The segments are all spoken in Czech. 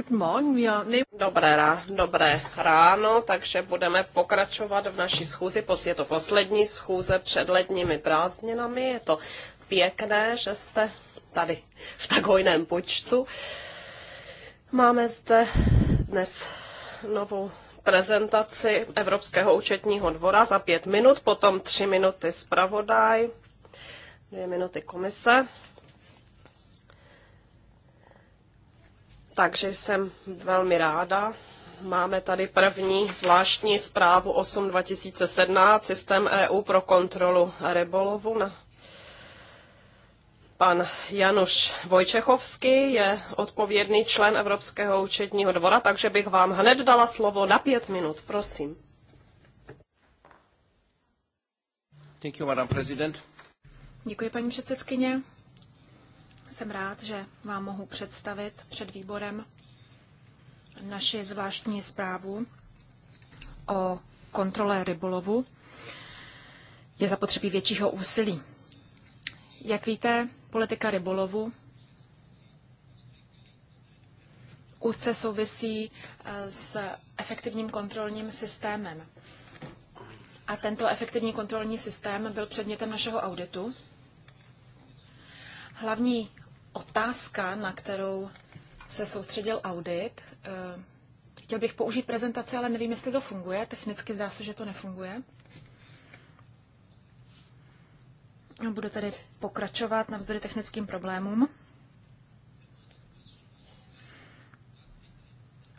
Good morning. We are... Dobré, rá, dobré ráno, takže budeme pokračovat v naší schůzi. Je to poslední schůze před letními prázdninami. Je to pěkné, že jste tady v tak hojném počtu. Máme zde dnes novou prezentaci Evropského účetního dvora za pět minut, potom tři minuty zpravodaj, dvě minuty komise Takže jsem velmi ráda. Máme tady první zvláštní zprávu 8 2017, systém EU pro kontrolu rebolovu. Pan Januš Vojčechovský je odpovědný člen Evropského účetního dvora, takže bych vám hned dala slovo na pět minut, prosím. Děkuji, paní předsedkyně. Jsem rád, že vám mohu představit před výborem naši zvláštní zprávu o kontrole rybolovu. Je zapotřebí většího úsilí. Jak víte, politika rybolovu úzce souvisí eh, s efektivním kontrolním systémem. A tento efektivní kontrolní systém byl předmětem našeho auditu. Hlavní otázka, na kterou se soustředil audit. Eh, chtěl bych použít prezentaci, ale nevím, jestli to funguje. Technicky zdá se, že to nefunguje. No, budu tedy pokračovat navzdory technickým problémům.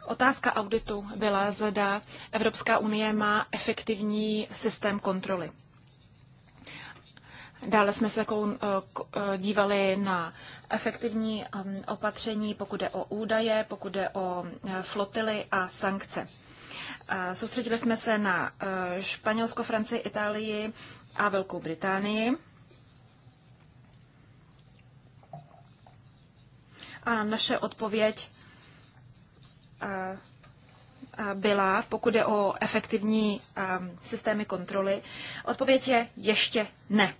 Otázka auditu byla, zda Evropská unie má efektivní systém kontroly. Dále jsme se eh, eh, dívali na efektivní ehm, opatření, pokud jde o údaje, pokud jde o eh, flotily a sankce. Soustředili jsme se na Španělsko, Francii, Itálii a Velkou Británii. A naše odpověď byla, pokud je o efektivní ehm, systémy kontroly, odpověď je ještě ne.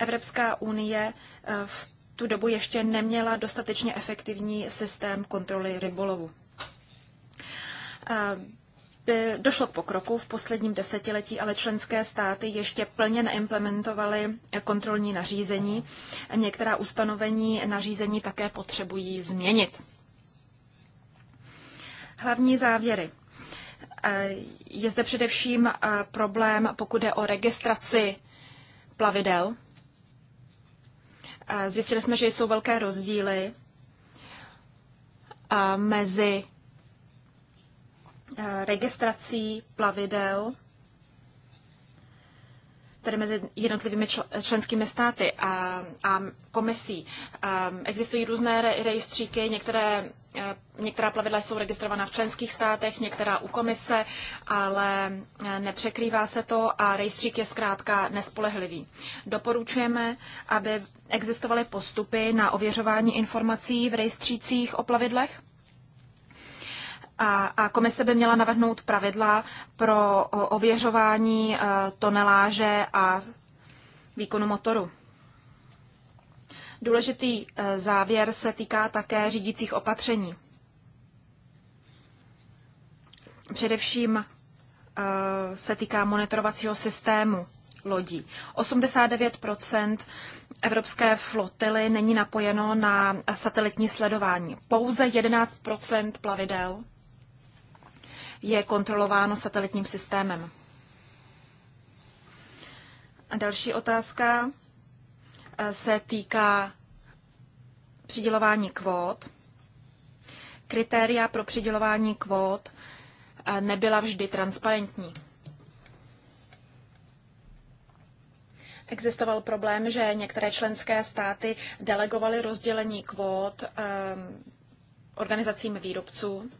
Evropská unie eh, v tu dobu ještě neměla dostatečně efektivní systém kontroly rybolovu. Eh, došlo k pokroku v posledním desetiletí, ale členské státy ještě plně neimplementovaly kontrolní nařízení. Některá ustanovení nařízení také potřebují změnit. Hlavní závěry. Eh, je zde především problém, pokud je o registraci plavidel Zjistili jsme, že jsou velké rozdíly mezi registrací plavidel, tedy mezi jednotlivými členskými státy a, a komisí. Existují různé rejstříky, některé Eh, některá plavidla jsou registrovaná v členských státech, některá u komise, ale eh, nepřekrývá se to a rejstřík je zkrátka nespolehlivý. Doporučujeme, aby existovaly postupy na ověřování informací v rejstřících o plavidlech. A, a komise by měla navrhnout pravidla pro ověřování eh, toneláže a výkonu motoru. Důležitý eh, závěr se týká také řídících opatření. Především eh, se týká monitorovacího systému lodí. 89 evropské flotily není napojeno na satelitní sledování. Pouze 11 plavidel je kontrolováno satelitním systémem. A další otázka se týká přidělování kvót. Kritéria pro přidělování kvót eh, nebyla vždy transparentní. Existoval problém, že některé členské státy delegovaly rozdělení kvót eh, organizacím výrobců.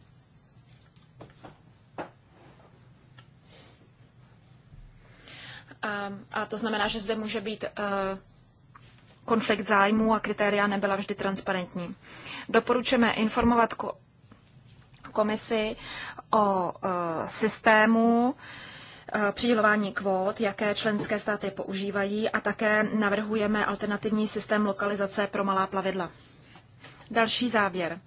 Eh, a to znamená, že zde může být konflikt zájmů a kritéria nebyla vždy transparentní. Doporučujeme informovat komisi o e, systému e, přidělování kvót, jaké členské státy používají a také navrhujeme alternativní systém lokalizace pro malá plavidla. Další závěr. E,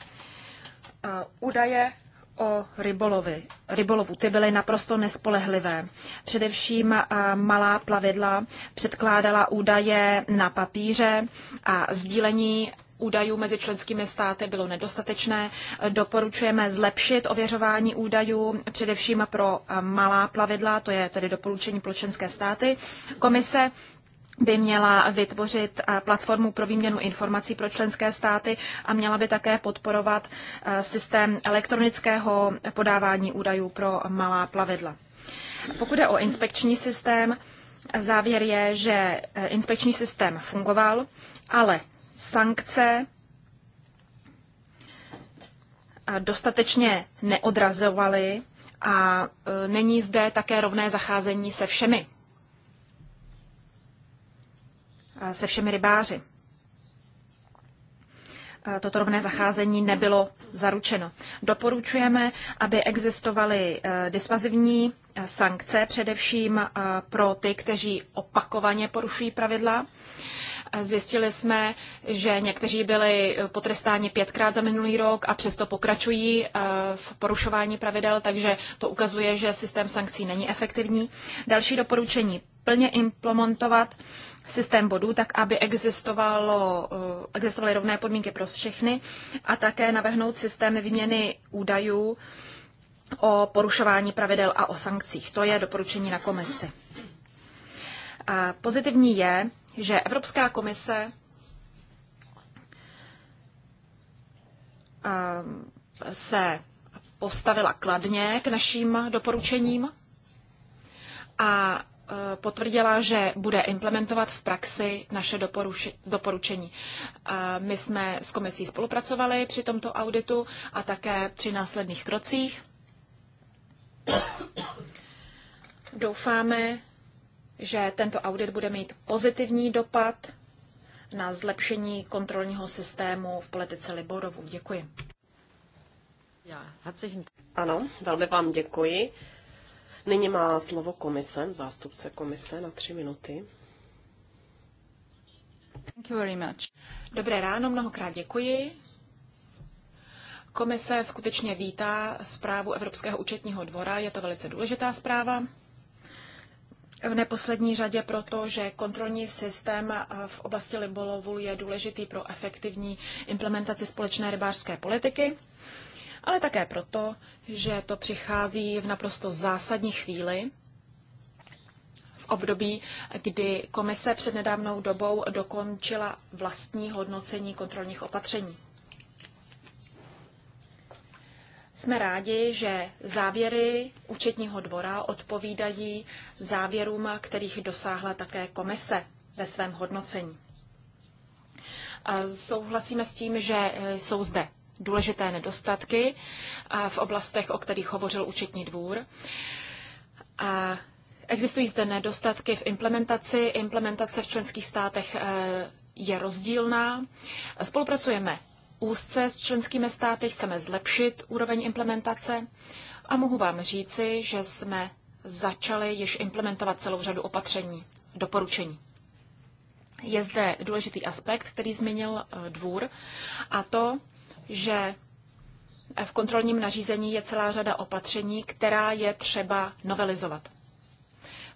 údaje o rybolovi, rybolovu. Ty byly naprosto nespolehlivé. Především malá plavidla předkládala údaje na papíře a sdílení údajů mezi členskými státy bylo nedostatečné. Doporučujeme zlepšit ověřování údajů, především pro malá plavidla, to je tedy doporučení pro členské státy. Komise by měla vytvořit eh, platformu pro výměnu informací pro členské státy a měla by také podporovat eh, systém elektronického podávání údajů pro malá plavidla. Pokud je o inspekční systém, závěr je, že eh, inspekční systém fungoval, ale sankce dostatečně neodrazovaly a není zde také rovné zacházení se všemi se všemi rybáři. Toto rovné zacházení nebylo zaručeno. Doporučujeme, aby existovaly e, dispazivní e, sankce, především e, pro ty, kteří opakovaně porušují pravidla. Zjistili jsme, že někteří byli potrestáni pětkrát za minulý rok a přesto pokračují v porušování pravidel, takže to ukazuje, že systém sankcí není efektivní. Další doporučení plně implementovat systém bodů, tak aby existovalo, eh, existovaly rovné podmínky pro všechny a také navrhnout systémy výměny údajů o porušování pravidel a o sankcích. To je doporučení na komisi. A pozitivní je, že Evropská komise eh, se postavila kladně k našim doporučením a Eh, potvrdila, že bude implementovat v praxi naše doporučení. Eh, my jsme s komisí spolupracovali při tomto auditu a také při následných krocích. Doufáme, že tento audit bude mít pozitivní dopad na zlepšení kontrolního systému v politice Liborovu. Děkuji. Ano, velmi vám děkuji. Nyní má slovo komise, zástupce komise na tři minuty. Thank you very much. Dobré ráno, mnohokrát děkuji. Komise skutečně vítá zprávu Evropského účetního dvora, je to velice důležitá zpráva. V neposlední řadě proto, že kontrolní systém v oblasti libolovu je důležitý pro efektivní implementaci společné rybářské politiky ale také proto, že to přichází v naprosto zásadní chvíli, v období, kdy komise před nedávnou dobou dokončila vlastní hodnocení kontrolních opatření. Jsme rádi, že závěry účetního dvora odpovídají závěrům, kterých dosáhla také komise ve svém hodnocení. Souhlasíme s tím, že jsou zde důležité nedostatky v oblastech, o kterých hovořil účetní dvůr. A existují zde nedostatky v implementaci. Implementace v členských státech e, je rozdílná. Spolupracujeme úzce s členskými státy, chceme zlepšit úroveň implementace a mohu vám říci, že jsme začali již implementovat celou řadu opatření, doporučení. Je zde důležitý aspekt, který zmínil e, dvůr, a to že v kontrolním nařízení je celá řada opatření, která je třeba novelizovat.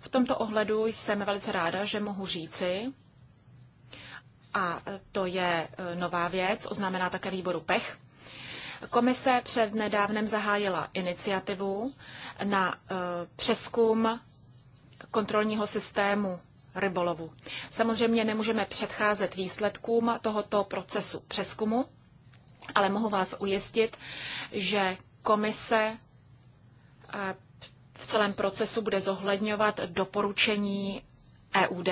V tomto ohledu jsem velice ráda, že mohu říci, a to je e, nová věc, oznámená také výboru PECH, Komise před nedávnem zahájila iniciativu na e, přeskum kontrolního systému rybolovu. Samozřejmě nemůžeme předcházet výsledkům tohoto procesu přeskumu, ale mohu vás ujistit, že komise eh, v celém procesu bude zohledňovat doporučení EUD.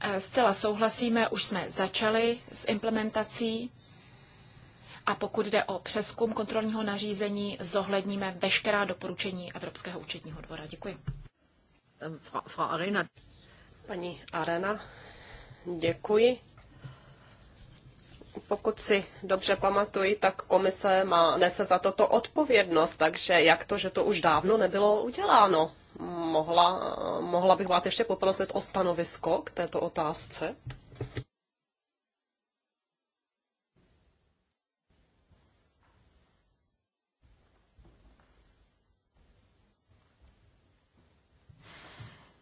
Eh, zcela souhlasíme, už jsme začali s implementací a pokud jde o přeskum kontrolního nařízení, zohledníme veškerá doporučení Evropského účetního dvora. Děkuji. Frau Arena. Paní Arena, Děkuji. Pokud si dobře pamatuji, tak komise má, nese za toto odpovědnost, takže jak to, že to už dávno nebylo uděláno? Mohla, mohla bych vás ještě poprosit o stanovisko k této otázce?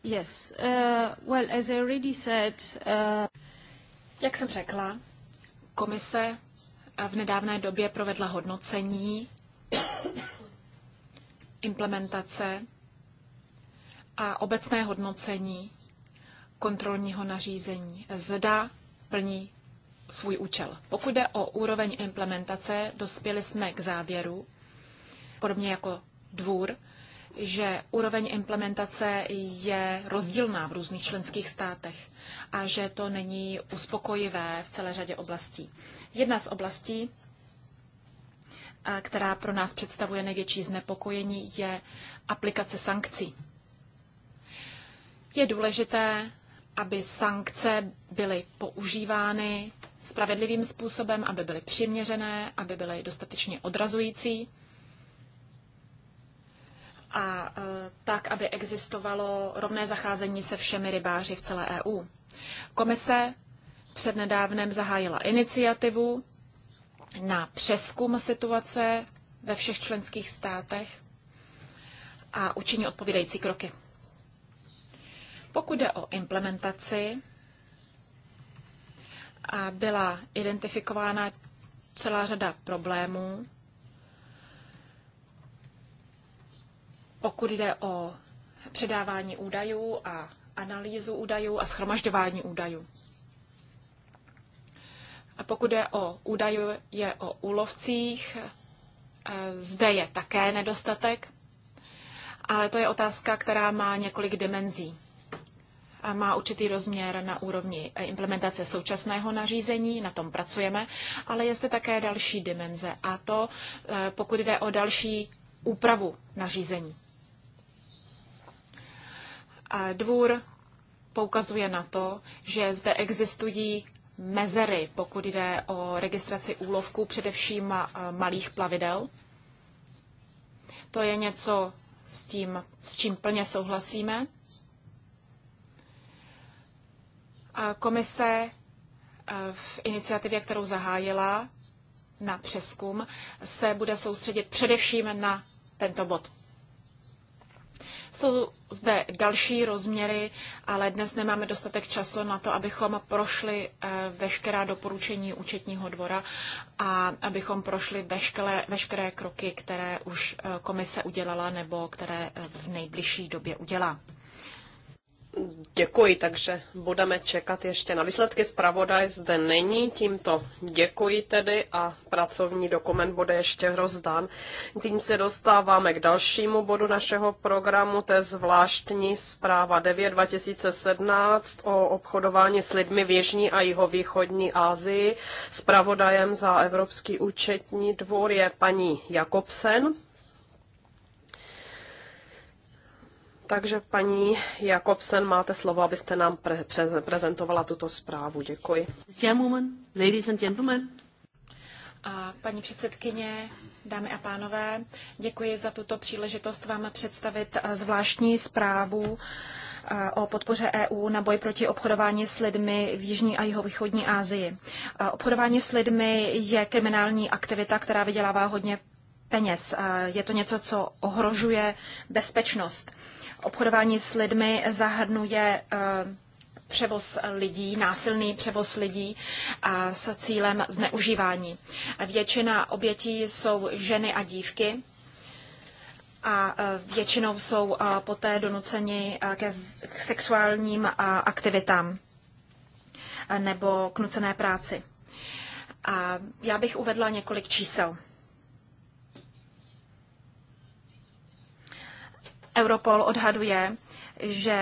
Yes. Uh, well, as I already said, uh... Jak jsem řekla, komise v nedávné době provedla hodnocení implementace a obecné hodnocení kontrolního nařízení. Zda plní svůj účel. Pokud jde o úroveň implementace, dospěli jsme k závěru, podobně jako dvůr, že úroveň implementace je rozdílná v různých členských státech a že to není uspokojivé v celé řadě oblastí. Jedna z oblastí, která pro nás představuje největší znepokojení, je aplikace sankcí. Je důležité, aby sankce byly používány spravedlivým způsobem, aby byly přiměřené, aby byly dostatečně odrazující a e, tak, aby existovalo rovné zacházení se všemi rybáři v celé EU. Komise přednedávnem zahájila iniciativu na přeskum situace ve všech členských státech a učiní odpovídající kroky. Pokud jde o implementaci, byla identifikována celá řada problémů, pokud jde o předávání údajů a analýzu údajů a schromažďování údajů. A pokud je o údajů, je o úlovcích, e, zde je také nedostatek, ale to je otázka, která má několik dimenzí. A má určitý rozměr na úrovni e, implementace současného nařízení, na tom pracujeme, ale je zde také další dimenze, a to e, pokud jde o další úpravu nařízení. Dvůr poukazuje na to, že zde existují mezery, pokud jde o registraci úlovků, především eh, malých plavidel. To je něco s, tím, s čím plně souhlasíme. komise eh, v iniciativě, kterou zahájila na přeskum, se bude soustředit především na tento bod. Jsou zde další rozměry, ale dnes nemáme dostatek času na to, abychom prošli eh, veškerá doporučení účetního dvora a abychom prošli veškeré, veškeré kroky, které už eh, komise udělala nebo které eh, v nejbližší době udělá. Děkuji, takže budeme čekat ještě na výsledky. Zpravodaj zde není, tímto děkuji tedy a pracovní dokument bude ještě rozdán. Tím se dostáváme k dalšímu bodu našeho programu, to je zvláštní zpráva 9 2017 o obchodování s lidmi v Jižní a Jihovýchodní Asii. Zpravodajem za Evropský účetní dvůr je paní Jakobsen. Takže paní Jakobsen, máte slovo, abyste nám pre- pre- prezentovala tuto zprávu. Děkuji. Gentlemen, ladies and gentlemen. A paní předsedkyně, dámy a pánové, děkuji za tuto příležitost vám představit zvláštní zprávu o podpoře EU na boj proti obchodování s lidmi v Jižní a Jihovýchodní Asii. Obchodování s lidmi je kriminální aktivita, která vydělává hodně peněz. Je to něco, co ohrožuje bezpečnost. Obchodování s lidmi zahrnuje eh, převoz lidí, násilný převoz lidí a s cílem zneužívání. Většina obětí jsou ženy a dívky a eh, většinou jsou eh, poté donuceni ke sexuálním aktivitám nebo k nucené práci. A já bych uvedla několik čísel. Europol odhaduje, že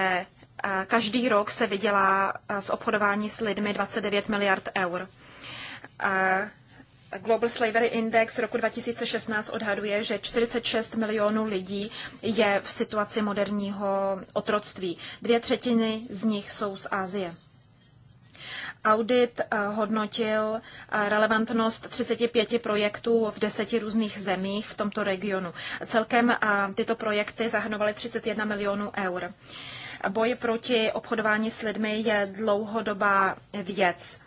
eh, každý rok se vydělá eh, z obchodování s lidmi 29 miliard eur. Eh, Global Slavery Index roku 2016 odhaduje, že 46 milionů lidí je v situaci moderního otroctví. Dvě třetiny z nich jsou z Asie. Audit eh, hodnotil eh, relevantnost 35 projektů v deseti různých zemích v tomto regionu. Celkem eh, tyto projekty zahrnovaly 31 milionů eur. Boj proti obchodování s lidmi je dlouhodobá věc.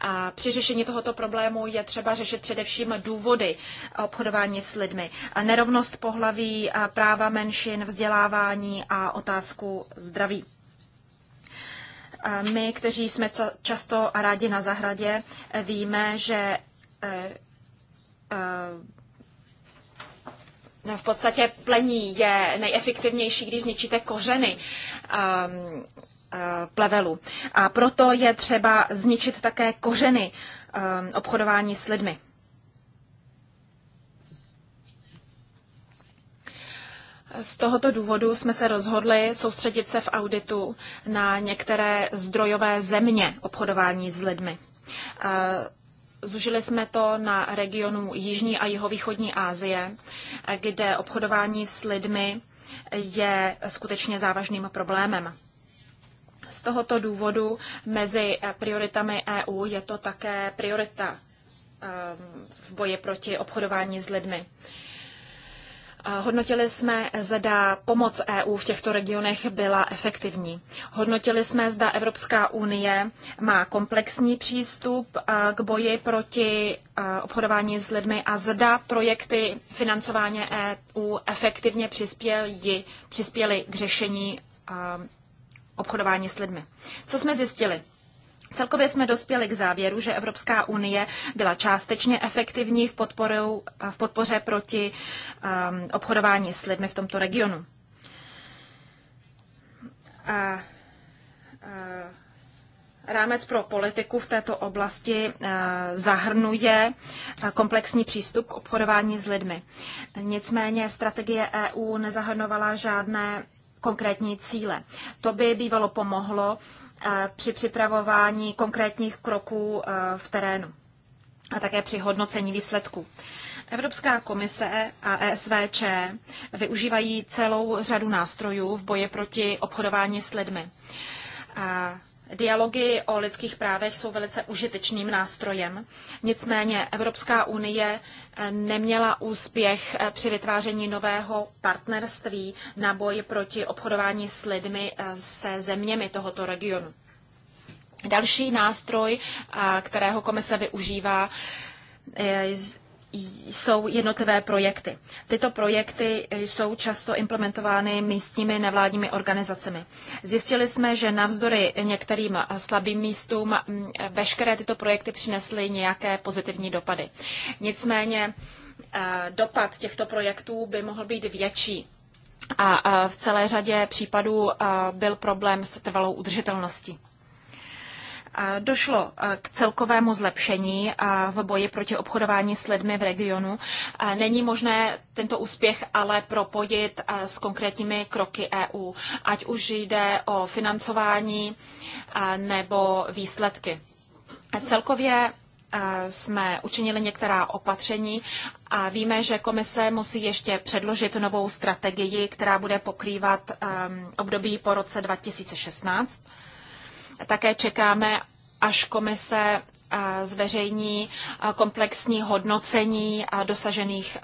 A při řešení tohoto problému je třeba řešit především důvody obchodování s lidmi. Nerovnost pohlaví, práva menšin, vzdělávání a otázku zdraví. My, kteří jsme často a rádi na zahradě, víme, že e, e, v podstatě plení je nejefektivnější, když zničíte kořeny ehm, e, plevelu. A proto je třeba zničit také kořeny ehm, obchodování s lidmi. Z tohoto důvodu jsme se rozhodli soustředit se v auditu na některé zdrojové země obchodování s lidmi. Eh, zužili jsme to na regionu Jižní a Jihovýchodní Asie, kde obchodování s lidmi je skutečně závažným problémem. Z tohoto důvodu mezi prioritami EU je to také priorita ehm, v boji proti obchodování s lidmi. Hodnotili jsme, zda pomoc EU v těchto regionech byla efektivní. Hodnotili jsme, zda Evropská unie má komplexní přístup k boji proti obchodování s lidmi a zda projekty financování EU efektivně přispěly, přispěly k řešení obchodování s lidmi. Co jsme zjistili? Celkově jsme dospěli k závěru, že Evropská unie byla částečně efektivní v, podporu, v podpoře proti um, obchodování s lidmi v tomto regionu. A, a, rámec pro politiku v této oblasti zahrnuje komplexní přístup k obchodování s lidmi. Nicméně strategie EU nezahrnovala žádné konkrétní cíle. To by bývalo pomohlo Eh, při připravování konkrétních kroků eh, v terénu a také při hodnocení výsledků. Evropská komise a ESVČ využívají celou řadu nástrojů v boji proti obchodování s lidmi. Eh, Dialogy o lidských právech jsou velice užitečným nástrojem. Nicméně Evropská unie eh, neměla úspěch eh, při vytváření nového partnerství na boj proti obchodování s lidmi eh, se zeměmi tohoto regionu. Další nástroj, kterého komise využívá, jsou jednotlivé projekty. Tyto projekty jsou často implementovány místními nevládními organizacemi. Zjistili jsme, že navzdory některým slabým místům veškeré tyto projekty přinesly nějaké pozitivní dopady. Nicméně eh, dopad těchto projektů by mohl být větší. A eh, v celé řadě případů eh, byl problém s trvalou udržitelností. Došlo e, k celkovému zlepšení e, v boji proti obchodování s lidmi v regionu. E, není možné tento úspěch ale propojit s konkrétními kroky EU, ať už jde o financování nebo výsledky. Celkově jsme učinili některá opatření a víme, že komise musí ještě předložit novou strategii, která bude pokrývat období po roce 2016. Také čekáme, až komise zveřejní komplexní hodnocení dosažených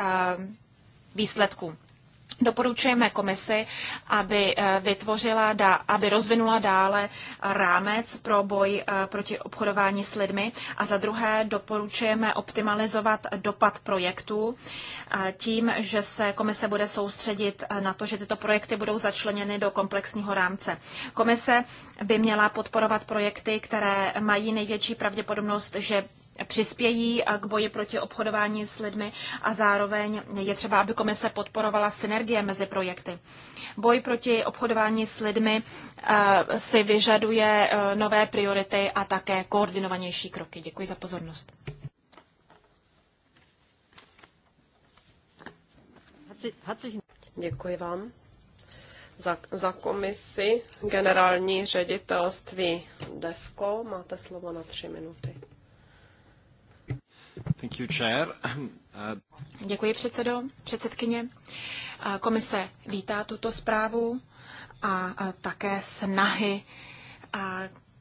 výsledků. Doporučujeme komisi, aby eh, vytvořila, aby rozvinula dále rámec pro boj eh, proti obchodování s lidmi a za druhé doporučujeme optimalizovat dopad projektů eh, tím, že se komise bude soustředit na to, že tyto projekty budou začleněny do komplexního rámce. Komise by měla podporovat projekty, které mají největší pravděpodobnost, že přispějí eh, k boji proti obchodování s lidmi a zároveň je třeba, aby komise podporovala synergie mezi projekty. Boj proti obchodování s lidmi eh, si vyžaduje eh, nové priority a také koordinovanější kroky. Děkuji za pozornost. Děkuji vám. Za, za komisi generální ředitelství DEVKO máte slovo na tři minuty. Uh, Děkuji předsedo, předsedkyně. Komise vítá tuto zprávu a také snahy,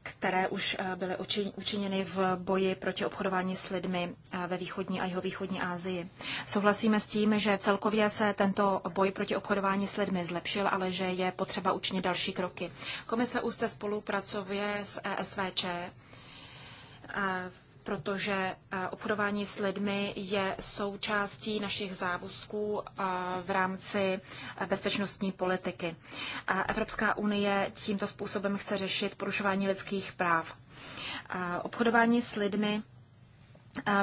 které už byly učiněny v boji proti obchodování s lidmi ve východní a jihovýchodní Asii. Souhlasíme s tím, že celkově se tento boj proti obchodování s lidmi zlepšil, ale že je potřeba učinit další kroky. Komise úzce spolupracuje s ESVČ protože eh, obchodování s lidmi je součástí našich závazků eh, v rámci eh, bezpečnostní politiky. Evropská unie tímto způsobem chce řešit porušování lidských práv. Obchodování s lidmi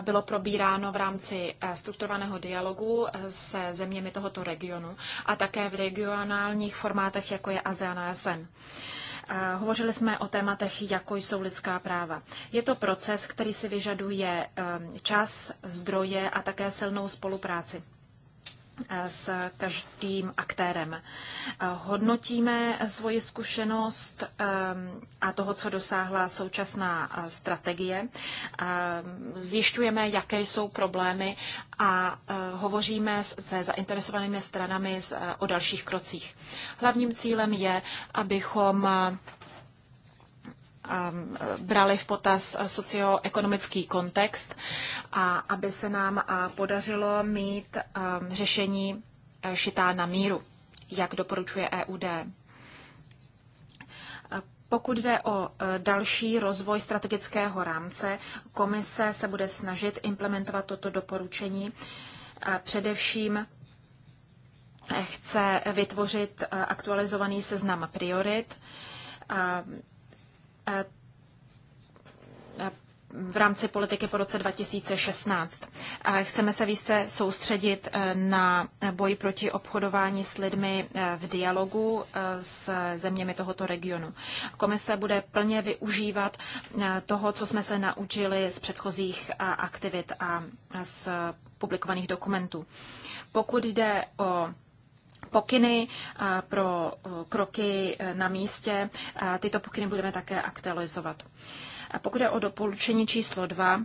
bylo probíráno v rámci strukturovaného dialogu se zeměmi tohoto regionu a také v regionálních formátech, jako je ASEAN a SN. Hovořili jsme o tématech, jako jsou lidská práva. Je to proces, který si vyžaduje eh, čas, zdroje a také silnou spolupráci s každým aktérem. Hodnotíme svoji zkušenost ehm, a toho, co dosáhla současná eh, strategie. Ehm, zjišťujeme, jaké jsou problémy a eh, hovoříme se zainteresovanými stranami eh, o dalších krocích. Hlavním cílem je, abychom Um, brali v potaz socioekonomický kontext a aby se nám uh, podařilo mít um, řešení uh, šitá na míru, jak doporučuje EUD. Pokud jde o uh, další rozvoj strategického rámce, komise se bude snažit implementovat toto doporučení. Především chce vytvořit aktualizovaný seznam priorit v rámci politiky po roce 2016. Chceme se více soustředit eh, na boj proti obchodování s lidmi eh, v dialogu eh, s zeměmi tohoto regionu. Komise bude plně využívat toho, co jsme se naučili z předchozích aktivit a z publikovaných dokumentů. Pokud jde o pokyny pro kroky e, na místě. Tyto pokyny budeme také aktualizovat. Pokud je o doporučení číslo 2,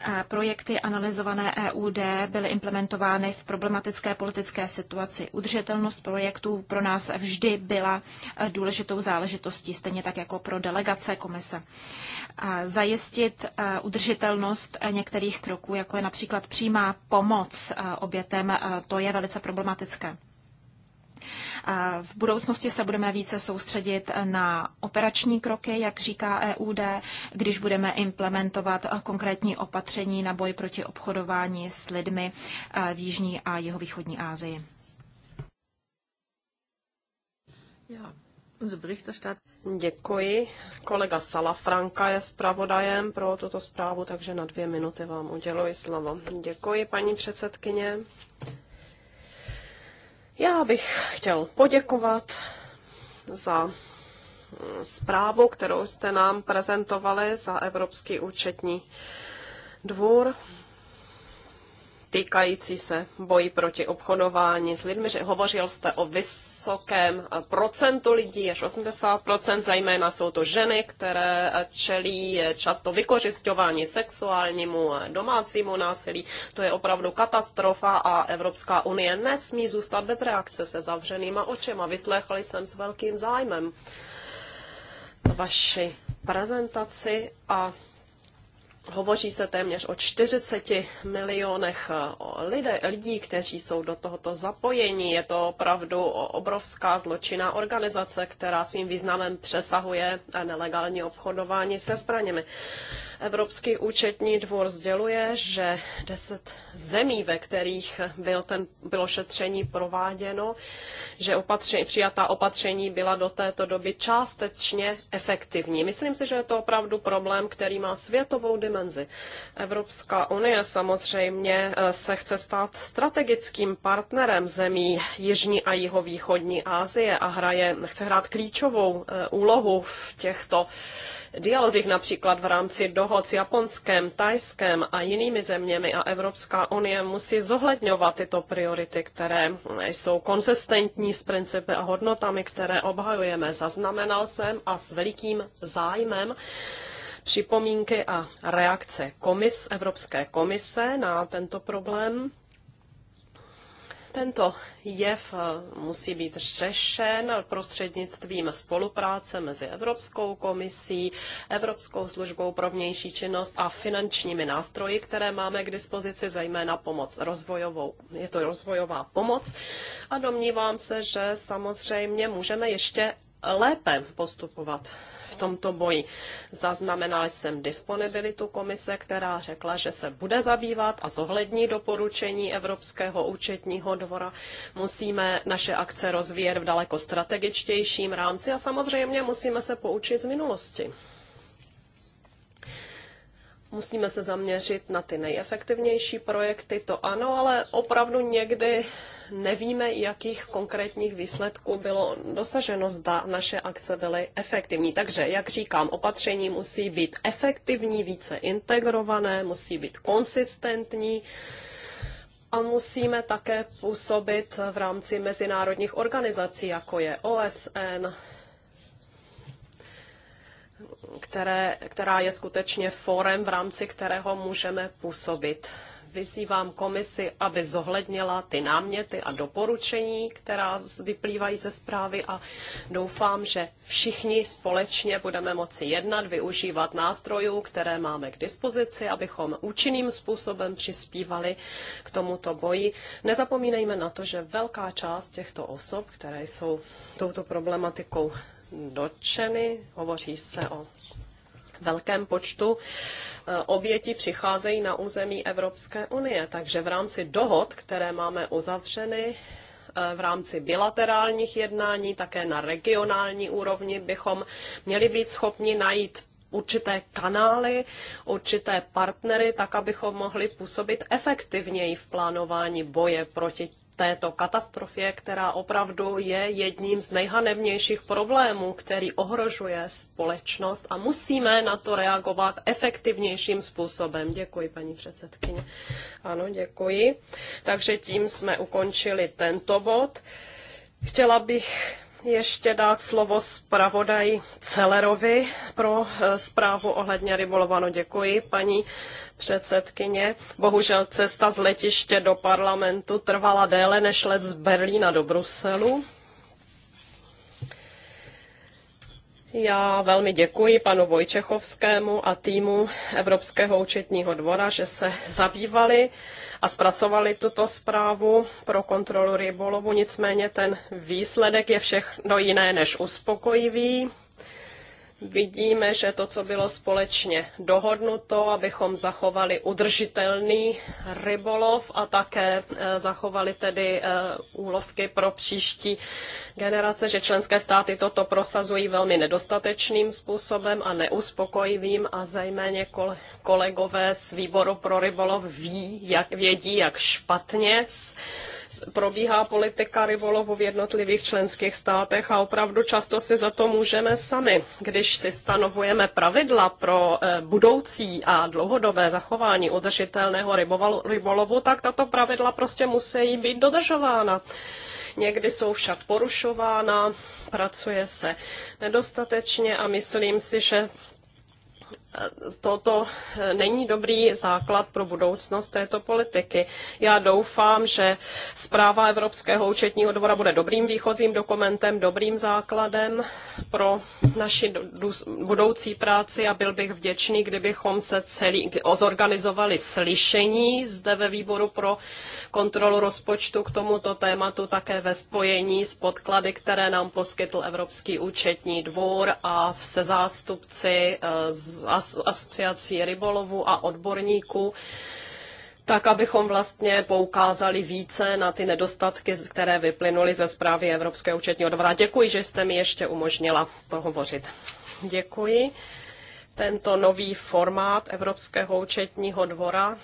e, projekty analyzované EUD byly implementovány v problematické politické situaci. Udržitelnost projektů pro nás vždy byla e, důležitou záležitostí, stejně tak jako pro delegace komise. Zajistit udržitelnost některých kroků, jako je například přímá pomoc obětem, to je velice problematické. V budoucnosti se budeme více soustředit na operační kroky, jak říká EUD, když budeme implementovat konkrétní opatření na boj proti obchodování s lidmi eh, v Jižní a Jihovýchodní Asii. Děkuji. Kolega Salafranka je zpravodajem pro tuto zprávu, takže na dvě minuty vám uděluji slovo. Děkuji, paní předsedkyně. Já bych chtěl poděkovat za zprávu, kterou jste nám prezentovali za Evropský účetní dvůr týkající se boji proti obchodování s lidmi, že hovořil jste o vysokém procentu lidí, až 80%, zejména jsou to ženy, které čelí často vykořišťování sexuálnímu domácímu násilí. To je opravdu katastrofa a Evropská unie nesmí zůstat bez reakce se zavřenýma očima. Vyslechli jsem s velkým zájmem vaši prezentaci a Hovoří se téměř o 40 milionech eh, lidé, lidí, kteří jsou do tohoto zapojeni. Je to opravdu obrovská zločinná organizace, která svým významem přesahuje nelegální obchodování se zbraněmi. Evropský účetní dvůr sděluje, že deset zemí, ve kterých byl ten, bylo šetření prováděno, že opatření, přijatá opatření byla do této doby částečně efektivní. Myslím si, že je to opravdu problém, který má světovou dimenzi. Evropská unie samozřejmě eh, se chce stát strategickým partnerem zemí Jižní a Jihovýchodní Asie a hraje, chce hrát klíčovou eh, úlohu v těchto dialozích například v rámci dohod s Japonskem, Tajskem a jinými zeměmi a Evropská unie musí zohledňovat tyto priority, které jsou konsistentní s principy a hodnotami, které obhajujeme. Zaznamenal jsem a s velikým zájmem připomínky a reakce komis, Evropské komise na tento problém tento jev eh, musí být řešen prostřednictvím spolupráce mezi Evropskou komisí, Evropskou službou pro vnější činnost a finančními nástroji, které máme k dispozici, zejména pomoc rozvojovou. Je to rozvojová pomoc a domnívám se, že samozřejmě můžeme ještě lépe postupovat tomto boji. Zaznamenal jsem disponibilitu komise, která řekla, že se bude zabývat a zohlední doporučení Evropského účetního dvora. Musíme naše akce rozvíjet v daleko strategičtějším rámci a samozřejmě musíme se poučit z minulosti. Musíme se zaměřit na ty nejefektivnější projekty, to ano, ale opravdu někdy nevíme, jakých konkrétních výsledků bylo dosaženo, zda naše akce byly efektivní. Takže, jak říkám, opatření musí být efektivní, více integrované, musí být konsistentní a musíme také působit v rámci mezinárodních organizací, jako je OSN, které, která je skutečně fórem, v rámci kterého můžeme působit. Vyzývám komisi, aby zohlednila ty náměty a doporučení, která vyplývají ze zprávy a doufám, že všichni společně budeme moci jednat, využívat nástrojů, které máme k dispozici, abychom účinným způsobem přispívali k tomuto boji. Nezapomínejme na to, že velká část těchto osob, které jsou touto problematikou dotčeny, hovoří se o velkém počtu eh, oběti přicházejí na území Evropské unie. Takže v rámci dohod, které máme uzavřeny, eh, v rámci bilaterálních jednání, také na regionální úrovni bychom měli být schopni najít určité kanály, určité partnery, tak abychom mohli působit efektivněji v plánování boje proti této katastrofě, která opravdu je jedním z nejhanebnějších problémů, který ohrožuje společnost a musíme na to reagovat efektivnějším způsobem. Děkuji, paní předsedkyně. Ano, děkuji. Takže tím jsme ukončili tento bod. Chtěla bych ještě dát slovo zpravodaji Celerovi pro eh, zprávu ohledně rybolovanu. Děkuji, paní předsedkyně. Bohužel cesta z letiště do parlamentu trvala déle než let z Berlína do Bruselu. Já velmi děkuji panu Vojčechovskému a týmu Evropského účetního dvora, že se zabývali a zpracovali tuto zprávu pro kontrolu rybolovu. Nicméně ten výsledek je všechno jiné než uspokojivý vidíme, že to, co bylo společně dohodnuto, abychom zachovali udržitelný rybolov a také eh, zachovali tedy eh, úlovky pro příští generace, že členské státy toto prosazují velmi nedostatečným způsobem a neuspokojivým a zejména kolegové z výboru pro rybolov ví, jak, vědí, jak špatně probíhá politika rivolovu v jednotlivých členských státech a opravdu často si za to můžeme sami. Když si stanovujeme pravidla pro eh, budoucí a dlouhodobé zachování udržitelného rybolovu, tak tato pravidla prostě musí být dodržována někdy jsou však porušována, pracuje se nedostatečně a myslím si, že toto eh, není dobrý základ pro budoucnost této politiky. Já doufám, že zpráva Evropského účetního dvora bude dobrým výchozím dokumentem, dobrým základem pro naši budoucí práci a byl bych vděčný, kdybychom se celý zorganizovali slyšení zde ve výboru pro kontrolu rozpočtu k tomuto tématu také ve spojení s podklady, které nám poskytl Evropský účetní dvůr a se zástupci eh, z asociací rybolovu a odborníků, tak abychom vlastně poukázali více na ty nedostatky, které vyplynuly ze zprávy Evropského účetního dvora. Děkuji, že jste mi ještě umožnila pohovořit. Děkuji. Tento nový formát Evropského účetního dvora,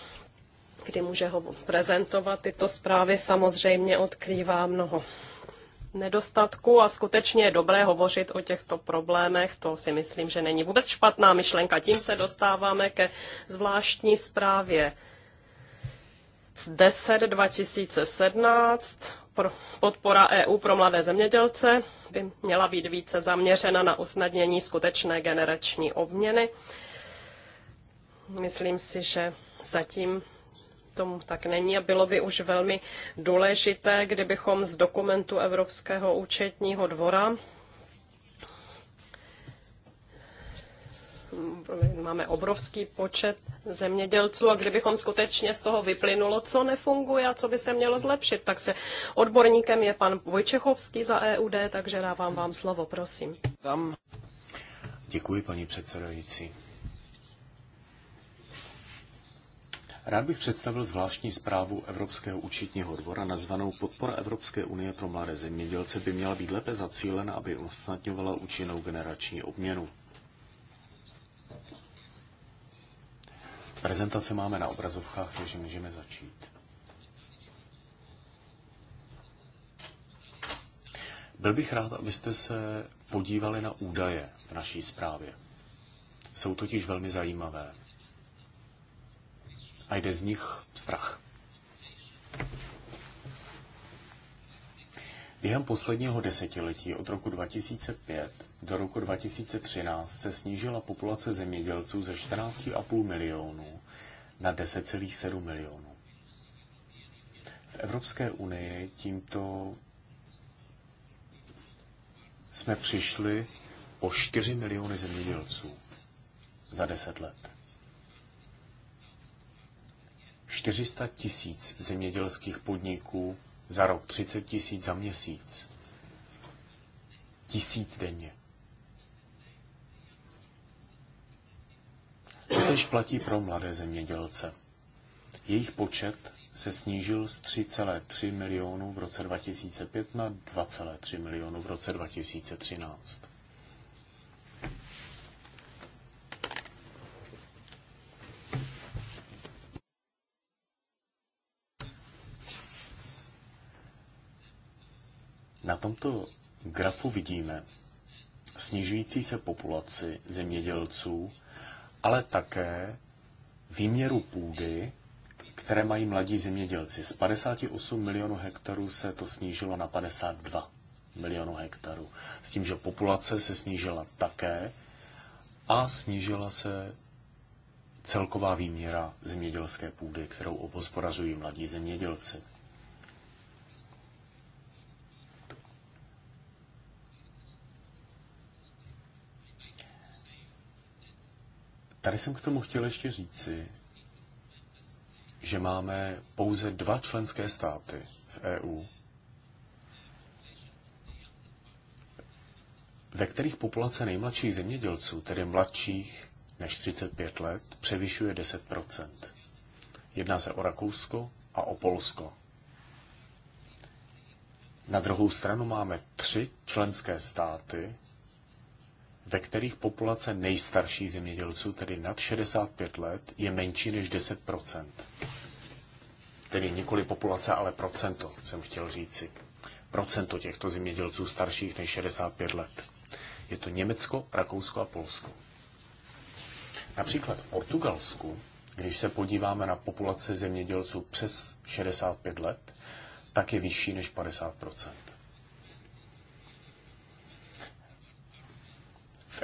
kdy může ho prezentovat tyto zprávy, samozřejmě odkrývá mnoho nedostatku a skutečně je dobré hovořit o těchto problémech. To si myslím, že není vůbec špatná myšlenka. Tím se dostáváme ke zvláštní zprávě z 10 2017 podpora EU pro mladé zemědělce by měla být více zaměřena na usnadnění skutečné generační obměny. Myslím si, že zatím tomu tak není a bylo by už velmi důležité, kdybychom z dokumentu Evropského účetního dvora máme obrovský počet zemědělců a kdybychom skutečně z toho vyplynulo, co nefunguje a co by se mělo zlepšit, tak se odborníkem je pan Vojčechovský za EUD, takže dávám vám slovo, prosím. Tam. Děkuji, paní předsedající. Rád bych představil zvláštní zprávu Evropského účetního dvora nazvanou Podpora Evropské unie pro mladé zemědělce by měla být lépe zacílena, aby usnadňovala účinnou generační obměnu. Prezentace máme na obrazovkách, takže můžeme začít. Byl bych rád, abyste se podívali na údaje v naší zprávě. Jsou totiž velmi zajímavé a jde z nich strach. Během posledního desetiletí od roku 2005 do roku 2013 se snížila populace zemědělců ze 14,5 milionů na 10,7 milionů. V Evropské unii tímto jsme přišli o 4 miliony zemědělců za 10 let. 400 tisíc zemědělských podniků za rok, 30 tisíc za měsíc. Tisíc denně. To tež platí pro mladé zemědělce. Jejich počet se snížil z 3,3 milionů v roce 2005 na 2,3 milionů v roce 2013. Na tomto grafu vidíme snižující se populaci zemědělců, ale také výměru půdy, které mají mladí zemědělci. Z 58 milionů hektarů se to snížilo na 52 milionů hektarů. S tím, že populace se snížila také a snížila se celková výměra zemědělské půdy, kterou obhospodařují mladí zemědělci. Tady jsem k tomu chtěl ještě říci, že máme pouze dva členské státy v EU, ve kterých populace nejmladších zemědělců, tedy mladších než 35 let, převyšuje 10 Jedná se o Rakousko a o Polsko. Na druhou stranu máme tři členské státy, ve kterých populace nejstarších zemědělců, tedy nad 65 let, je menší než 10 Tedy nikoli populace, ale procento, jsem chtěl říci. Procento těchto zemědělců starších než 65 let. Je to Německo, Rakousko a Polsko. Například v Portugalsku, když se podíváme na populaci zemědělců přes 65 let, tak je vyšší než 50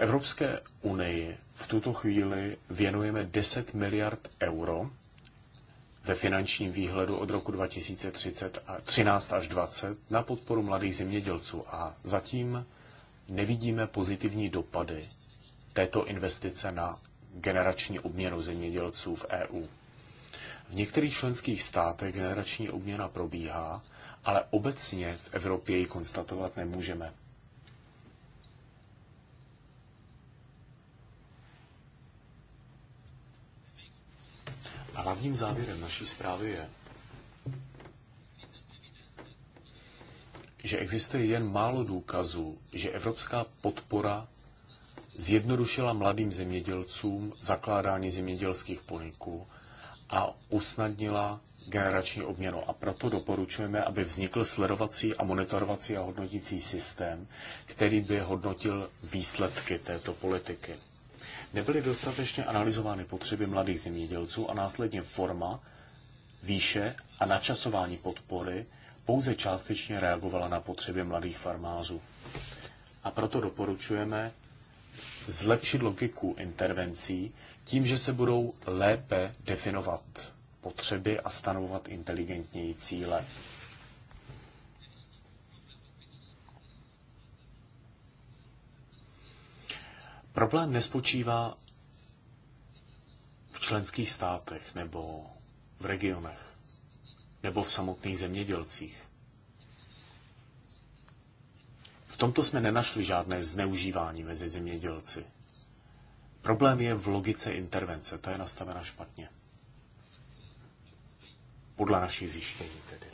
Evropské unii v tuto chvíli věnujeme 10 miliard euro ve finančním výhledu od roku 2030 a 13 až 20 na podporu mladých zemědělců a zatím nevidíme pozitivní dopady této investice na generační obměnu zemědělců v EU. V některých členských státech generační obměna probíhá, ale obecně v Evropě ji konstatovat nemůžeme. Hlavním závěrem naší zprávy je, že existuje jen málo důkazů, že evropská podpora zjednodušila mladým zemědělcům zakládání zemědělských podniků a usnadnila generační obměnu. A proto doporučujeme, aby vznikl sledovací a monitorovací a hodnotící systém, který by hodnotil výsledky této politiky nebyly dostatečně analyzovány potřeby mladých zemědělců a následně forma, výše a načasování podpory pouze částečně reagovala na potřeby mladých farmářů. A proto doporučujeme zlepšit logiku intervencí tím, že se budou lépe definovat potřeby a stanovovat inteligentněji cíle. Problém nespočívá v členských státech nebo v regionech nebo v samotných zemědělcích. V tomto jsme nenašli žádné zneužívání mezi zemědělci. Problém je v logice intervence, ta je nastavena špatně. Podle našich zjištění tedy.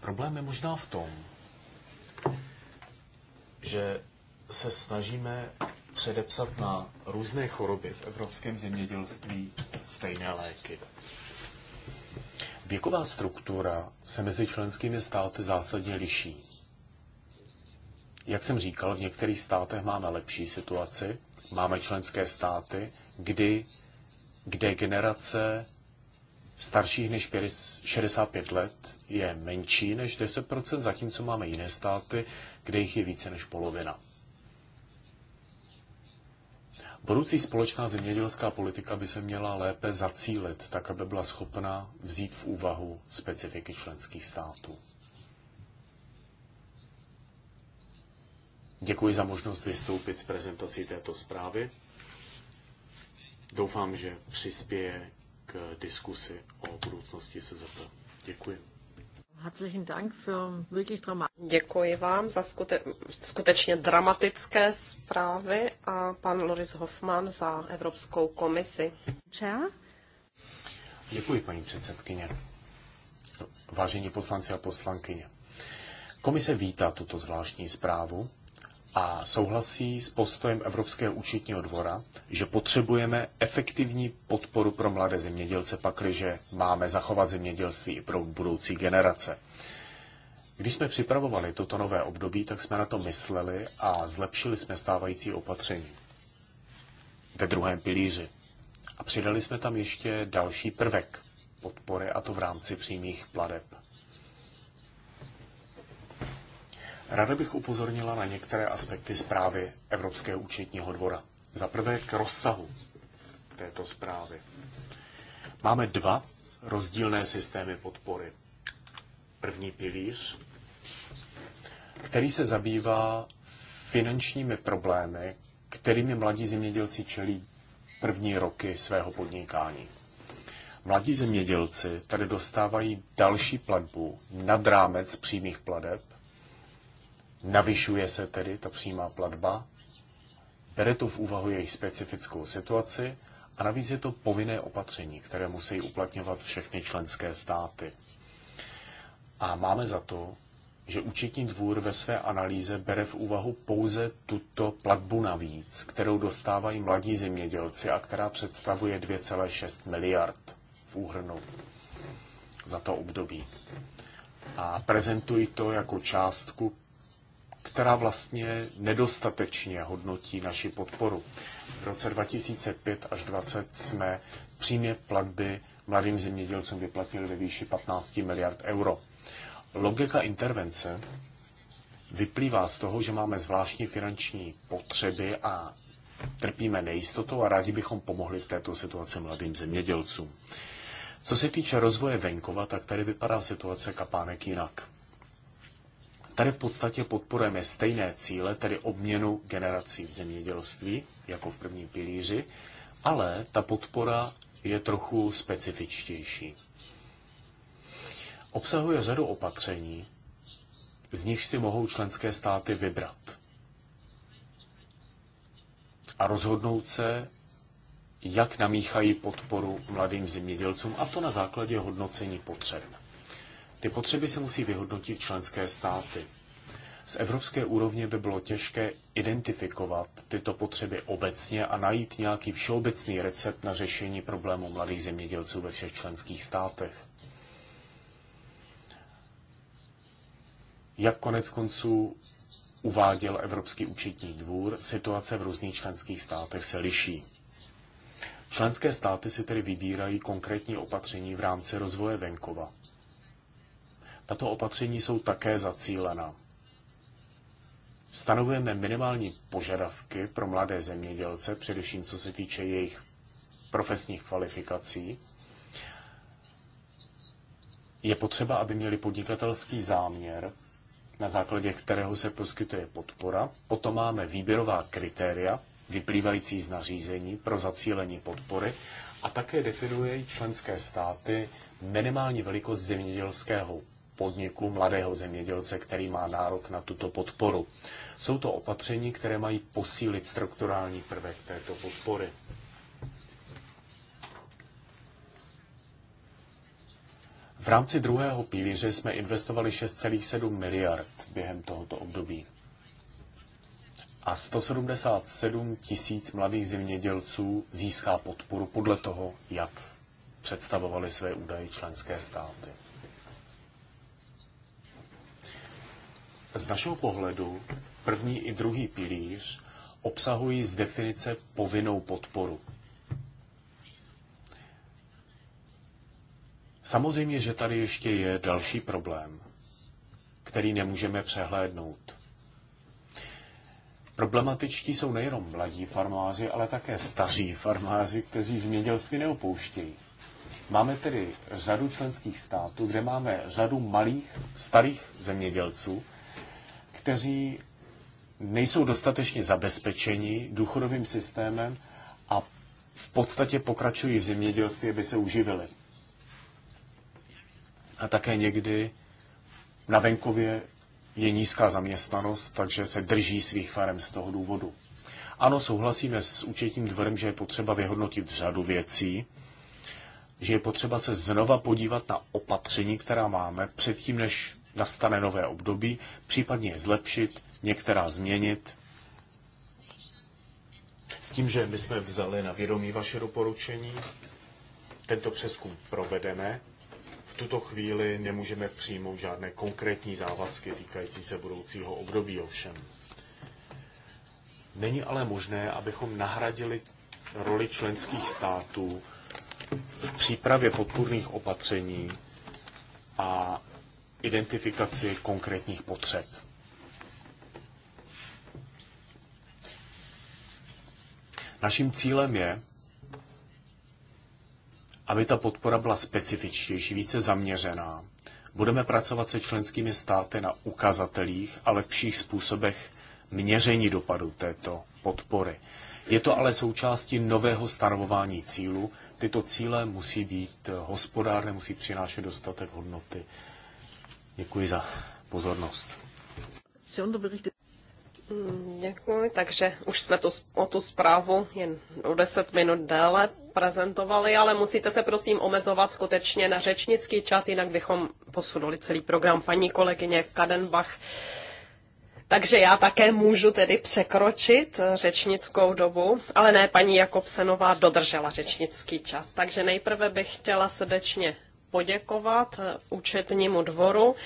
Problém je možná v tom, že se snažíme předepsat na různé choroby v evropském zemědělství stejné léky. Věková struktura se mezi členskými státy zásadně liší. Jak jsem říkal, v některých státech máme lepší situaci. Máme členské státy, kdy, kde generace starších než 65 let je menší než 10%, zatímco máme jiné státy, kde jich je více než polovina. Budoucí společná zemědělská politika by se měla lépe zacílit, tak aby byla schopna vzít v úvahu specifiky členských států. Děkuji za možnost vystoupit s prezentací této zprávy. Doufám, že přispěje k diskusi o budoucnosti SZP. Děkuji. Děkuji vám za skute, skutečně dramatické zprávy a pan Loris Hoffman za Evropskou komisi. Děkuji, paní předsedkyně. Vážení poslanci a poslankyně. Komise vítá tuto zvláštní zprávu, a souhlasí s postojem Evropského účetního dvora, že potřebujeme efektivní podporu pro mladé zemědělce, pakliže máme zachovat zemědělství i pro budoucí generace. Když jsme připravovali toto nové období, tak jsme na to mysleli a zlepšili jsme stávající opatření ve druhém pilíři. A přidali jsme tam ještě další prvek podpory, a to v rámci přímých pladeb Ráda bych upozornila na některé aspekty zprávy Evropského účetního dvora. Za prvé k rozsahu této zprávy. Máme dva rozdílné systémy podpory. První pilíř, který se zabývá finančními problémy, kterými mladí zemědělci čelí první roky svého podnikání. Mladí zemědělci tady dostávají další platbu nad rámec přímých pladeb, Navyšuje se tedy ta přímá platba, bere to v úvahu jejich specifickou situaci a navíc je to povinné opatření, které musí uplatňovat všechny členské státy. A máme za to, že účetní dvůr ve své analýze bere v úvahu pouze tuto platbu navíc, kterou dostávají mladí zemědělci a která představuje 2,6 miliard v úhrnu za to období. A prezentují to jako částku, která vlastně nedostatečně hodnotí naši podporu. V roce 2005 až 2020 jsme přímě platby mladým zemědělcům vyplatili ve výši 15 miliard euro. Logika intervence vyplývá z toho, že máme zvláštní finanční potřeby a trpíme nejistotou a rádi bychom pomohli v této situaci mladým zemědělcům. Co se týče rozvoje venkova, tak tady vypadá situace kapánek jinak. Tady v podstatě podporujeme stejné cíle, tedy obměnu generací v zemědělství, jako v prvním pilíři, ale ta podpora je trochu specifičtější. Obsahuje řadu opatření, z nichž si mohou členské státy vybrat a rozhodnout se, jak namíchají podporu mladým zemědělcům, a to na základě hodnocení potřeb. Ty potřeby se musí vyhodnotit členské státy. Z evropské úrovně by bylo těžké identifikovat tyto potřeby obecně a najít nějaký všeobecný recept na řešení problému mladých zemědělců ve všech členských státech. Jak konec konců uváděl Evropský účetní dvůr, situace v různých členských státech se liší. Členské státy si tedy vybírají konkrétní opatření v rámci rozvoje venkova tato opatření jsou také zacílená. Stanovujeme minimální požadavky pro mladé zemědělce, především co se týče jejich profesních kvalifikací. Je potřeba, aby měli podnikatelský záměr, na základě kterého se poskytuje podpora. Potom máme výběrová kritéria, vyplývající z nařízení pro zacílení podpory a také definuje členské státy minimální velikost zemědělského podniku mladého zemědělce, který má nárok na tuto podporu. Jsou to opatření, které mají posílit strukturální prvek této podpory. V rámci druhého pilíře jsme investovali 6,7 miliard během tohoto období. A 177 tisíc mladých zemědělců získá podporu podle toho, jak představovali své údaje členské státy. Z našeho pohledu první i druhý pilíř obsahují z definice povinnou podporu. Samozřejmě, že tady ještě je další problém, který nemůžeme přehlédnout. Problematičtí jsou nejenom mladí farmáři, ale také staří farmáři, kteří zemědělství neopouštějí. Máme tedy řadu členských států, kde máme řadu malých, starých zemědělců, kteří nejsou dostatečně zabezpečeni důchodovým systémem a v podstatě pokračují v zemědělství, aby se uživili. A také někdy na venkově je nízká zaměstnanost, takže se drží svých farem z toho důvodu. Ano, souhlasíme s účetním dvorem, že je potřeba vyhodnotit řadu věcí, že je potřeba se znova podívat na opatření, která máme, předtím, než nastane nové období, případně je zlepšit, některá změnit. S tím, že my jsme vzali na vědomí vaše doporučení, tento přeskum provedeme. V tuto chvíli nemůžeme přijmout žádné konkrétní závazky týkající se budoucího období ovšem. Není ale možné, abychom nahradili roli členských států v přípravě podpůrných opatření a identifikaci konkrétních potřeb. Naším cílem je, aby ta podpora byla specifičtější, více zaměřená. Budeme pracovat se členskými státy na ukazatelích a lepších způsobech měření dopadu této podpory. Je to ale součástí nového stanovování cílu. Tyto cíle musí být hospodárné, musí přinášet dostatek hodnoty Děkuji za pozornost. Děkuji, takže už jsme tu, o tu zprávu jen o 10 minut déle prezentovali, ale musíte se prosím omezovat skutečně na řečnický čas, jinak bychom posunuli celý program paní kolegyně Kadenbach. Takže já také můžu tedy překročit eh, řečnickou dobu, ale ne, paní Jakobsenová dodržela řečnický čas. Takže nejprve bych chtěla srdečně poděkovat účetnímu dvoru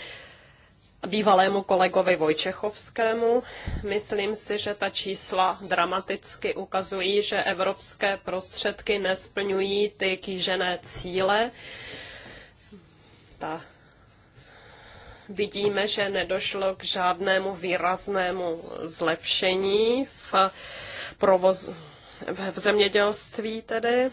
bývalému kolegovi Vojčechovskému. Myslím si, že ta čísla dramaticky ukazují, že evropské prostředky nesplňují ty kýžené cíle. Ta vidíme, že nedošlo k žádnému výraznému zlepšení v, provoz, v zemědělství tedy.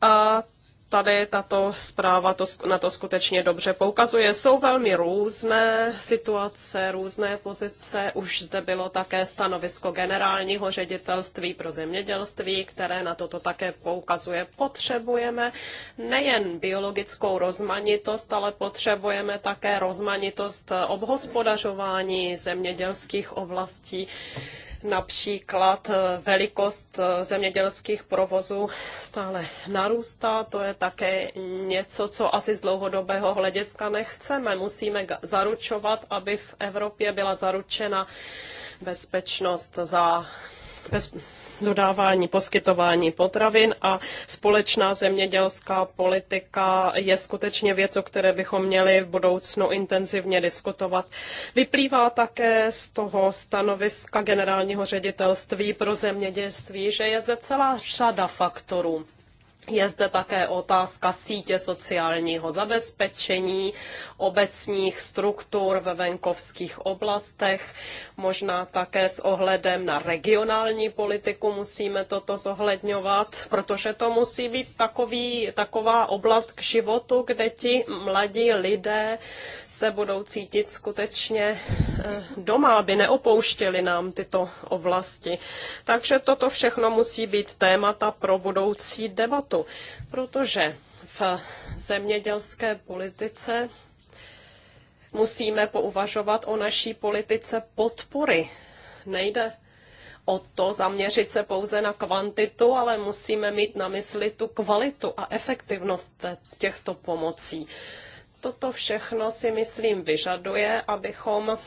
A tady tato zpráva to, na to skutečně dobře poukazuje. Jsou velmi různé situace, různé pozice. Už zde bylo také stanovisko generálního ředitelství pro zemědělství, které na toto také poukazuje. Potřebujeme nejen biologickou rozmanitost, ale potřebujeme také rozmanitost obhospodařování zemědělských oblastí Například eh, velikost eh, zemědělských provozů stále narůstá. To je také něco, co asi z dlouhodobého hlediska nechceme. Musíme zaručovat, aby v Evropě byla zaručena bezpečnost za bez, dodávání, poskytování potravin a společná zemědělská politika je skutečně věc, o které bychom měli v budoucnu intenzivně diskutovat. Vyplývá také z toho stanoviska generálního ředitelství pro zemědělství, že je zde celá řada faktorů je zde také otázka sítě sociálního zabezpečení, obecních struktur ve venkovských oblastech. Možná také s ohledem na regionální politiku musíme toto zohledňovat, protože to musí být takový, taková oblast k životu, kde ti mladí lidé se budou cítit skutečně eh, doma, aby neopouštěli nám tyto oblasti. Takže toto všechno musí být témata pro budoucí debatu tématu, protože v zemědělské politice musíme pouvažovat o naší politice podpory. Nejde o to zaměřit se pouze na kvantitu, ale musíme mít na mysli tu kvalitu a efektivnost těchto pomocí. Toto všechno si myslím vyžaduje, abychom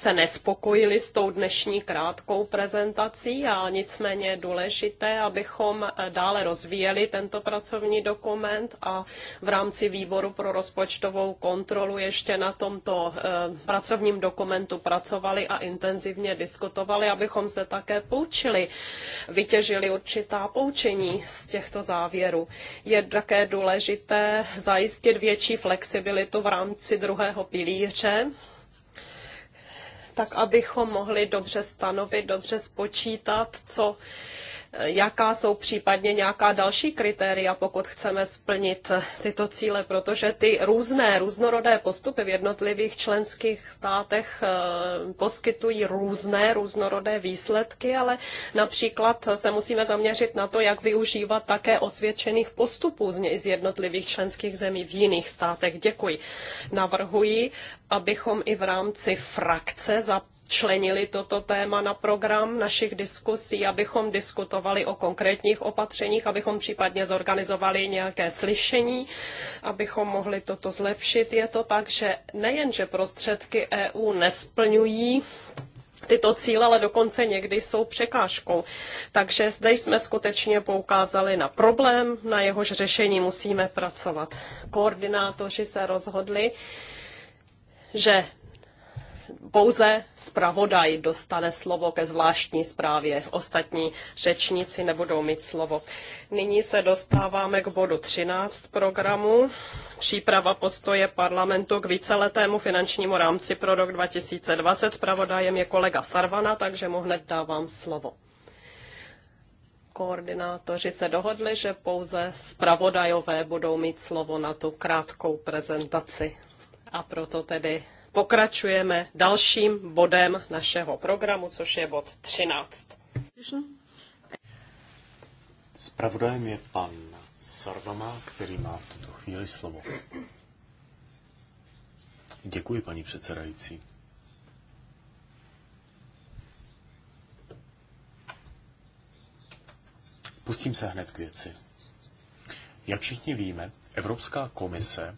se nespokojili s tou dnešní krátkou prezentací a nicméně je důležité, abychom eh, dále rozvíjeli tento pracovní dokument a v rámci výboru pro rozpočtovou kontrolu ještě na tomto eh, pracovním dokumentu pracovali a intenzivně diskutovali, abychom se také poučili, vytěžili určitá poučení z těchto závěrů. Je také důležité zajistit větší flexibilitu v rámci druhého pilíře, tak abychom mohli dobře stanovit, dobře spočítat, co jaká jsou případně nějaká další kritéria, pokud chceme splnit tyto cíle, protože ty různé, různorodé postupy v jednotlivých členských státech eh, poskytují různé, různorodé výsledky, ale například se musíme zaměřit na to, jak využívat také osvědčených postupů z jednotlivých členských zemí v jiných státech. Děkuji. Navrhuji, abychom i v rámci frakce za včlenili toto téma na program našich diskusí, abychom diskutovali o konkrétních opatřeních, abychom případně zorganizovali nějaké slyšení, abychom mohli toto zlepšit. Je to tak, že nejen, že prostředky EU nesplňují tyto cíle, ale dokonce někdy jsou překážkou. Takže zde jsme skutečně poukázali na problém, na jehož řešení musíme pracovat. Koordinátoři se rozhodli, že pouze zpravodaj dostane slovo ke zvláštní zprávě. Ostatní řečníci nebudou mít slovo. Nyní se dostáváme k bodu 13 programu. Příprava postoje parlamentu k víceletému finančnímu rámci pro rok 2020. Zpravodajem je kolega Sarvana, takže mu hned dávám slovo koordinátoři se dohodli, že pouze zpravodajové budou mít slovo na tu krátkou prezentaci. A proto tedy Pokračujeme dalším bodem našeho programu, což je bod 13. Spravodajem je pan Sarvama, který má v tuto chvíli slovo. Děkuji, paní předsedající. Pustím se hned k věci. Jak všichni víme, Evropská komise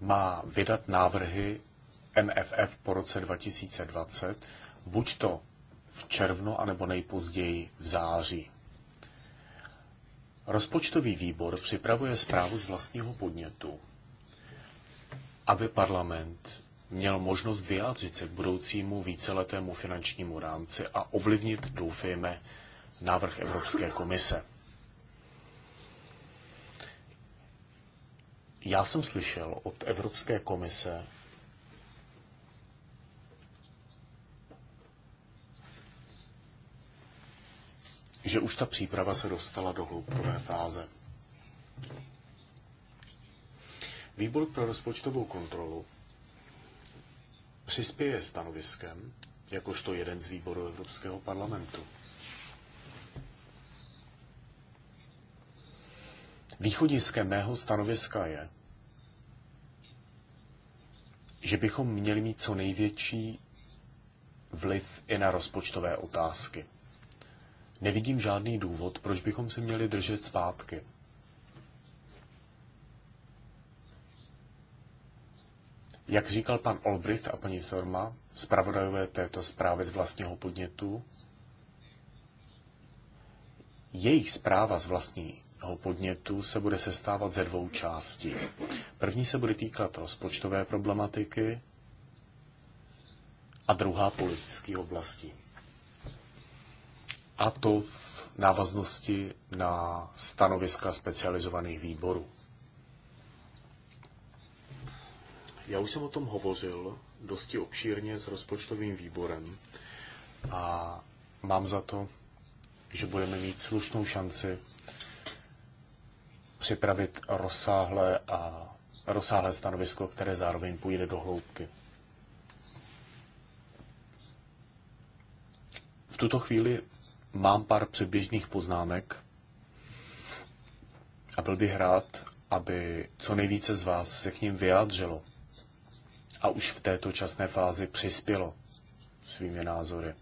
má vydat návrhy MFF po roce 2020, buď to v červnu, anebo nejpozději v září. Rozpočtový výbor připravuje zprávu z vlastního podnětu, aby parlament měl možnost vyjádřit se k budoucímu víceletému finančnímu rámci a ovlivnit, doufejme, návrh Evropské komise. Já jsem slyšel od Evropské komise, že už ta příprava se dostala do hloubkové fáze. Výbor pro rozpočtovou kontrolu přispěje stanoviskem, jakožto jeden z výborů Evropského parlamentu. Východiskem mého stanoviska je, že bychom měli mít co největší vliv i na rozpočtové otázky. Nevidím žádný důvod, proč bychom se měli držet zpátky. Jak říkal pan Olbricht a paní Sorma, zpravodajové této zprávy z vlastního podnětu, jejich zpráva z vlastního podnětu se bude sestávat ze dvou částí. První se bude týkat rozpočtové problematiky a druhá politické oblasti a to v návaznosti na stanoviska specializovaných výborů. Já už jsem o tom hovořil dosti obšírně s rozpočtovým výborem a mám za to, že budeme mít slušnou šanci připravit rozsáhlé a rozsáhlé stanovisko, které zároveň půjde do hloubky. V tuto chvíli mám pár předběžných poznámek a byl bych rád, aby co nejvíce z vás se k ním vyjádřilo a už v této časné fázi přispělo svými názory.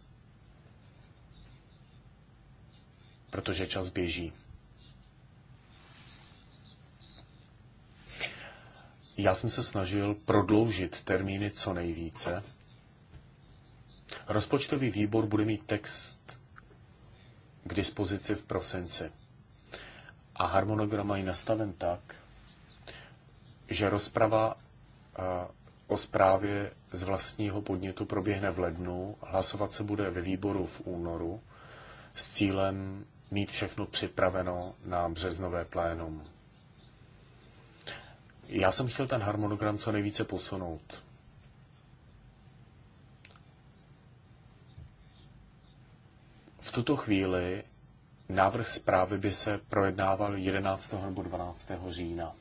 Protože čas běží. Já jsem se snažil prodloužit termíny co nejvíce. Rozpočtový výbor bude mít text k dispozici v prosinci. A harmonogram mají nastaven tak, že rozprava eh, o zprávě z vlastního podnětu proběhne v lednu, hlasovat se bude ve výboru v únoru s cílem mít všechno připraveno na březnové plénum. Já jsem chtěl ten harmonogram co nejvíce posunout. tuto chvíli návrh zprávy by se projednával 11. nebo 12. října.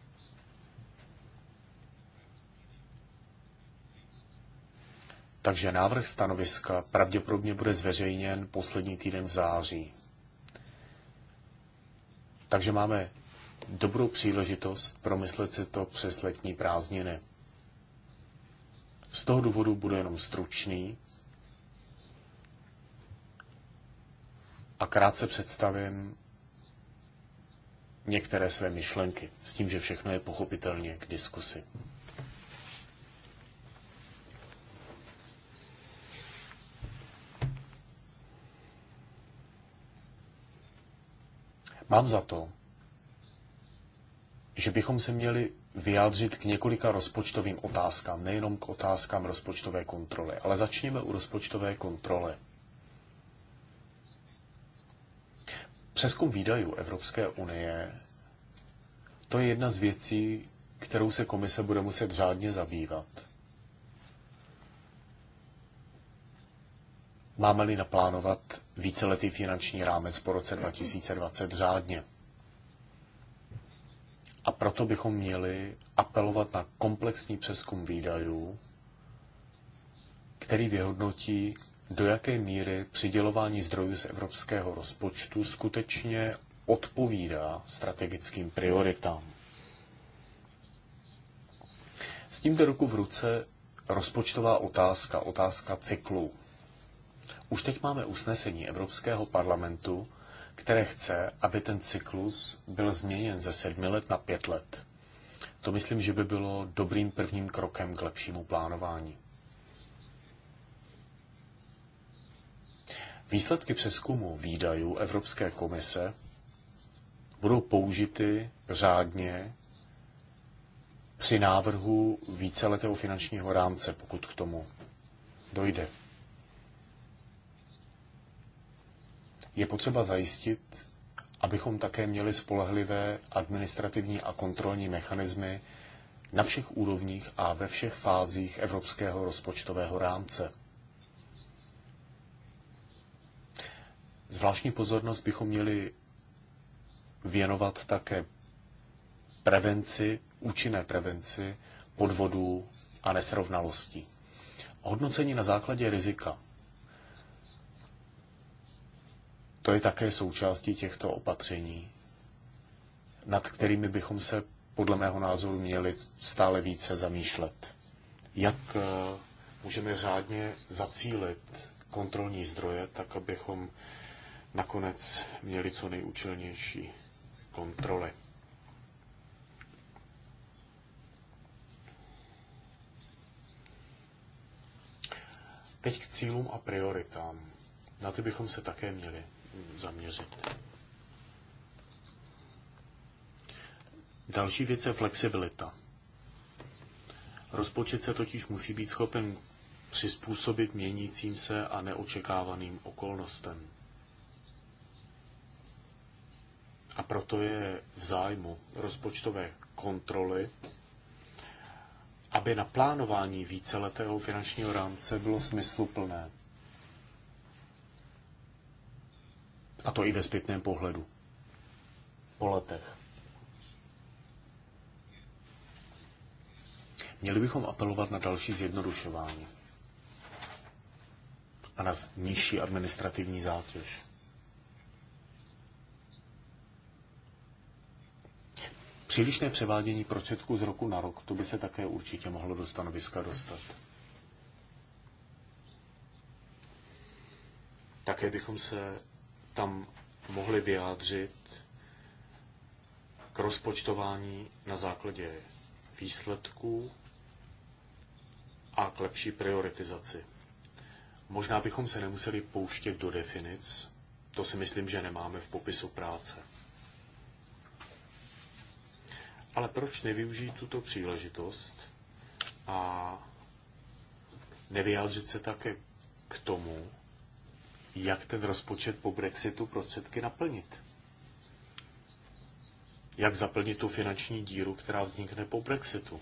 Takže návrh stanoviska pravděpodobně bude zveřejněn poslední týden v září. Takže máme dobrou příležitost promyslet si to přes letní prázdniny. Z toho důvodu budu jenom stručný a krátce představím některé své myšlenky, s tím, že všechno je pochopitelně k diskusi. Mám za to, že bychom se měli vyjádřit k několika rozpočtovým otázkám, nejenom k otázkám rozpočtové kontroly, ale začněme u rozpočtové kontroly. Přeskum výdajů Evropské unie, to je jedna z věcí, kterou se komise bude muset řádně zabývat. Máme-li naplánovat víceletý finanční rámec po roce 2020 řádně. A proto bychom měli apelovat na komplexní přeskum výdajů, který vyhodnotí do jaké míry přidělování zdrojů z evropského rozpočtu skutečně odpovídá strategickým prioritám. S tím jde ruku v ruce rozpočtová otázka, otázka cyklu. Už teď máme usnesení Evropského parlamentu, které chce, aby ten cyklus byl změněn ze sedmi let na pět let. To myslím, že by bylo dobrým prvním krokem k lepšímu plánování. Výsledky přeskumu výdajů Evropské komise budou použity řádně při návrhu víceletého finančního rámce, pokud k tomu dojde. Je potřeba zajistit, abychom také měli spolehlivé administrativní a kontrolní mechanismy na všech úrovních a ve všech fázích evropského rozpočtového rámce. Zvláštní pozornost bychom měli věnovat také prevenci, účinné prevenci podvodů a nesrovnalostí. Hodnocení na základě rizika. To je také součástí těchto opatření, nad kterými bychom se podle mého názoru měli stále více zamýšlet. Jak eh, můžeme řádně zacílit kontrolní zdroje, tak abychom nakonec měli co nejúčelnější kontroly. Teď k cílům a prioritám. Na ty bychom se také měli zaměřit. Další věc je flexibilita. Rozpočet se totiž musí být schopen přizpůsobit měnícím se a neočekávaným okolnostem. A proto je v zájmu rozpočtové kontroly, aby na plánování víceletého finančního rámce bylo smysluplné. A to i ve zpětném pohledu. Po letech. Měli bychom apelovat na další zjednodušování a na nižší administrativní zátěž. Přílišné převádění prostředků z roku na rok, to by se také určitě mohlo do stanoviska dostat. Také bychom se tam mohli vyjádřit k rozpočtování na základě výsledků a k lepší prioritizaci. Možná bychom se nemuseli pouštět do definic, to si myslím, že nemáme v popisu práce. Ale proč nevyužít tuto příležitost a nevyjádřit se také k tomu, jak ten rozpočet po Brexitu prostředky naplnit? Jak zaplnit tu finanční díru, která vznikne po Brexitu?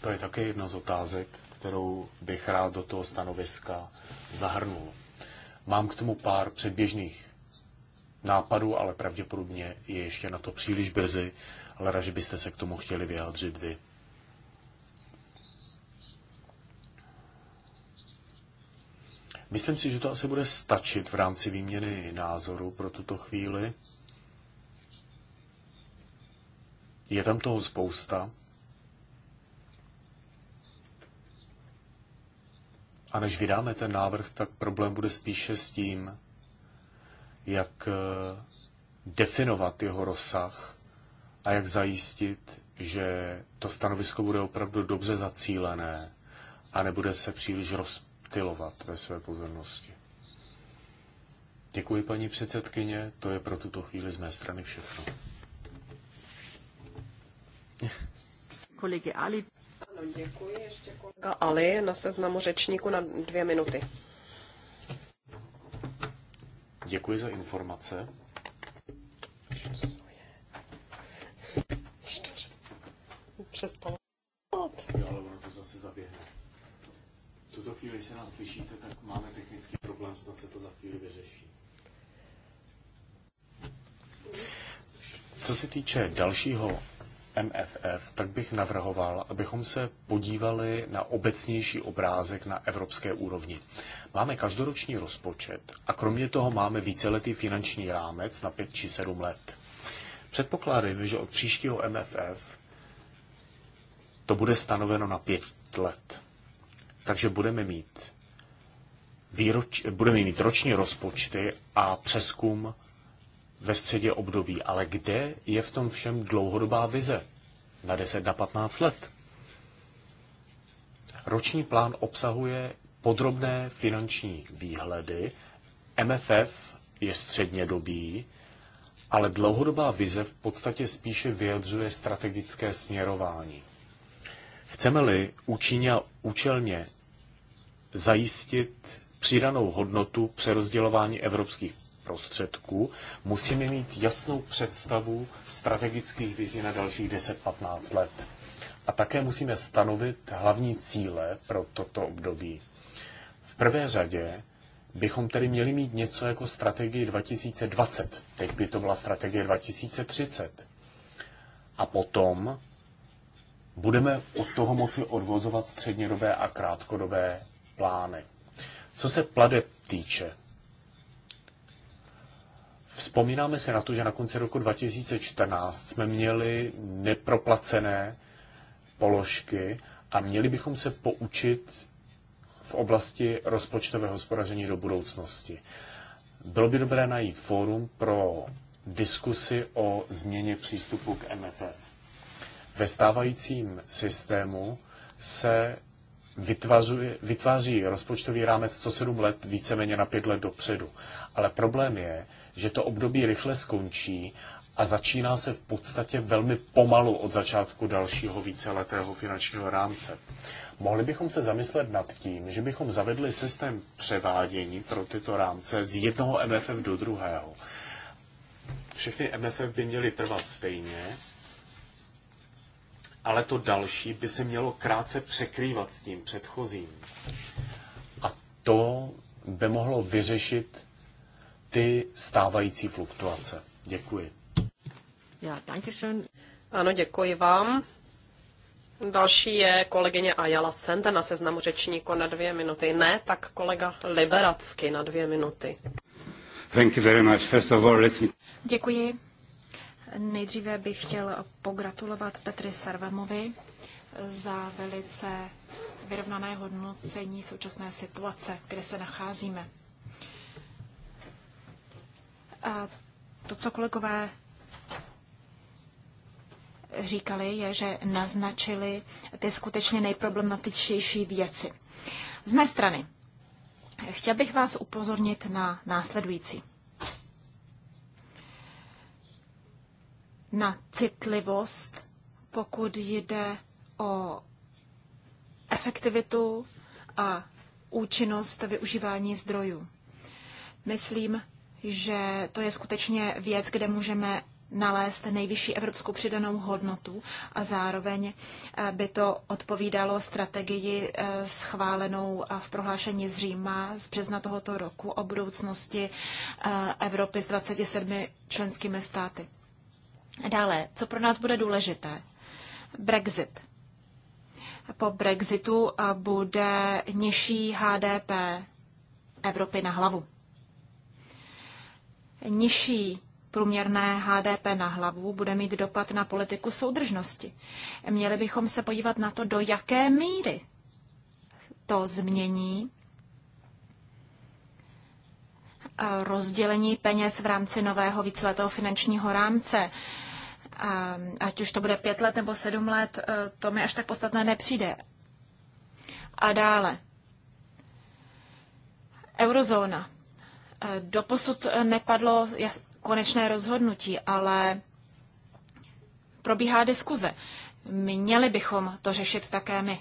To je také jedna z otázek, kterou bych rád do toho stanoviska zahrnul. Mám k tomu pár předběžných Nápadu, ale pravděpodobně je ještě na to příliš brzy, ale raži byste se k tomu chtěli vyjádřit vy. Myslím si, že to asi bude stačit v rámci výměny názoru pro tuto chvíli. Je tam toho spousta. A než vydáme ten návrh, tak problém bude spíše s tím, jak eh, definovat jeho rozsah a jak zajistit, že to stanovisko bude opravdu dobře zacílené a nebude se příliš rozptilovat ve své pozornosti. Děkuji, paní předsedkyně. To je pro tuto chvíli z mé strany všechno. Kolegy Ali. Ano, děkuji. Ještě kolega Ali na seznamu řečníku na dvě minuty. Děkuji za informace. Přestalo. Jo, ale ono to zase zaběhne. V tuto chvíli, se nás slyšíte, tak máme technický problém, snad se to za chvíli vyřeší. Co se týče dalšího MFF, tak bych navrhoval, abychom se podívali na obecnější obrázek na evropské úrovni. Máme každoroční rozpočet a kromě toho máme víceletý finanční rámec na 5 či 7 let. Předpokládejme, že od příštího MFF to bude stanoveno na 5 let. Takže budeme mít, výroč, budeme mít roční rozpočty a přeskum ve středě období, ale kde je v tom všem dlouhodobá vize? Na 10, na 15 let. Roční plán obsahuje podrobné finanční výhledy, MFF je středně střednědobý, ale dlouhodobá vize v podstatě spíše vyjadřuje strategické směrování. Chceme-li účinně a účelně zajistit přidanou hodnotu přerozdělování evropských prostředků, musíme mít jasnou představu strategických vizí na dalších 10-15 let. A také musíme stanovit hlavní cíle pro toto období. V prvé řadě bychom tedy měli mít něco jako strategii 2020. Teď by to byla strategie 2030. A potom budeme od toho moci odvozovat střednědobé a krátkodobé plány. Co se plade týče, Vzpomínáme se na to, že na konci roku 2014 jsme měli neproplacené položky a měli bychom se poučit v oblasti rozpočtového hospodaření do budoucnosti. Bylo by dobré najít fórum pro diskusi o změně přístupu k MFF. Ve stávajícím systému se vytváří, vytváří rozpočtový rámec co sedm let, víceméně na pět let dopředu. Ale problém je, že to období rychle skončí a začíná se v podstatě velmi pomalu od začátku dalšího víceletého finančního rámce. Mohli bychom se zamyslet nad tím, že bychom zavedli systém převádění pro tyto rámce z jednoho MFF do druhého. Všechny MFF by měly trvat stejně, ale to další by se mělo krátce překrývat s tím předchozím. A to by mohlo vyřešit ty stávající fluktuace. Děkuji. Já, dankeschön. Ano, děkuji vám. Další je kolegyně Ajala Sente na seznamu řečníku na dvě minuty. Ne, tak kolega Liberacky na dvě minuty. Thank you very much. First of all, let me... Děkuji. Nejdříve bych chtěl pogratulovat Petri Sarvamovi za velice vyrovnané hodnocení současné situace, kde se nacházíme. A To, co kolegové říkali, je, že naznačili ty skutečně nejproblematičtější věci. Z mé strany, chtěl bych vás upozornit na následující. Na citlivost, pokud jde o efektivitu a účinnost využívání zdrojů. Myslím, že to je skutečně věc, kde můžeme nalézt nejvyšší evropskou přidanou hodnotu a zároveň eh, by to odpovídalo strategii eh, schválenou eh, v prohlášení z Říma z března tohoto roku o budoucnosti Evropy s 27 členskými státy. Dále, co pro nás bude důležité? Brexit. Po Brexitu bude nižší HDP Evropy na hlavu nižší průměrné HDP na hlavu bude mít dopad na politiku soudržnosti. Měli bychom se podívat na to, do jaké míry to změní eh, rozdělení peněz v rámci nového víceletého finančního rámce. Eh, ať už to bude pět let nebo sedm let, eh, to mi až tak podstatné nepřijde. A dále. Eurozóna. Eh, doposud eh, nepadlo konečné rozhodnutí, ale probíhá diskuze. Měli bychom to řešit také my.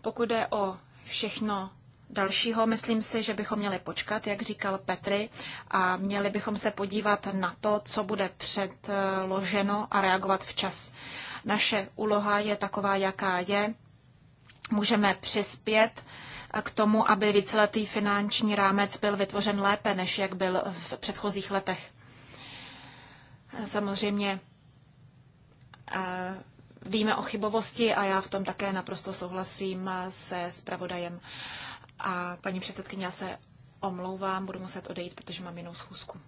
Pokud jde o všechno dalšího, myslím si, že bychom měli počkat, jak říkal Petry, a měli bychom se podívat na to, co bude předloženo a reagovat včas. Naše úloha je taková, jaká je. Můžeme přispět k tomu, aby víceletý finanční rámec byl vytvořen lépe, než jak byl v předchozích letech. Samozřejmě eh, víme o chybovosti a já v tom také naprosto souhlasím eh, se zpravodajem. A paní předsedkyně, já se omlouvám, budu muset odejít, protože mám jinou schůzku.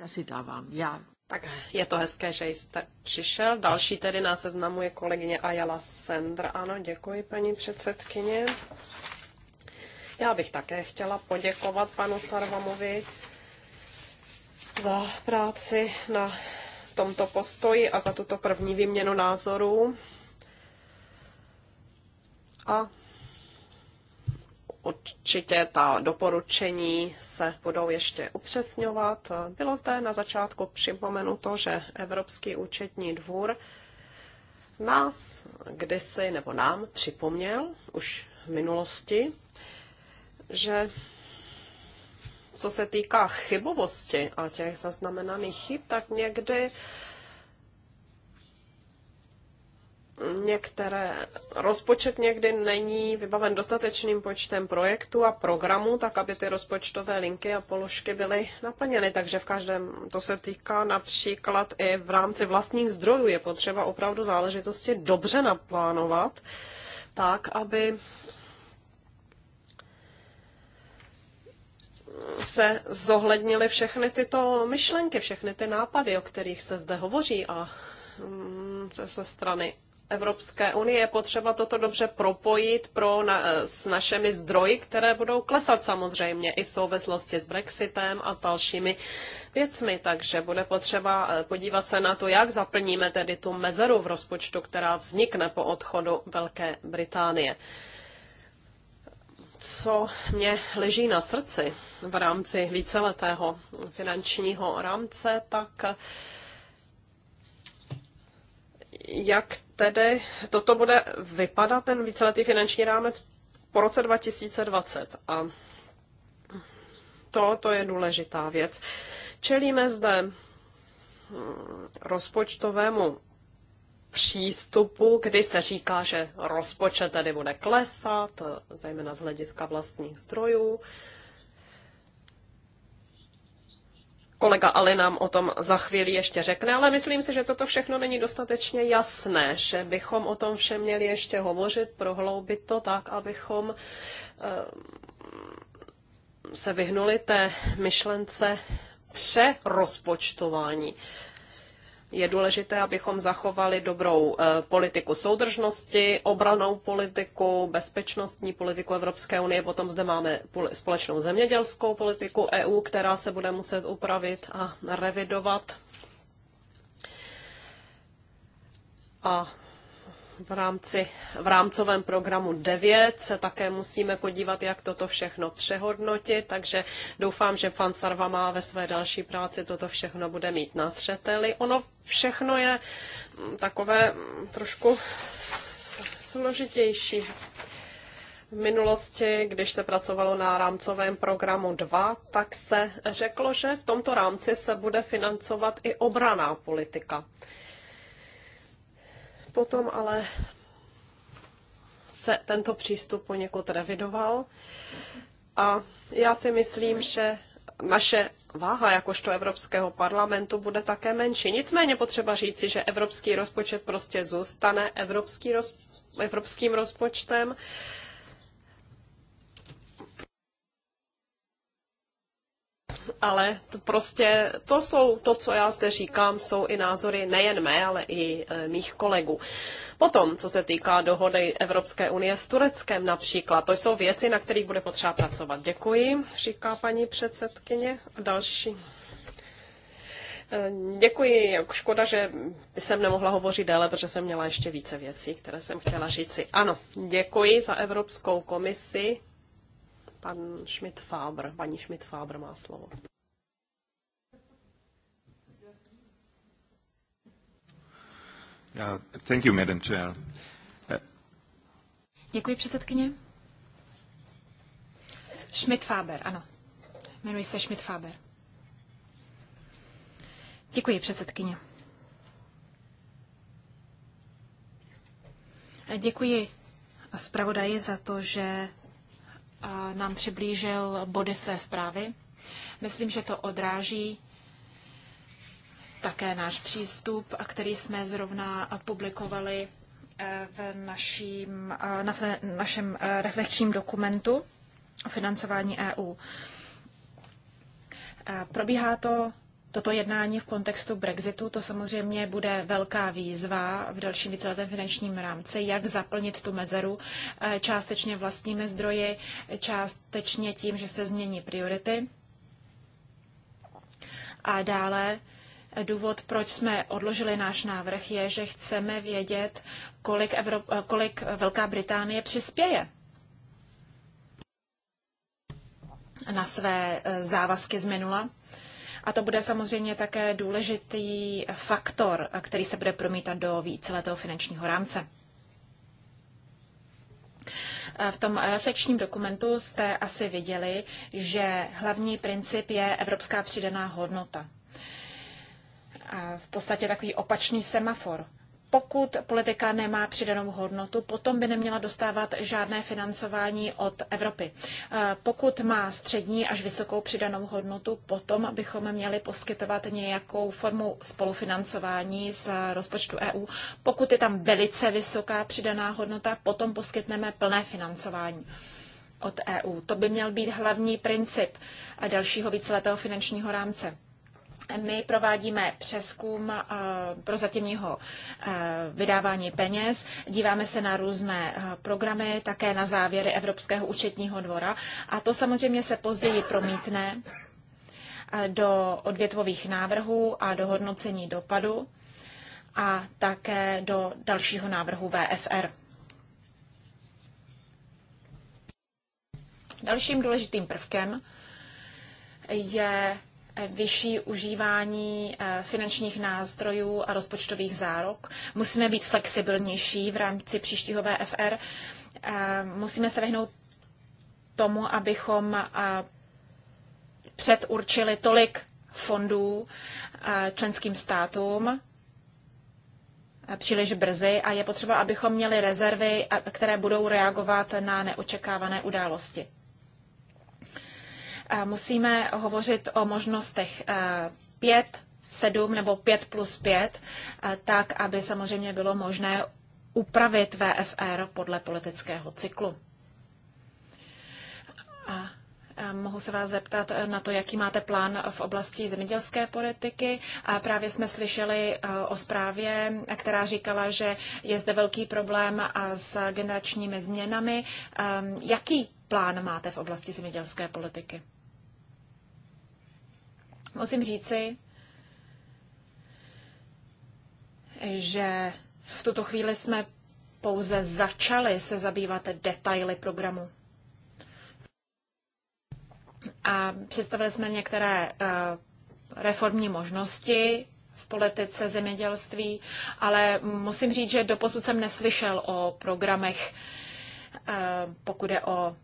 Já si dávám, já. Tak je to hezké, že jste přišel. Další tedy nás seznamu je kolegyně Ajala Sendr. Ano, děkuji, paní předsedkyně. Já bych také chtěla poděkovat panu Sarvamovi za práci na tomto postoji a za tuto první výměnu názorů. A určitě ta doporučení se budou ještě upřesňovat. Bylo zde na začátku připomenuto, že Evropský účetní dvůr nás kdysi nebo nám připomněl už v minulosti, že co se týká chybovosti a těch zaznamenaných chyb, tak někdy některé rozpočet někdy není vybaven dostatečným počtem projektů a programů, tak aby ty rozpočtové linky a položky byly naplněny. Takže v každém to se týká například i v rámci vlastních zdrojů. Je potřeba opravdu záležitosti dobře naplánovat tak, aby se zohlednily všechny tyto myšlenky, všechny ty nápady, o kterých se zde hovoří a mm, ze strany Evropské unie je potřeba toto dobře propojit pro na, e, s našimi zdroji, které budou klesat samozřejmě i v souvislosti s Brexitem a s dalšími věcmi. Takže bude potřeba e, podívat se na to, jak zaplníme tedy tu mezeru v rozpočtu, která vznikne po odchodu Velké Británie co mě leží na srdci v rámci víceletého finančního rámce, tak jak tedy toto bude vypadat, ten víceletý finanční rámec po roce 2020. A to, to je důležitá věc. Čelíme zde hm, rozpočtovému přístupu, kdy se říká, že rozpočet tady bude klesat, zejména z hlediska vlastních zdrojů. Kolega Ali nám o tom za chvíli ještě řekne, ale myslím si, že toto všechno není dostatečně jasné, že bychom o tom všem měli ještě hovořit, prohloubit to tak, abychom eh, se vyhnuli té myšlence přerozpočtování. rozpočtování je důležité, abychom zachovali dobrou eh, politiku soudržnosti, obranou politiku, bezpečnostní politiku Evropské unie. Potom zde máme společnou zemědělskou politiku EU, která se bude muset upravit a revidovat. A v, rámci, v rámcovém programu 9 se také musíme podívat, jak toto všechno přehodnotit, takže doufám, že pan Sarva má ve své další práci toto všechno bude mít na zřeteli. Ono všechno je takové trošku složitější. V minulosti, když se pracovalo na rámcovém programu 2, tak se řeklo, že v tomto rámci se bude financovat i obraná politika. Potom ale se tento přístup poněkud revidoval a já si myslím, že naše váha jakožto Evropského parlamentu bude také menší. Nicméně potřeba říci, že evropský rozpočet prostě zůstane evropský roz, evropským rozpočtem ale to prostě to jsou, to, co já zde říkám, jsou i názory nejen mé, ale i e, mých kolegů. Potom, co se týká dohody Evropské unie s Tureckem například, to jsou věci, na kterých bude potřeba pracovat. Děkuji, říká paní předsedkyně. A další. E, děkuji. Škoda, že jsem nemohla hovořit déle, protože jsem měla ještě více věcí, které jsem chtěla říci. Ano, děkuji za Evropskou komisi Pan Schmidt Fábr, paní Schmidt Fábr má slovo. Yeah, thank you, Madam Chair. Děkuji, předsedkyně. Schmidt Faber, ano. Jmenuji se Schmidt Faber. Děkuji, předsedkyně. Děkuji zpravodaji za to, že nám přiblížil body své zprávy. Myslím, že to odráží také náš přístup, který jsme zrovna publikovali eh, v našim, eh, na, našem eh, reflekčním dokumentu o financování EU. Probíhá to toto jednání v kontextu Brexitu, to samozřejmě bude velká výzva v dalším víceletém finančním rámci, jak zaplnit tu mezeru eh, částečně vlastními zdroji, částečně tím, že se změní priority. A dále eh, důvod, proč jsme odložili náš návrh, je, že chceme vědět, kolik, Evrop- eh, kolik Velká Británie přispěje na své závazky z minula. A to bude samozřejmě také důležitý faktor, který se bude promítat do víceletého finančního rámce. V tom reflexním dokumentu jste asi viděli, že hlavní princip je evropská přidaná hodnota. A v podstatě takový opačný semafor pokud politika nemá přidanou hodnotu, potom by neměla dostávat žádné financování od Evropy. Eh, pokud má střední až vysokou přidanou hodnotu, potom bychom měli poskytovat nějakou formu spolufinancování z rozpočtu EU. Pokud je tam velice vysoká přidaná hodnota, potom poskytneme plné financování od EU. To by měl být hlavní princip dalšího víceletého finančního rámce. My provádíme přeskum eh, prozatímního eh, vydávání peněz, díváme se na různé eh, programy, také na závěry Evropského účetního dvora a to samozřejmě se později promítne do odvětvových návrhů a do hodnocení dopadu a také do dalšího návrhu VFR. Dalším důležitým prvkem je vyšší užívání eh, finančních nástrojů a rozpočtových zárok. Musíme být flexibilnější v rámci příštího VFR. Eh, musíme se vyhnout tomu, abychom eh, předurčili tolik fondů členským státům příliš brzy a je potřeba, abychom měli rezervy, které budou reagovat na neočekávané události musíme hovořit o možnostech 5, eh, 7 nebo 5 plus 5, eh, tak aby samozřejmě bylo možné upravit VFR podle politického cyklu. A eh, Mohu se vás zeptat na to, jaký máte plán v oblasti zemědělské politiky. A právě jsme slyšeli o zprávě, která říkala, že je zde velký problém s generačními změnami. Ehm, jaký plán máte v oblasti zemědělské politiky? Musím říci, že v tuto chvíli jsme pouze začali se zabývat detaily programu. A představili jsme některé eh, reformní možnosti v politice zemědělství, ale musím říct, že doposud jsem neslyšel o programech, eh, pokud je o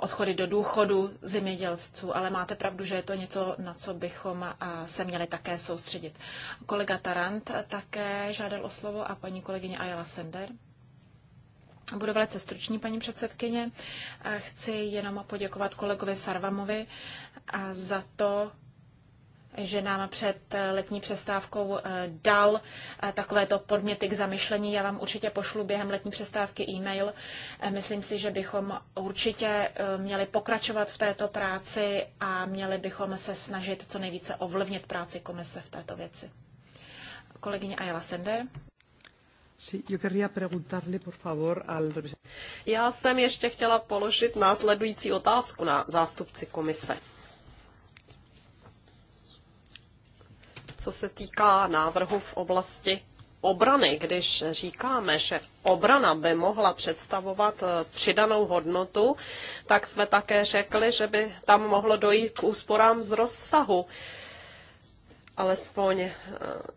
odchody do důchodu zemědělců, ale máte pravdu, že je to něco, na co bychom se měli také soustředit. Kolega Tarant také žádal o slovo a paní kolegyně Ayala Sender. Budu velice stručný, paní předsedkyně. Chci jenom poděkovat kolegovi Sarvamovi za to, že nám před eh, letní přestávkou eh, dal eh, takovéto podměty k zamyšlení. Já vám určitě pošlu během letní přestávky e-mail. Myslím si, že bychom určitě měli pokračovat v této práci a měli bychom se snažit co nejvíce ovlivnit práci komise v této věci. Kolegyně Ayala Sender. Já jsem ještě chtěla položit následující otázku na zástupci komise. co se týká návrhu v oblasti obrany, když říkáme, že obrana by mohla představovat eh, přidanou hodnotu, tak jsme také řekli, že by tam mohlo dojít k úsporám z rozsahu alespoň eh,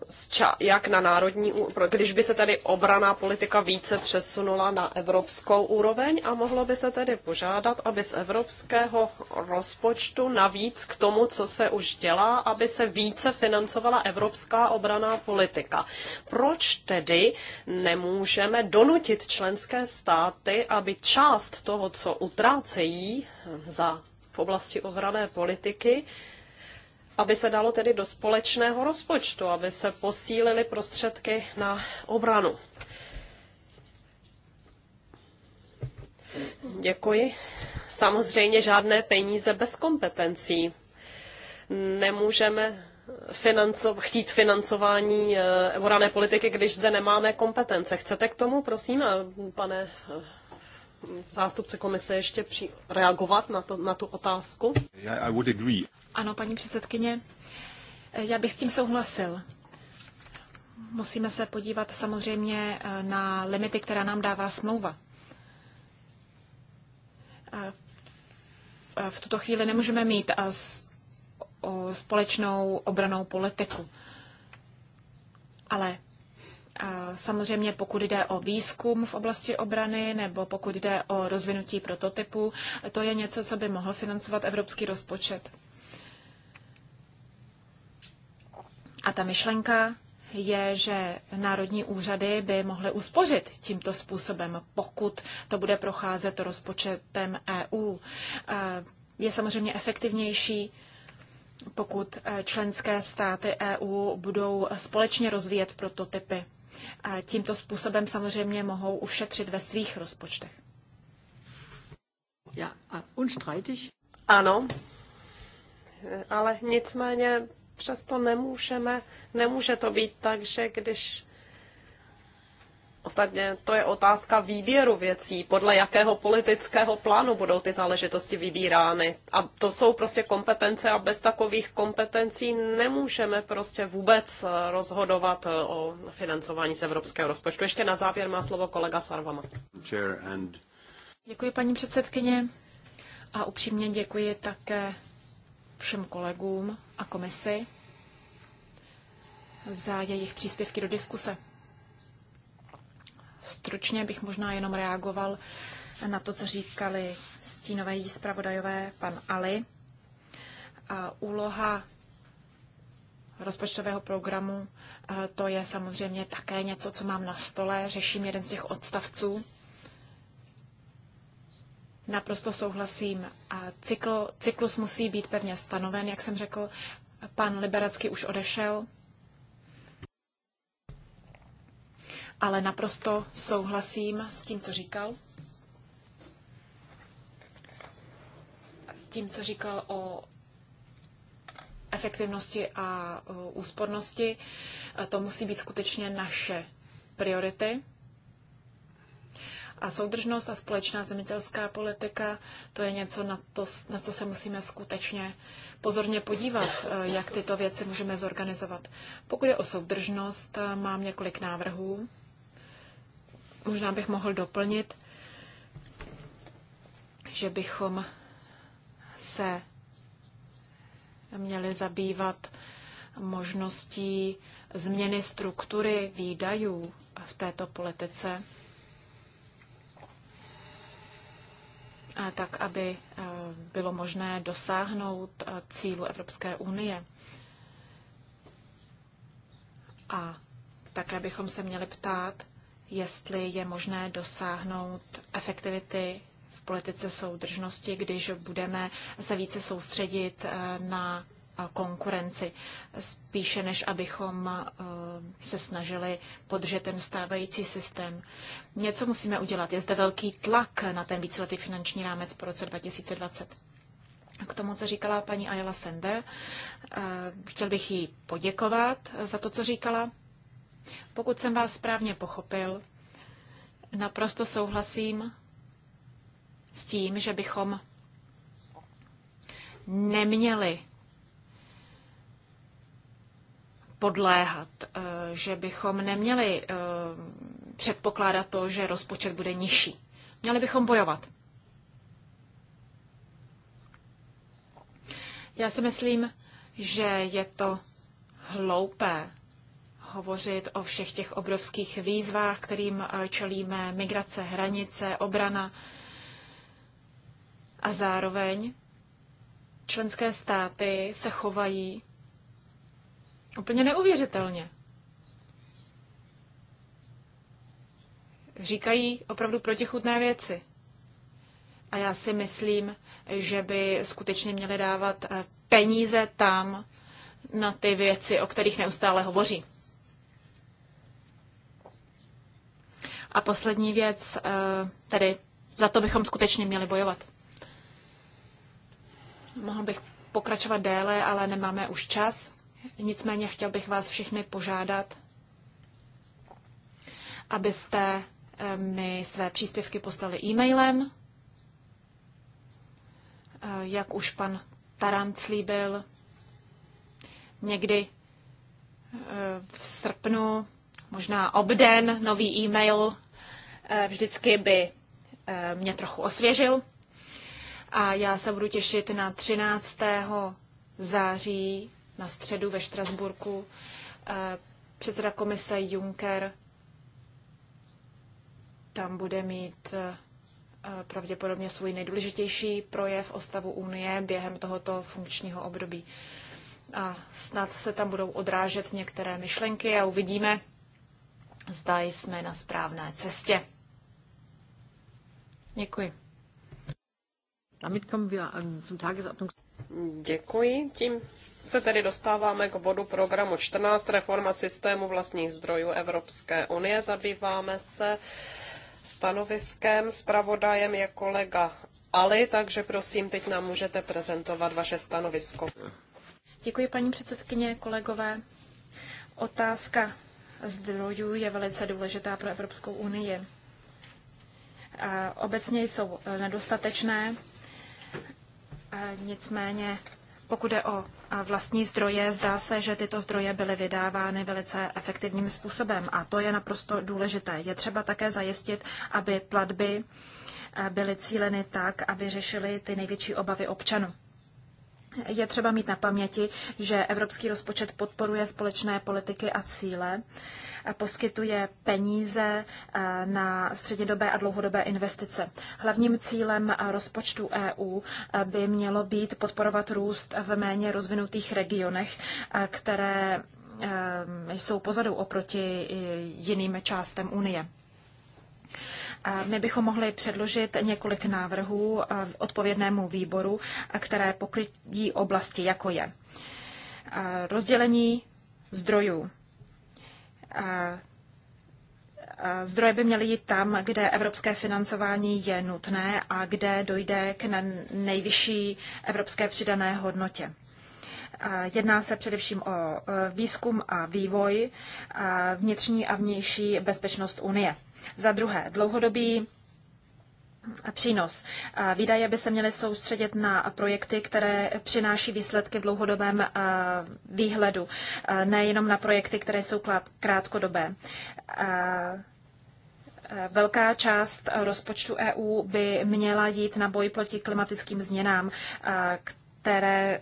z ča- jak na národní úroveň, když by se tedy obraná politika více přesunula na evropskou úroveň a mohlo by se tedy požádat, aby z evropského rozpočtu navíc k tomu, co se už dělá, aby se více financovala evropská obraná politika. Proč tedy nemůžeme donutit členské státy, aby část toho, co utrácejí za v oblasti obrané politiky, aby se dalo tedy do společného rozpočtu, aby se posílily prostředky na obranu. Děkuji. Samozřejmě žádné peníze bez kompetencí. Nemůžeme financo- chtít financování eh, obrané politiky, když zde nemáme kompetence. Chcete k tomu, prosím, eh, pane eh, zástupce komise ještě při, reagovat na, to, na tu otázku? I would agree. Ano, paní předsedkyně, eh, já bych s tím souhlasil. Musíme se podívat samozřejmě eh, na limity, která nám dává smlouva. Eh, v tuto chvíli nemůžeme mít společnou obranou politiku. Ale Eh, samozřejmě pokud jde o výzkum v oblasti obrany nebo pokud jde o rozvinutí prototypu, to je něco, co by mohl financovat evropský rozpočet. A ta myšlenka je, že národní úřady by mohly uspořit tímto způsobem, pokud to bude procházet rozpočetem EU. Eh, je samozřejmě efektivnější, pokud eh, členské státy EU budou společně rozvíjet prototypy tímto způsobem samozřejmě mohou ušetřit ve svých rozpočtech. Ano, ale nicméně přesto nemůžeme, nemůže to být tak, že když Ostatně to je otázka výběru věcí, podle jakého politického plánu budou ty záležitosti vybírány. A to jsou prostě kompetence a bez takových kompetencí nemůžeme prostě vůbec eh, rozhodovat eh, o financování z evropského rozpočtu. Ještě na závěr má slovo kolega Sarvama. Děkuji paní předsedkyně a upřímně děkuji také všem kolegům a komisi za jejich příspěvky do diskuse. Stručně bych možná jenom reagoval na to, co říkali stínové zpravodajové pan Ali. A úloha rozpočtového programu, to je samozřejmě také něco, co mám na stole. Řeším jeden z těch odstavců. Naprosto souhlasím. A cykl, cyklus musí být pevně stanoven, jak jsem řekl. Pan Liberacký už odešel. ale naprosto souhlasím s tím, co říkal. S tím, co říkal o efektivnosti a úspornosti. To musí být skutečně naše priority. A soudržnost a společná zemědělská politika, to je něco, na, to, na co se musíme skutečně pozorně podívat, e, jak tyto věci můžeme zorganizovat. Pokud je o soudržnost, e, mám několik návrhů. Možná bych mohl doplnit, že bychom se měli zabývat možností změny struktury výdajů v této politice, a tak aby eh, bylo možné dosáhnout eh, cílu Evropské unie. A také bychom se měli ptát, jestli je možné dosáhnout efektivity v politice soudržnosti, když budeme se více soustředit eh, na eh, konkurenci, spíše než abychom eh, se snažili podržet ten stávající systém. Něco musíme udělat. Je zde velký tlak na ten víceletý finanční rámec po roce 2020. K tomu, co říkala paní Ayala Sender, chtěl bych jí poděkovat za to, co říkala. Pokud jsem vás správně pochopil, naprosto souhlasím s tím, že bychom neměli podléhat, eh, že bychom neměli eh, předpokládat to, že rozpočet bude nižší. Měli bychom bojovat. Já si myslím, že je to hloupé hovořit o všech těch obrovských výzvách, kterým eh, čelíme, migrace, hranice, obrana. A zároveň členské státy se chovají úplně neuvěřitelně. Říkají opravdu protichutné věci. A já si myslím, že by skutečně měli dávat eh, peníze tam na ty věci, o kterých neustále hovoří. A poslední věc, eh, tedy za to bychom skutečně měli bojovat. Mohl bych pokračovat déle, ale nemáme už čas. Nicméně chtěl bych vás všechny požádat, abyste eh, mi své příspěvky poslali e-mailem. Eh, jak už pan Tarant slíbil, někdy v srpnu, možná obden, nový e-mail Eh, vždycky by eh, mě trochu osvěžil. A já se budu těšit na 13. září na středu ve Štrasburku. Eh, předseda komise Juncker tam bude mít pravděpodobně svůj nejdůležitější projev o stavu Unie během tohoto funkčního období. A snad se tam budou odrážet některé myšlenky a uvidíme, zda jsme na správné cestě. Děkuji. Ähm, Děkuji. Tím se tedy dostáváme k bodu programu 14, reforma systému vlastních zdrojů Evropské unie. Zabýváme se stanoviskem, pravodajem je kolega Ali, takže prosím, teď nám můžete prezentovat vaše stanovisko. Děkuji, paní předsedkyně, kolegové. Otázka zdrojů je velice důležitá pro Evropskou unii obecně jsou e, nedostatečné. Nicméně, pokud je o e, vlastní zdroje, zdá se, že tyto zdroje byly vydávány velice efektivním způsobem a to je naprosto důležité. Je třeba také zajistit, aby platby e, byly cíleny tak, aby řešily ty největší obavy občanů. Je třeba mít na paměti, že evropský rozpočet podporuje společné politiky a cíle, a poskytuje peníze na střednědobé a dlouhodobé investice. Hlavním cílem rozpočtu EU by mělo být podporovat růst v méně rozvinutých regionech, které jsou pozadu oproti jiným částem Unie. My bychom mohli předložit několik návrhů eh, odpovědnému výboru, eh, které pokrytí oblasti, jako je eh, rozdělení zdrojů. Zdroje by měly jít tam, kde evropské financování je nutné a kde dojde k nejvyšší evropské přidané hodnotě. Jedná se především o výzkum a vývoj, vnitřní a vnější bezpečnost Unie. Za druhé, dlouhodobý přínos. Výdaje by se měly soustředit na projekty, které přináší výsledky v dlouhodobém výhledu, nejenom na projekty, které jsou krátkodobé. Velká část rozpočtu EU by měla jít na boj proti klimatickým změnám, které e,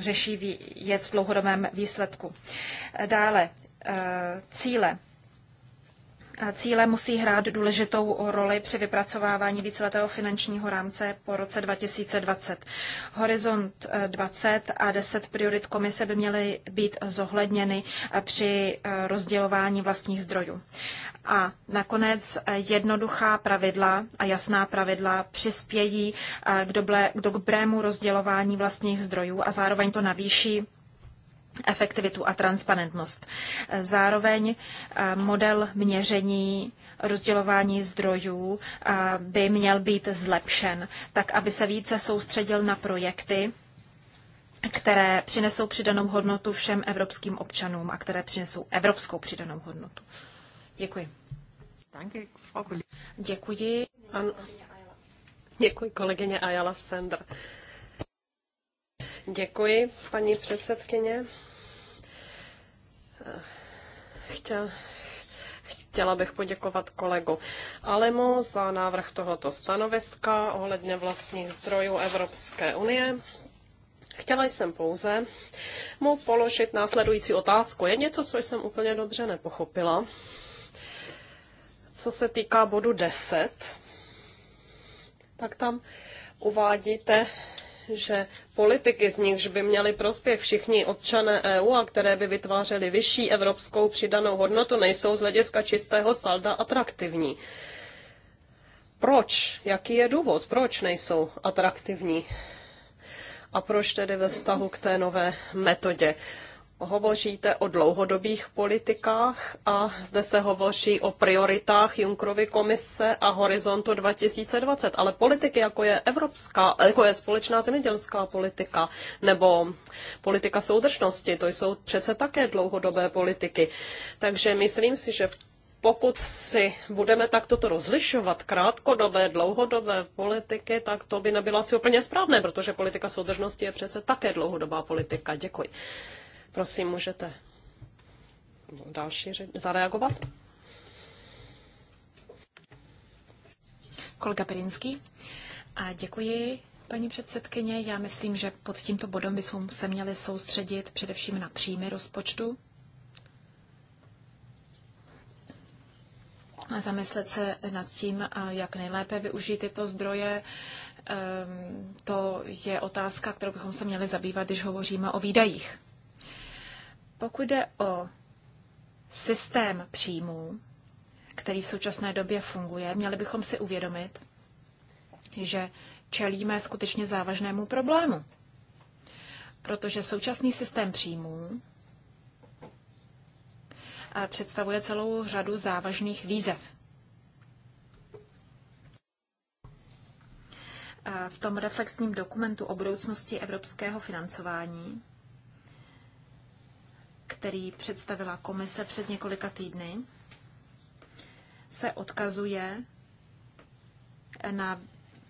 řeší věc v dlouhodobém výsledku. Dále e, cíle Cíle musí hrát důležitou roli při vypracovávání víceletého finančního rámce po roce 2020. Horizont 20 eh, a 10 priorit komise by měly být zohledněny eh, při eh, rozdělování vlastních zdrojů. A nakonec jednoduchá pravidla a jasná pravidla přispějí k, dobrému rozdělování vlastních zdrojů a zároveň to navýší efektivitu a transparentnost. Zároveň eh, model měření rozdělování zdrojů eh, by měl být zlepšen, tak aby se více soustředil na projekty, které přinesou přidanou hodnotu všem evropským občanům a které přinesou evropskou přidanou hodnotu. Děkuji. Děkuji. Děkuji kolegyně Ayala Sender. Děkuji, paní předsedkyně. Chtěl, chtěla bych poděkovat kolegu Alemu za návrh tohoto stanoviska ohledně vlastních zdrojů Evropské unie. Chtěla jsem pouze mu položit následující otázku. Je něco, co jsem úplně dobře nepochopila. Co se týká bodu 10, tak tam uvádíte že politiky, z nichž by měli prospěch všichni občané EU a které by vytvářely vyšší evropskou přidanou hodnotu, nejsou z hlediska čistého salda atraktivní. Proč? Jaký je důvod? Proč nejsou atraktivní? A proč tedy ve vztahu k té nové metodě? hovoříte o dlouhodobých politikách a zde se hovoří o prioritách Junkrovy komise a horizontu 2020, ale politiky, jako je evropská, jako je společná zemědělská politika nebo politika soudržnosti, to jsou přece také dlouhodobé politiky. Takže myslím si, že pokud si budeme takto to rozlišovat, krátkodobé, dlouhodobé politiky, tak to by nebylo asi úplně správné, protože politika soudržnosti je přece také dlouhodobá politika. Děkuji. Prosím, můžete další zareagovat? Kolega Perinský. A děkuji, paní předsedkyně. Já myslím, že pod tímto bodem bychom se měli soustředit především na příjmy rozpočtu. A zamyslet se nad tím, jak nejlépe využít tyto zdroje. Ehm, to je otázka, kterou bychom se měli zabývat, když hovoříme o výdajích. Pokud jde o systém příjmů, který v současné době funguje, měli bychom si uvědomit, že čelíme skutečně závažnému problému. Protože současný systém příjmů eh, představuje celou řadu závažných výzev. Eh, v tom reflexním dokumentu o budoucnosti evropského financování který představila komise před několika týdny, se odkazuje na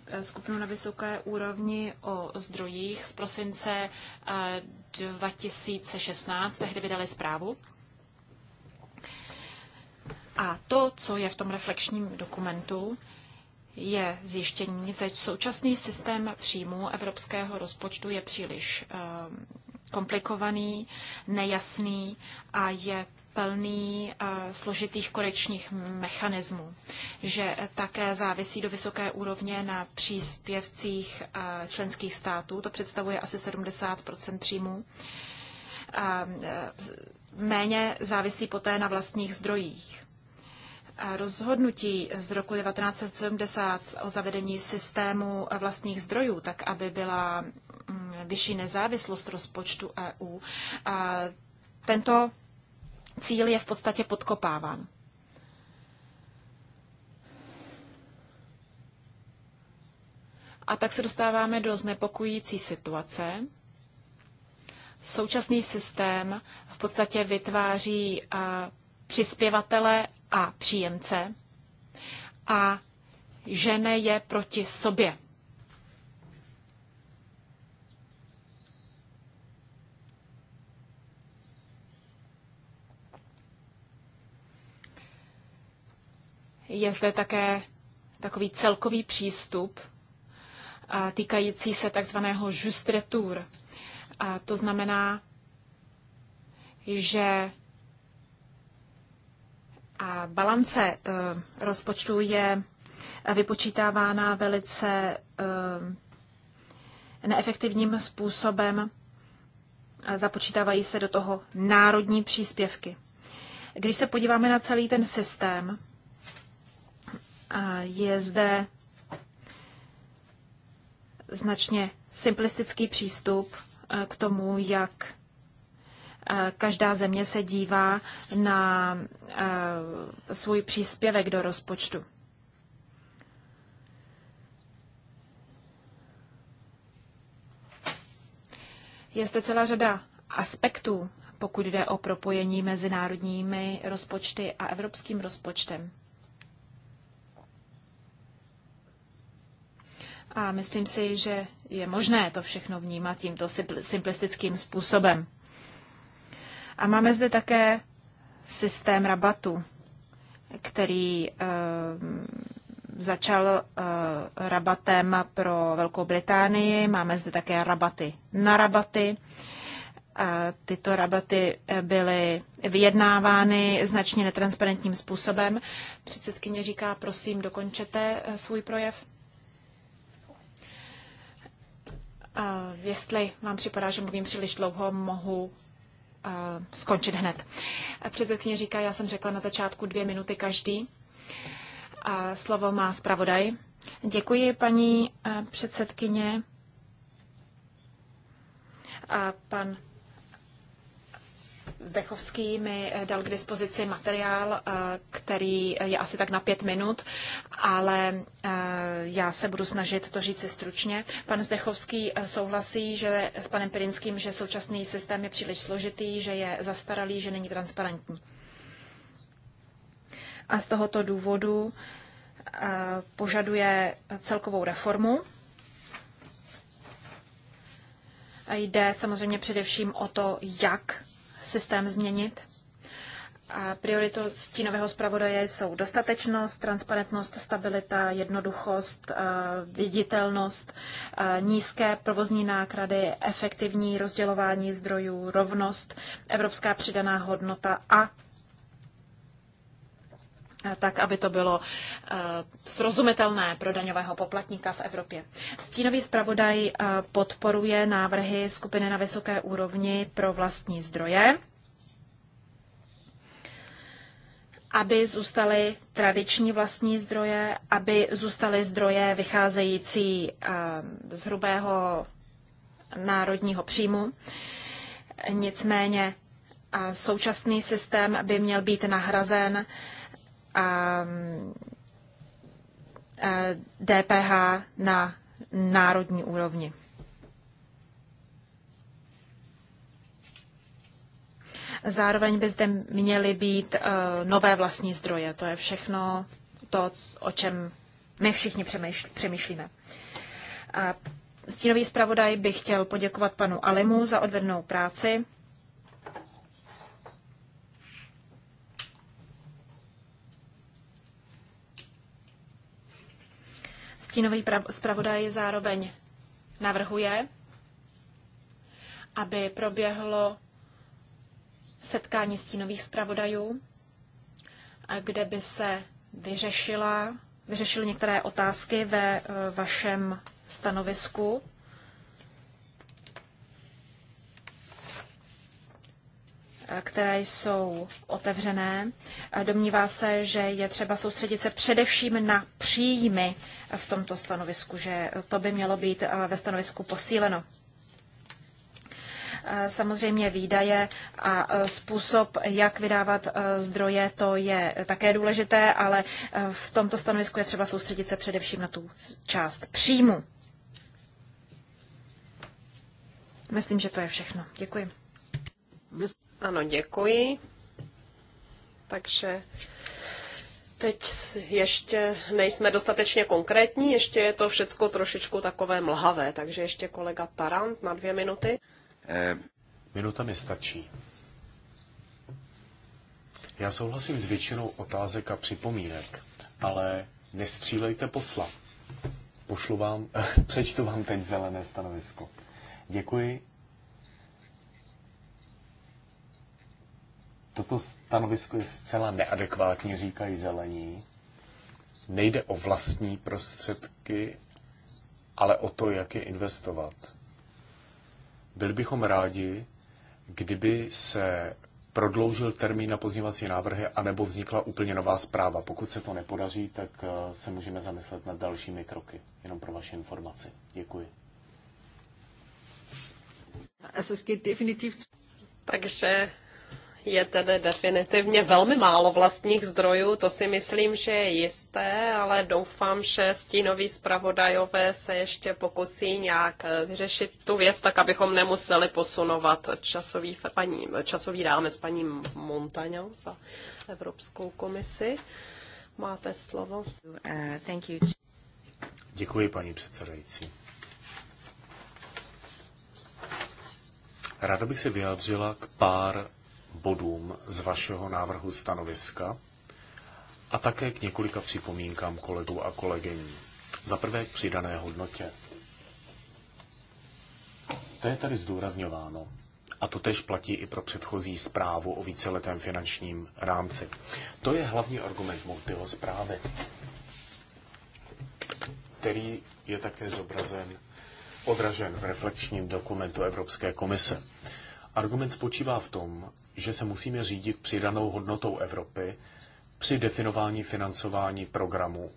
eh, skupinu na vysoké úrovni o zdrojích z prosince 2016, eh, tehdy vydali zprávu. A to, co je v tom reflexním dokumentu, je zjištění, že současný systém příjmů evropského rozpočtu je příliš eh, komplikovaný, nejasný a je plný eh, složitých korečních mechanismů, že také závisí do vysoké úrovně na příspěvcích eh, členských států, to představuje asi 70 příjmů. Eh, méně závisí poté na vlastních zdrojích rozhodnutí z roku 1970 o zavedení systému vlastních zdrojů, tak aby byla mm, vyšší nezávislost rozpočtu EU, tento cíl je v podstatě podkopáván. A tak se dostáváme do znepokojící situace. Současný systém v podstatě vytváří přispěvatele a příjemce a žene je proti sobě. Je zde také takový celkový přístup týkající se takzvaného A To znamená, že a balance eh, rozpočtu je vypočítávána velice eh, neefektivním způsobem. Započítávají se do toho národní příspěvky. Když se podíváme na celý ten systém, je zde značně simplistický přístup eh, k tomu, jak Každá země se dívá na eh, svůj příspěvek do rozpočtu. Je zde celá řada aspektů, pokud jde o propojení mezi národními rozpočty a evropským rozpočtem. A myslím si, že je možné to všechno vnímat tímto simplistickým způsobem. A máme zde také systém rabatu, který eh, začal eh, rabatem pro Velkou Británii. Máme zde také rabaty na rabaty. Tyto rabaty eh, byly vyjednávány značně netransparentním způsobem. Předsedkyně říká, prosím, dokončete svůj projev. Jestli vám připadá, že mluvím příliš dlouho, mohu skončit hned. Předsedkyně říká, já jsem řekla na začátku dvě minuty každý. A slovo má zpravodaj. Děkuji, paní eh, předsedkyně. A pan Zdechovský mi eh, dal k dispozici materiál, eh, který je asi tak na pět minut, ale eh, já se budu snažit to říct si stručně. Pan Zdechovský souhlasí že s panem Pirinským, že současný systém je příliš složitý, že je zastaralý, že není transparentní. A z tohoto důvodu požaduje celkovou reformu A jde samozřejmě především o to, jak systém změnit. A prioritou stínového zpravodaje jsou dostatečnost, transparentnost, stabilita, jednoduchost, eh, viditelnost, eh, nízké provozní náklady, efektivní rozdělování zdrojů, rovnost, evropská přidaná hodnota a tak, aby to bylo eh, srozumitelné pro daňového poplatníka v Evropě. Stínový zpravodaj eh, podporuje návrhy skupiny na vysoké úrovni pro vlastní zdroje, aby zůstaly tradiční vlastní zdroje, aby zůstaly zdroje vycházející eh, z hrubého národního příjmu. Nicméně současný systém by měl být nahrazen uh, a DPH na národní úrovni. Zároveň by zde měly být e, nové vlastní zdroje. To je všechno to, o čem my všichni přemýšlíme. Stínový zpravodaj bych chtěl poděkovat panu Alimu za odvednou práci. Stínový zpravodaj zároveň navrhuje, aby proběhlo setkání stínových zpravodajů, kde by se vyřešila, vyřešily některé otázky ve e, vašem stanovisku. které jsou otevřené. Domnívá se, že je třeba soustředit se především na příjmy v tomto stanovisku, že to by mělo být eh, ve stanovisku posíleno. Eh, samozřejmě výdaje a eh, způsob, jak vydávat zdroje, to je také důležité, ale v tomto stanovisku je třeba soustředit se především na tu část příjmu. Myslím, že to je všechno. Děkuji. Ano, děkuji. Takže teď ještě nejsme dostatečně konkrétní, ještě je to všechno trošičku takové mlhavé, takže ještě kolega Tarant na dvě minuty. Eh, minuta mi stačí. Já souhlasím s většinou otázek a připomínek, ale nestřílejte posla. Pošlu vám, přečtu vám teď zelené stanovisko. Děkuji Toto stanovisko je zcela neadekvátní, říkají zelení. Nejde o vlastní prostředky, ale o to, jak je investovat. Byli bychom rádi, kdyby se prodloužil termín na pozněvací návrhy, anebo vznikla úplně nová zpráva. Pokud se to nepodaří, tak eh, se můžeme zamyslet nad dalšími kroky. Jenom pro vaši informaci. Děkuji. Takže je tedy definitivně velmi málo vlastních zdrojů, to si myslím, že je jisté, ale doufám, že stínoví zpravodajové se ještě pokusí nějak eh, vyřešit tu věc, tak abychom nemuseli posunovat časový, paní, časový rámec paní Montaňo za Evropskou komisi. Máte slovo. Uh, Děkuji, paní předsedající. Ráda bych se vyjádřila k pár bodům z vašeho návrhu stanoviska a také k několika připomínkám kolegů a kolegyní. Za prvé k přidané hodnotě. To je tady zdůrazňováno. A to tež platí i pro předchozí zprávu o víceletém finančním rámci. To je hlavní argument multiho zprávy, který je také zobrazen, odražen v reflekčním dokumentu Evropské komise. Argument spočívá v tom, že se musíme řídit přidanou hodnotou Evropy při definování financování programu.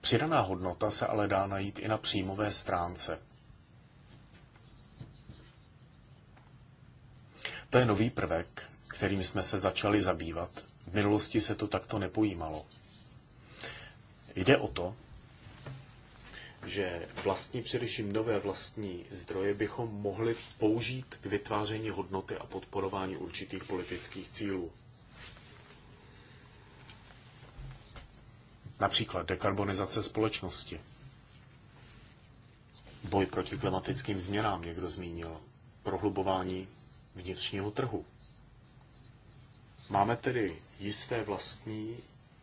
Přidaná hodnota se ale dá najít i na příjmové stránce. To je nový prvek, kterým jsme se začali zabývat. V minulosti se to takto nepojímalo. Jde o to, že vlastní především nové vlastní zdroje bychom mohli použít k vytváření hodnoty a podporování určitých politických cílů. Například dekarbonizace společnosti. Boj proti klimatickým změnám někdo zmínil. Prohlubování vnitřního trhu. Máme tedy jisté vlastní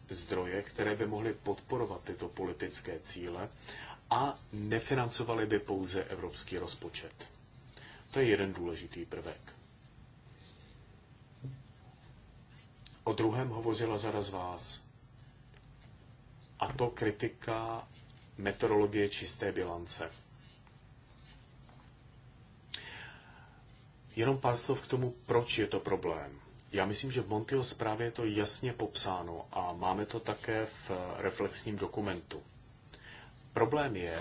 zdroje, které by mohly podporovat tyto politické cíle a nefinancovali by pouze evropský rozpočet. To je jeden důležitý prvek. O druhém hovořila řada z vás. A to kritika meteorologie čisté bilance. Jenom pár slov k tomu, proč je to problém. Já myslím, že v Montyho zprávě je to jasně popsáno a máme to také v reflexním dokumentu. Problém je,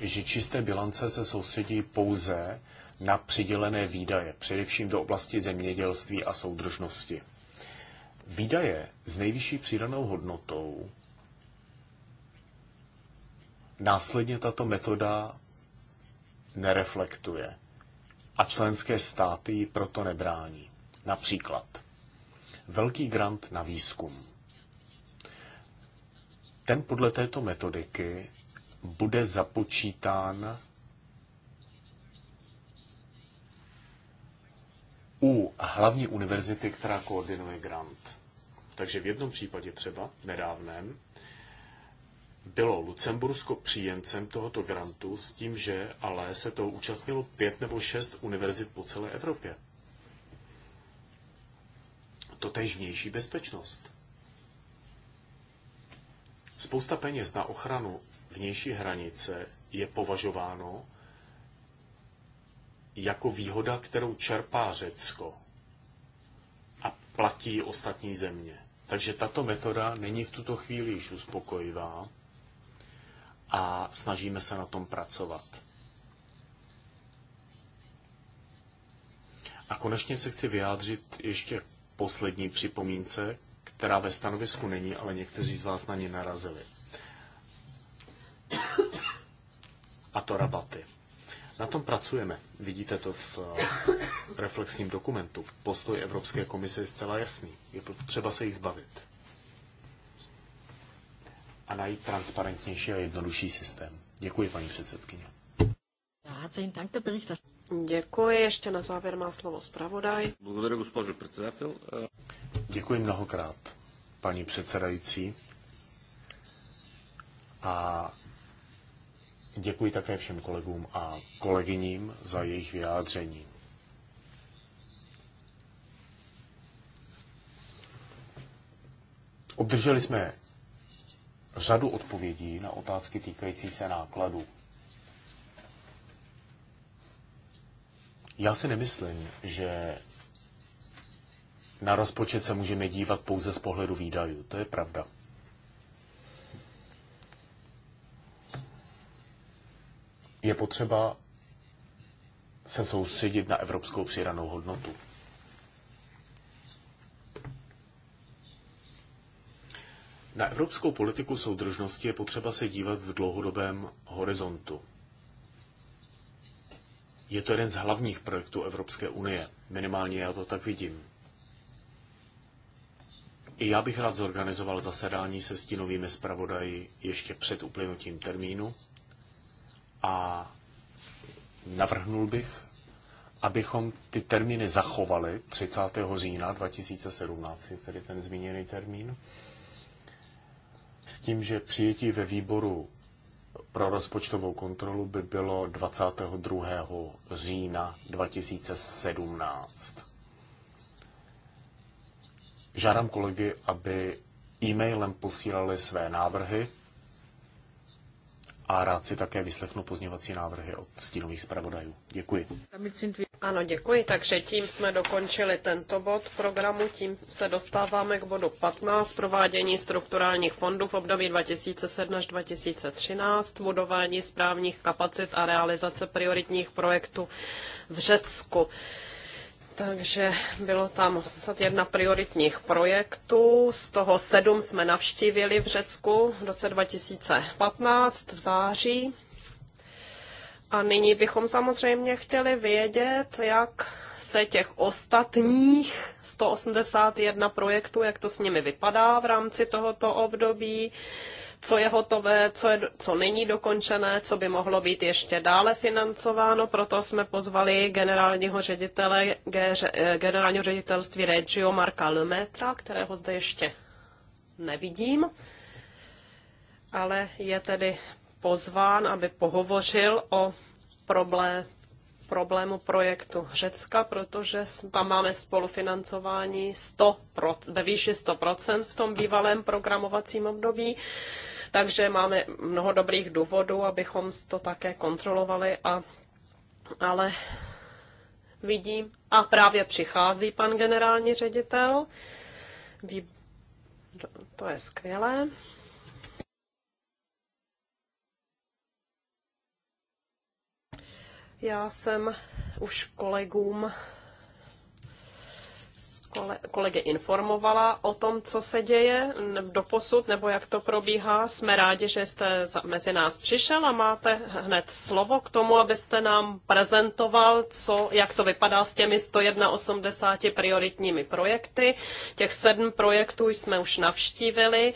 že čisté bilance se soustředí pouze na přidělené výdaje, především do oblasti zemědělství a soudržnosti. Výdaje s nejvyšší přidanou hodnotou následně tato metoda nereflektuje a členské státy ji proto nebrání. Například velký grant na výzkum. Ten podle této metodiky bude započítán u hlavní univerzity, která koordinuje grant. Takže v jednom případě třeba, nedávném, bylo Lucembursko příjemcem tohoto grantu s tím, že ale se to účastnilo pět nebo šest univerzit po celé Evropě. Totež vnější bezpečnost. Spousta peněz na ochranu vnější hranice je považováno jako výhoda, kterou čerpá Řecko a platí ostatní země. Takže tato metoda není v tuto chvíli již uspokojivá a snažíme se na tom pracovat. A konečně se chci vyjádřit ještě poslední připomínce která ve stanovisku není, ale někteří z vás na ní narazili. A to rabaty. Na tom pracujeme. Vidíte to v eh, reflexním dokumentu. Postoj Evropské komise je zcela jasný. Je potřeba se jich zbavit. A najít transparentnější a jednodušší systém. Děkuji, paní předsedkyně. Děkuji. Ještě na závěr má slovo zpravodaj. Děkuji mnohokrát, paní předsedající. A děkuji také všem kolegům a kolegyním za jejich vyjádření. Obdrželi jsme řadu odpovědí na otázky týkající se nákladů. Já si nemyslím, že na rozpočet se můžeme dívat pouze z pohledu výdajů. To je pravda. Je potřeba se soustředit na evropskou přidanou hodnotu. Na evropskou politiku soudržnosti je potřeba se dívat v dlouhodobém horizontu. Je to jeden z hlavních projektů Evropské unie. Minimálně já to tak vidím. I já bych rád zorganizoval zasedání se stínovými zpravodaji ještě před uplynutím termínu a navrhnul bych, abychom ty termíny zachovali 30. října 2017, tedy ten zmíněný termín, s tím, že přijetí ve výboru pro rozpočtovou kontrolu by bylo 22. října 2017. Žádám kolegy, aby e-mailem posílali své návrhy a rád si také vyslechnu pozněvací návrhy od stínových zpravodajů. Děkuji. Ano, děkuji. Takže tím jsme dokončili tento bod programu. Tím se dostáváme k bodu 15, provádění strukturálních fondů v období 2007 až 2013, budování správních kapacit a realizace prioritních projektů v Řecku. Takže bylo tam 81 prioritních projektů, z toho sedm jsme navštívili v Řecku v roce 2015 v září. A nyní bychom samozřejmě chtěli vědět, jak se těch ostatních 181 projektů, jak to s nimi vypadá v rámci tohoto období, co je hotové, co, je, co není dokončené, co by mohlo být ještě dále financováno. Proto jsme pozvali generálního ředitele, eh, generálního ředitelství Regio Marka Lemetra, kterého zde ještě nevidím, ale je tedy pozván, aby pohovořil o problém, problému projektu Řecka, protože tam máme spolufinancování 100%, ve výši 100% v tom bývalém programovacím období. Takže máme mnoho dobrých důvodů, abychom to také kontrolovali, a, ale vidím. A právě přichází pan generální ředitel. To je skvělé. Já jsem už kolegům kolegy informovala o tom, co se děje do posud nebo jak to probíhá. Jsme rádi, že jste mezi nás přišel a máte hned slovo k tomu, abyste nám prezentoval, co, jak to vypadá s těmi 181 prioritními projekty. Těch sedm projektů jsme už navštívili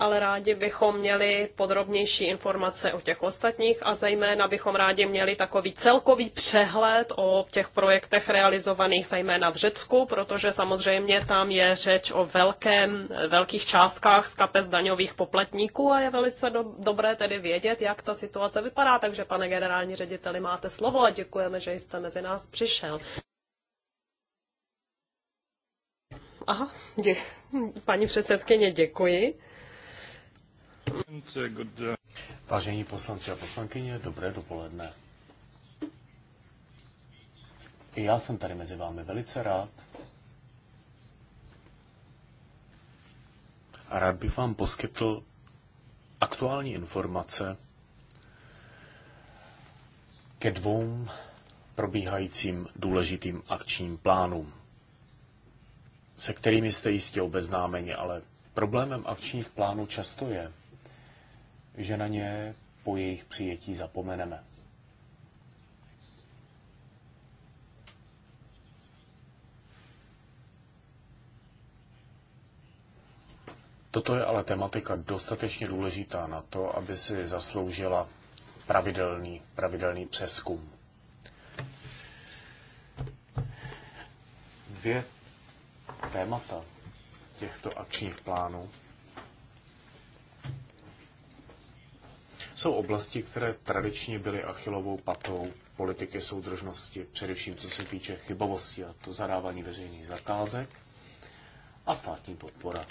ale rádi bychom měli podrobnější informace o těch ostatních a zejména bychom rádi měli takový celkový přehled o těch projektech realizovaných zejména v Řecku, protože samozřejmě tam je řeč o velkém, velkých částkách z kapes daňových poplatníků a je velice do, dobré tedy vědět, jak ta situace vypadá. Takže pane generální řediteli, máte slovo a děkujeme, že jste mezi nás přišel. Aha, dě, paní předsedkyně, děkuji. Vážení poslanci a poslankyně, dobré dopoledne. I já jsem tady mezi vámi velice rád. A rád bych vám poskytl aktuální informace ke dvou probíhajícím důležitým akčním plánům, se kterými jste jistě obeznámeni, ale problémem akčních plánů často je, že na ně po jejich přijetí zapomeneme. Toto je ale tematika dostatečně důležitá na to, aby si zasloužila pravidelný, pravidelný přeskum. Dvě témata těchto akčních plánů jsou oblasti, které tradičně byly achilovou patou politiky soudržnosti, především co se týče chybovosti a to zadávání veřejných zakázek a státní podpora.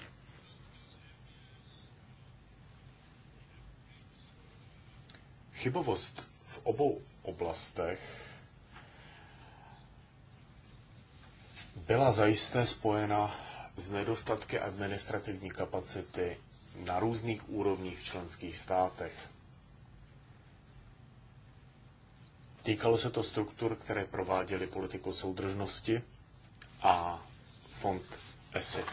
Chybovost v obou oblastech byla zajisté spojena s nedostatky administrativní kapacity na různých úrovních v členských státech. Týkalo se to struktur, které prováděly politiku soudržnosti a fond ESI.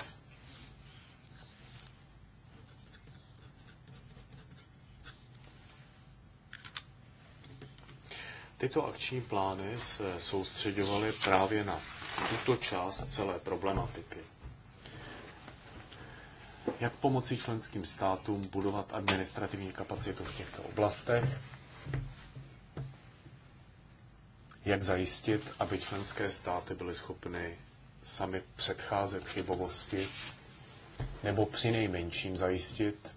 Tyto akční plány se soustředovaly právě na tuto část celé problematiky. Jak pomoci členským státům budovat administrativní kapacitu v těchto oblastech, jak zajistit, aby členské státy byly schopny sami předcházet chybovosti, nebo při nejmenším zajistit,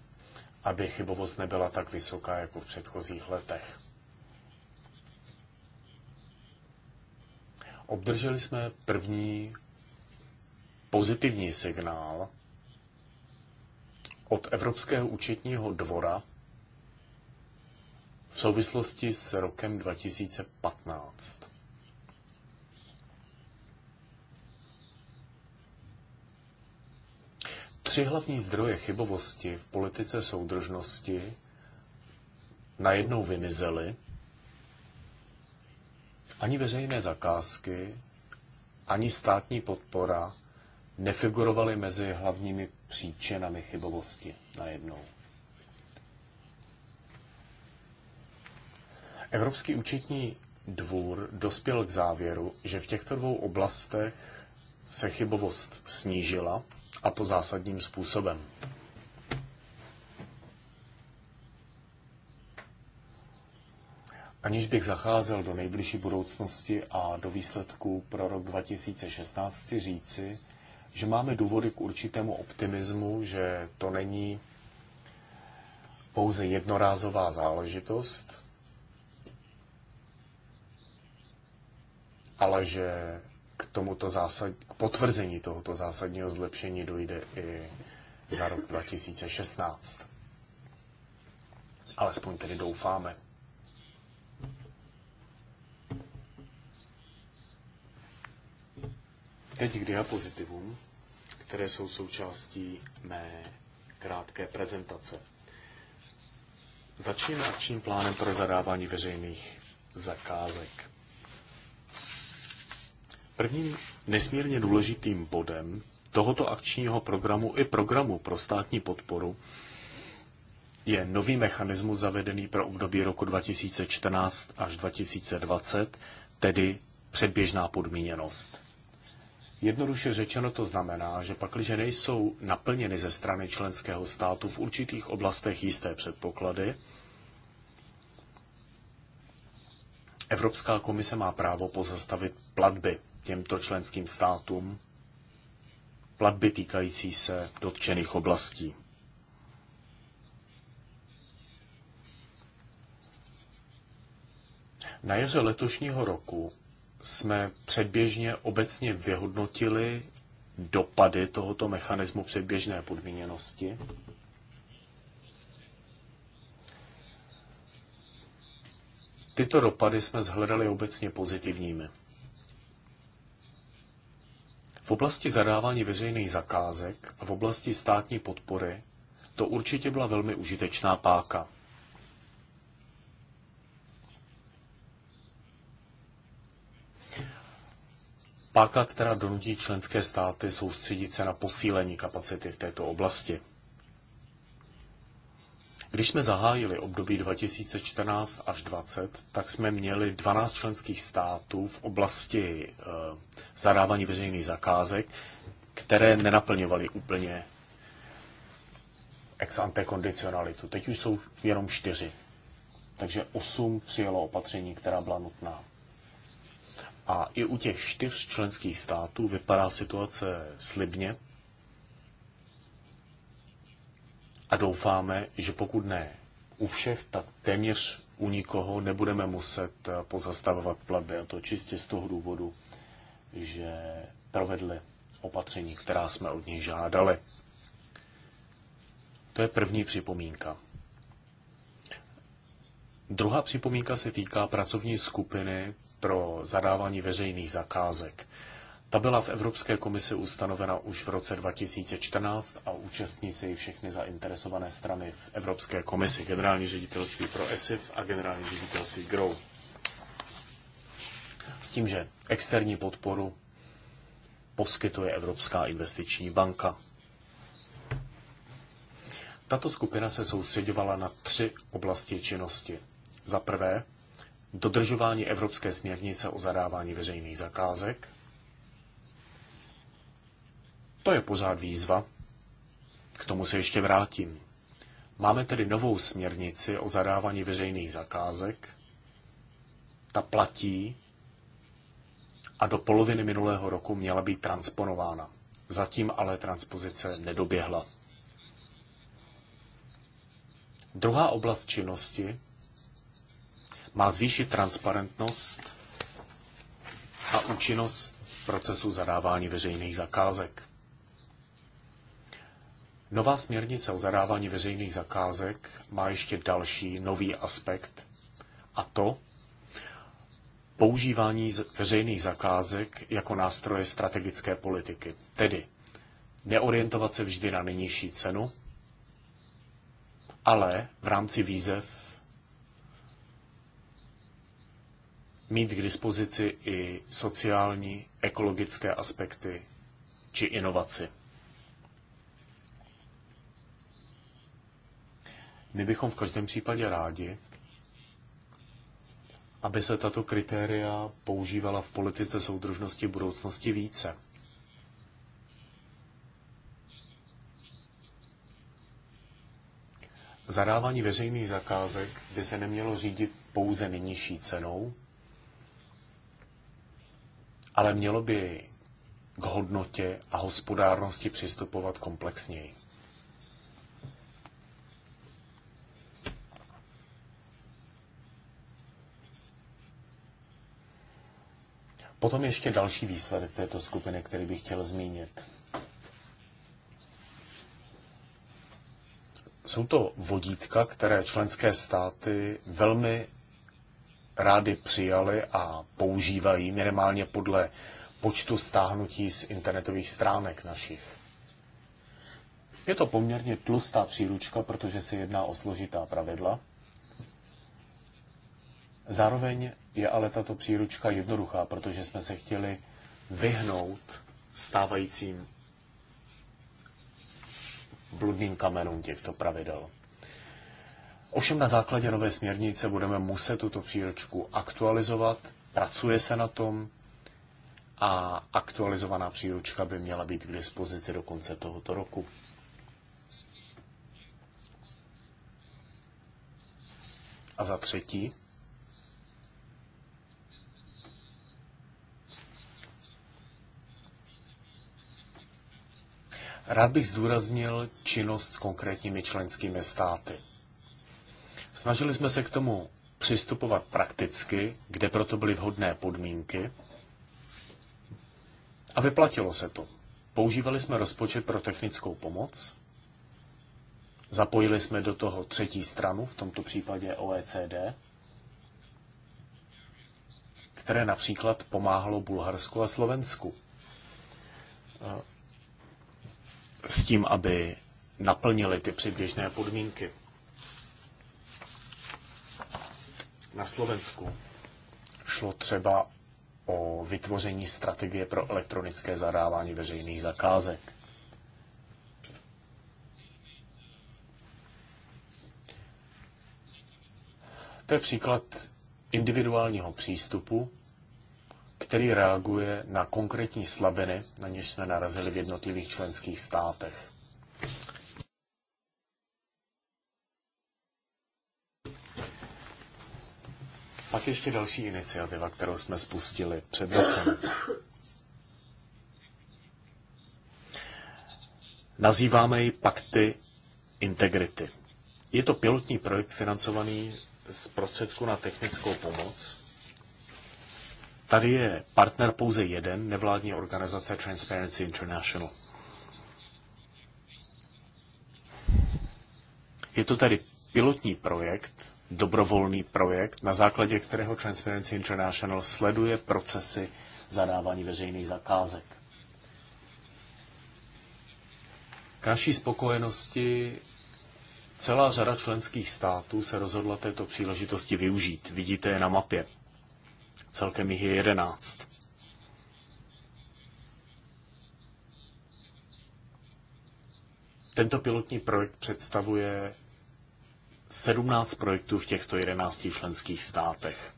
aby chybovost nebyla tak vysoká jako v předchozích letech. Obdrželi jsme první pozitivní signál od Evropského účetního dvora v souvislosti s rokem 2015. Tři hlavní zdroje chybovosti v politice soudržnosti najednou vymizely. Ani veřejné zakázky, ani státní podpora nefigurovaly mezi hlavními příčinami chybovosti najednou. Evropský účetní dvůr dospěl k závěru, že v těchto dvou oblastech se chybovost snížila, a to zásadním způsobem. Aniž bych zacházel do nejbližší budoucnosti a do výsledků pro rok 2016, chci říci, že máme důvody k určitému optimismu, že to není pouze jednorázová záležitost, ale že k tomuto zásad, k potvrzení tohoto zásadního zlepšení dojde i za rok 2016. Alespoň tedy doufáme. Teď k diapozitivům, které jsou součástí mé krátké prezentace. Začínáme akčním plánem pro zadávání veřejných zakázek. Prvním nesmírně důležitým bodem tohoto akčního programu i programu pro státní podporu je nový mechanismus zavedený pro období roku 2014 až 2020, tedy předběžná podmíněnost. Jednoduše řečeno to znamená, že pakliže nejsou naplněny ze strany členského státu v určitých oblastech jisté předpoklady, Evropská komise má právo pozastavit platby těmto členským státům platby týkající se dotčených oblastí. Na jaře letošního roku jsme předběžně obecně vyhodnotili dopady tohoto mechanismu předběžné podmíněnosti. Tyto dopady jsme zhledali obecně pozitivními. V oblasti zadávání veřejných zakázek a v oblasti státní podpory to určitě byla velmi užitečná páka. Páka, která donutí členské státy soustředit se na posílení kapacity v této oblasti. Když jsme zahájili období 2014 až 2020, tak jsme měli 12 členských států v oblasti eh, zadávání veřejných zakázek, které nenaplňovaly úplně ex ante kondicionalitu. Teď už jsou jenom čtyři. Takže osm přijelo opatření, která byla nutná. A i u těch čtyř členských států vypadá situace slibně, a doufáme, že pokud ne u všech, tak téměř u nikoho nebudeme muset eh, pozastavovat platby. A to čistě z toho důvodu, že provedli opatření, která jsme od něj žádali. To je první připomínka. Druhá připomínka se týká pracovní skupiny pro zadávání veřejných zakázek. Ta byla v Evropské komisi ustanovena už v roce 2014 a účastní se ji všechny zainteresované strany v Evropské komisi, generální ředitelství pro ESIF a generální ředitelství GROW. S tím, že externí podporu poskytuje Evropská investiční banka. Tato skupina se soustředovala na tři oblasti činnosti. Za prvé, dodržování Evropské směrnice o zadávání veřejných zakázek – to je pořád výzva. K tomu se ještě vrátím. Máme tedy novou směrnici o zadávání veřejných zakázek. Ta platí a do poloviny minulého roku měla být transponována. Zatím ale transpozice nedoběhla. Druhá oblast činnosti má zvýšit transparentnost a účinnost procesu zadávání veřejných zakázek. Nová směrnice o zadávání veřejných zakázek má ještě další nový aspekt, a to používání veřejných zakázek jako nástroje strategické politiky. Tedy neorientovat se vždy na nejnižší cenu, ale v rámci výzev mít k dispozici i sociální, ekologické aspekty či inovaci. My bychom v každém případě rádi, aby se tato kritéria používala v politice soudržnosti budoucnosti více. Zadávání veřejných zakázek by se nemělo řídit pouze nejnižší cenou, ale mělo by k hodnotě a hospodárnosti přistupovat komplexněji. Potom ještě další výsledek této skupiny, který bych chtěl zmínit. Jsou to vodítka, které členské státy velmi rády přijaly a používají minimálně podle počtu stáhnutí z internetových stránek našich. Je to poměrně tlustá příručka, protože se jedná o složitá pravidla. Zároveň je ale tato příručka jednoduchá, protože jsme se chtěli vyhnout stávajícím bludným kamenům těchto pravidel. Ovšem na základě nové směrnice budeme muset tuto příručku aktualizovat, pracuje se na tom a aktualizovaná příručka by měla být k dispozici do konce tohoto roku. A za třetí, Rád bych zdůraznil činnost s konkrétními členskými státy. Snažili jsme se k tomu přistupovat prakticky, kde proto byly vhodné podmínky. A vyplatilo se to. Používali jsme rozpočet pro technickou pomoc, zapojili jsme do toho třetí stranu, v tomto případě OECD, které například pomáhalo Bulharsku a Slovensku s tím, aby naplnili ty předběžné podmínky. Na Slovensku šlo třeba o vytvoření strategie pro elektronické zadávání veřejných zakázek. To je příklad individuálního přístupu, který reaguje na konkrétní slabiny, na něž jsme narazili v jednotlivých členských státech. Pak ještě další iniciativa, kterou jsme spustili před rokem. Nazýváme ji Pakty integrity. Je to pilotní projekt financovaný z prostředku na technickou pomoc Tady je partner pouze jeden, nevládní organizace Transparency International. Je to tedy pilotní projekt, dobrovolný projekt, na základě kterého Transparency International sleduje procesy zadávání veřejných zakázek. K naší spokojenosti celá řada členských států se rozhodla této příležitosti využít. Vidíte je na mapě. Celkem jich je jedenáct. Tento pilotní projekt představuje 17 projektů v těchto 11 členských státech.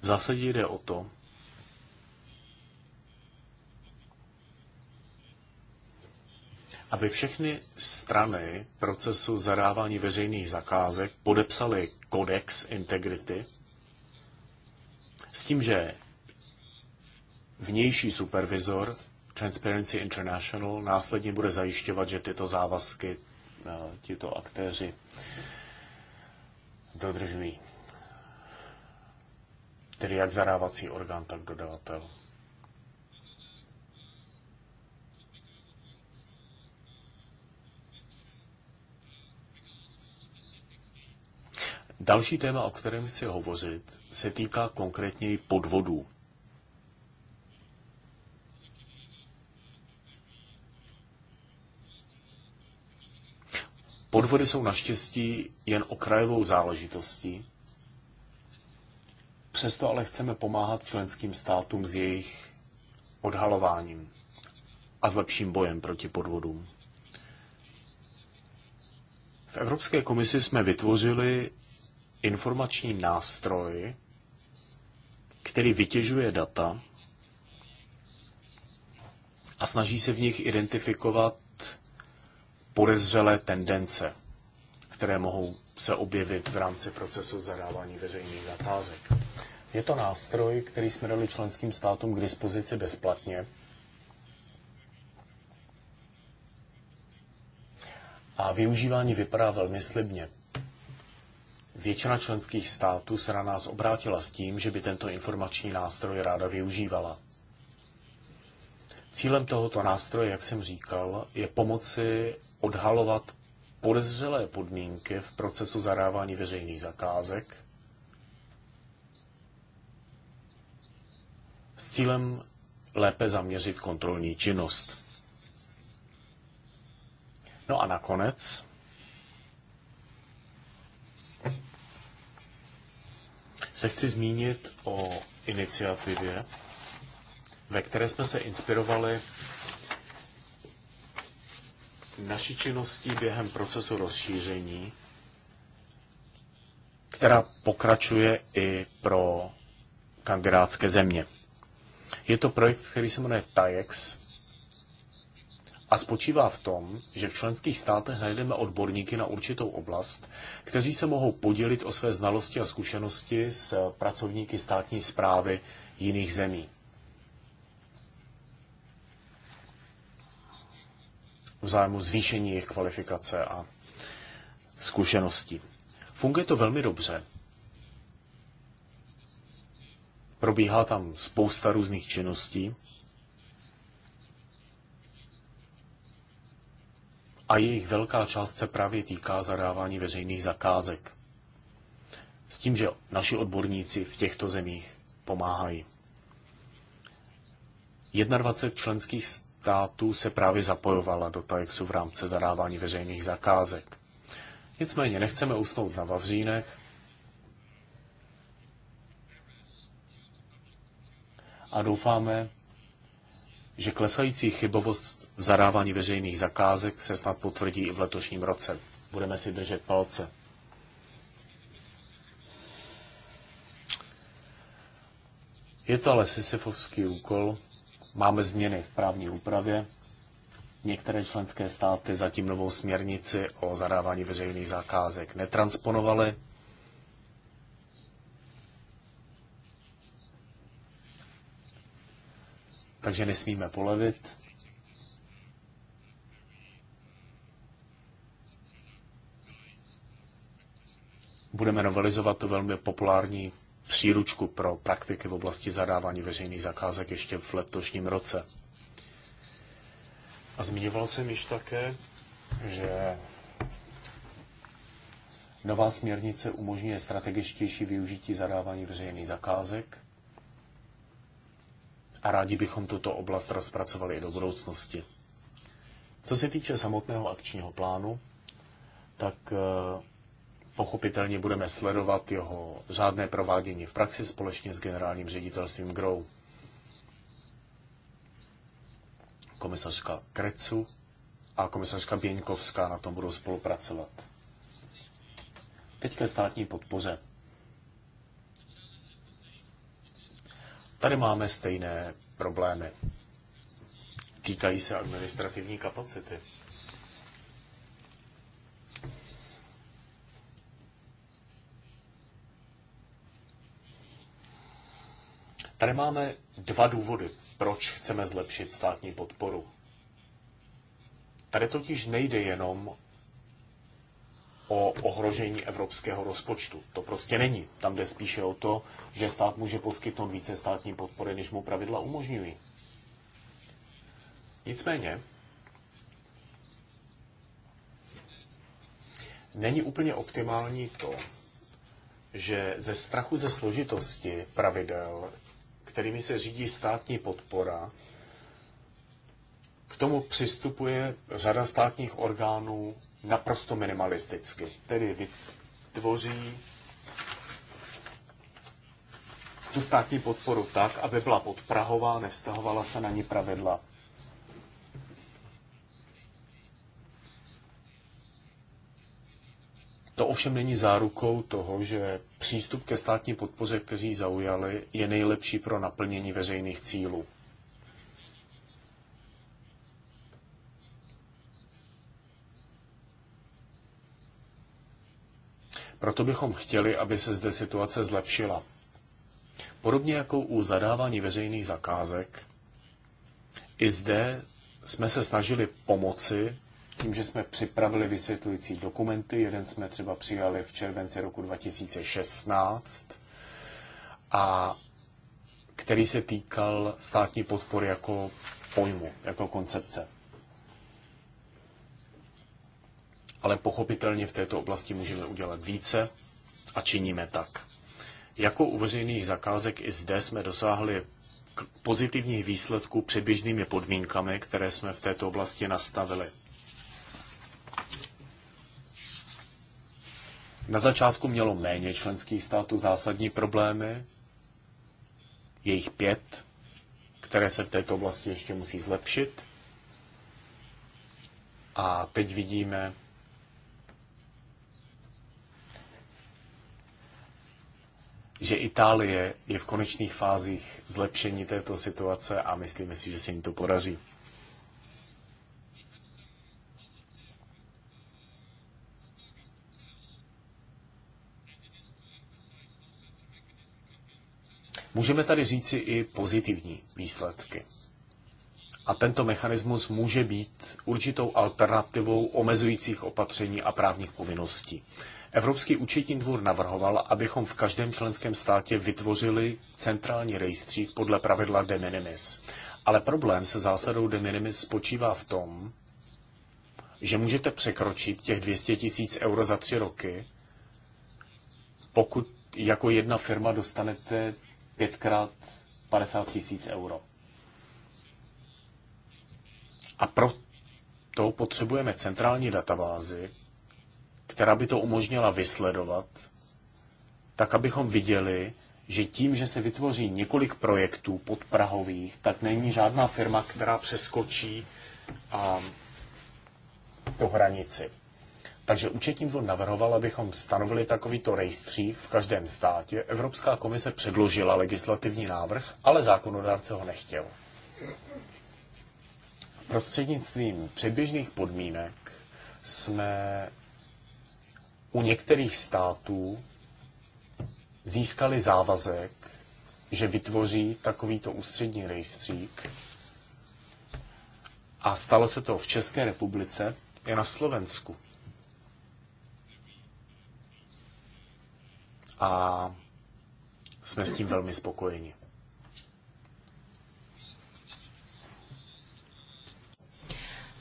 V zásadě jde o to, aby všechny strany procesu zadávání veřejných zakázek podepsaly kodex integrity s tím, že vnější supervizor Transparency International následně bude zajišťovat, že tyto závazky eh, tito aktéři dodržují. Tedy jak zadávací orgán, tak dodavatel. Další téma, o kterém chci hovořit, se týká konkrétněji podvodů. Podvody jsou naštěstí jen okrajovou záležitostí, přesto ale chceme pomáhat členským státům s jejich odhalováním a s lepším bojem proti podvodům. V Evropské komisi jsme vytvořili informační nástroj, který vytěžuje data a snaží se v nich identifikovat podezřelé tendence, které mohou se objevit v rámci procesu zadávání veřejných zakázek. Je to nástroj, který jsme dali členským státům k dispozici bezplatně. A využívání vypadá velmi slibně. Většina členských států se na nás obrátila s tím, že by tento informační nástroj ráda využívala. Cílem tohoto nástroje, jak jsem říkal, je pomoci odhalovat podezřelé podmínky v procesu zadávání veřejných zakázek s cílem lépe zaměřit kontrolní činnost. No a nakonec se chci zmínit o iniciativě, ve které jsme se inspirovali naší činností během procesu rozšíření, která pokračuje i pro kandidátské země. Je to projekt, který se jmenuje Taiex a spočívá v tom, že v členských státech najdeme odborníky na určitou oblast, kteří se mohou podělit o své znalosti a zkušenosti s pracovníky státní zprávy jiných zemí. V zájmu zvýšení jejich kvalifikace a zkušeností. Funguje to velmi dobře. Probíhá tam spousta různých činností, a jejich velká část se právě týká zadávání veřejných zakázek. S tím, že naši odborníci v těchto zemích pomáhají. 21 členských států se právě zapojovala do TAEXu v rámci zadávání veřejných zakázek. Nicméně nechceme usnout na Vavřínech a doufáme, že klesající chybovost v zadávání veřejných zakázek se snad potvrdí i v letošním roce. Budeme si držet palce. Je to ale sisyfovský úkol. Máme změny v právní úpravě. Některé členské státy zatím novou směrnici o zadávání veřejných zakázek netransponovaly. takže nesmíme polevit. Budeme novelizovat tu velmi populární příručku pro praktiky v oblasti zadávání veřejných zakázek ještě v letošním roce. A zmiňoval jsem již také, že nová směrnice umožňuje strategičtější využití zadávání veřejných zakázek a rádi bychom tuto oblast rozpracovali i do budoucnosti. Co se týče samotného akčního plánu, tak eh, pochopitelně budeme sledovat jeho řádné provádění v praxi společně s generálním ředitelstvím GROW. Komisařka Krecu a komisařka Běňkovská na tom budou spolupracovat. Teď ke státní podpoře. Tady máme stejné problémy. Týkají se administrativní kapacity. Tady máme dva důvody, proč chceme zlepšit státní podporu. Tady totiž nejde jenom o ohrožení evropského rozpočtu. To prostě není. Tam jde spíše o to, že stát může poskytnout více státní podpory, než mu pravidla umožňují. Nicméně, není úplně optimální to, že ze strachu ze složitosti pravidel, kterými se řídí státní podpora, k tomu přistupuje řada státních orgánů naprosto minimalisticky. Tedy vytvoří tu státní podporu tak, aby byla podprahová, nevztahovala se na ní pravidla. To ovšem není zárukou toho, že přístup ke státní podpoře, kteří zaujali, je nejlepší pro naplnění veřejných cílů. Proto bychom chtěli, aby se zde situace zlepšila. Podobně jako u zadávání veřejných zakázek, i zde jsme se snažili pomoci tím, že jsme připravili vysvětlující dokumenty. Jeden jsme třeba přijali v červenci roku 2016 a který se týkal státní podpory jako pojmu, jako koncepce. ale pochopitelně v této oblasti můžeme udělat více a činíme tak. Jako u veřejných zakázek i zde jsme dosáhli pozitivních výsledků předběžnými podmínkami, které jsme v této oblasti nastavili. Na začátku mělo méně členských států zásadní problémy, jejich pět, které se v této oblasti ještě musí zlepšit. A teď vidíme, že Itálie je v konečných fázích zlepšení této situace a myslíme si, že se jim to podaří. Můžeme tady říci i pozitivní výsledky. A tento mechanismus může být určitou alternativou omezujících opatření a právních povinností. Evropský účetní dvůr navrhoval, abychom v každém členském státě vytvořili centrální rejstřík podle pravidla de minimis. Ale problém se zásadou de minimis spočívá v tom, že můžete překročit těch 200 tisíc euro za tři roky, pokud jako jedna firma dostanete pětkrát 50 tisíc euro. A proto potřebujeme centrální databázi, která by to umožnila vysledovat, tak abychom viděli, že tím, že se vytvoří několik projektů podprahových, tak není žádná firma, která přeskočí a, um, po hranici. Takže účetní dvor navrhoval, abychom stanovili takovýto rejstřík v každém státě. Evropská komise předložila legislativní návrh, ale zákonodárce ho nechtěl. Prostřednictvím předběžných podmínek jsme u některých států získali závazek, že vytvoří takovýto ústřední rejstřík. A stalo se to v České republice i na Slovensku. A jsme s tím velmi spokojeni.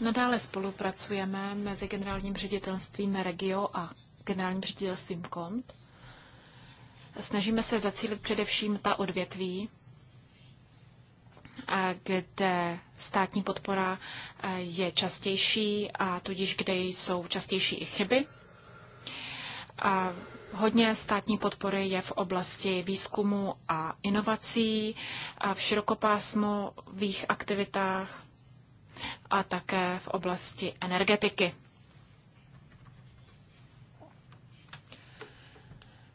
Nadále spolupracujeme mezi generálním ředitelstvím Regio a generálním ředitelstvím KONT. Snažíme se zacílit především ta odvětví, kde státní podpora je častější a tudíž kde jsou častější i chyby. A hodně státní podpory je v oblasti výzkumu a inovací, a v širokopásmových aktivitách a také v oblasti energetiky.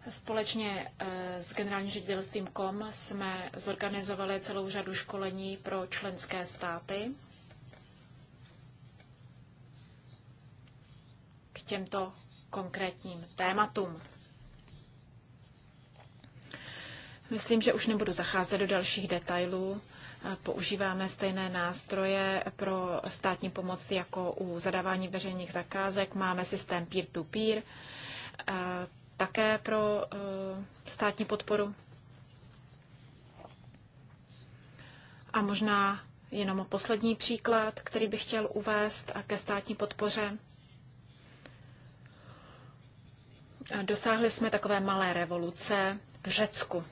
Společně eh, s generálním ředitelstvím KOM jsme zorganizovali celou řadu školení pro členské státy k těmto konkrétním tématům. Myslím, že už nebudu zacházet do dalších detailů. Eh, používáme stejné nástroje pro státní pomoc jako u zadávání veřejných zakázek. Máme systém peer-to-peer. -peer. Eh, také pro eh, státní podporu? A možná jenom poslední příklad, který bych chtěl uvést ke státní podpoře. Dosáhli jsme takové malé revoluce v Řecku.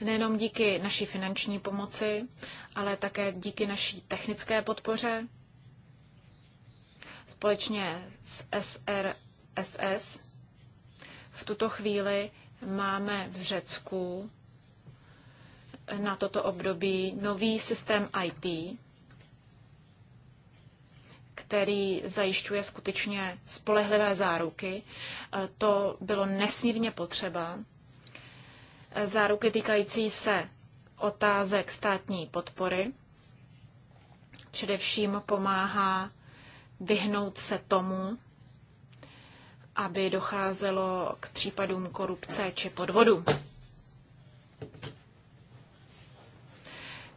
Nejenom díky naší finanční pomoci, ale také díky naší technické podpoře společně s SRSS. V tuto chvíli máme v Řecku na toto období nový systém IT, který zajišťuje skutečně spolehlivé záruky. E, to bylo nesmírně potřeba. E, záruky týkající se otázek státní podpory. Především pomáhá vyhnout se tomu, aby docházelo k případům korupce či podvodu.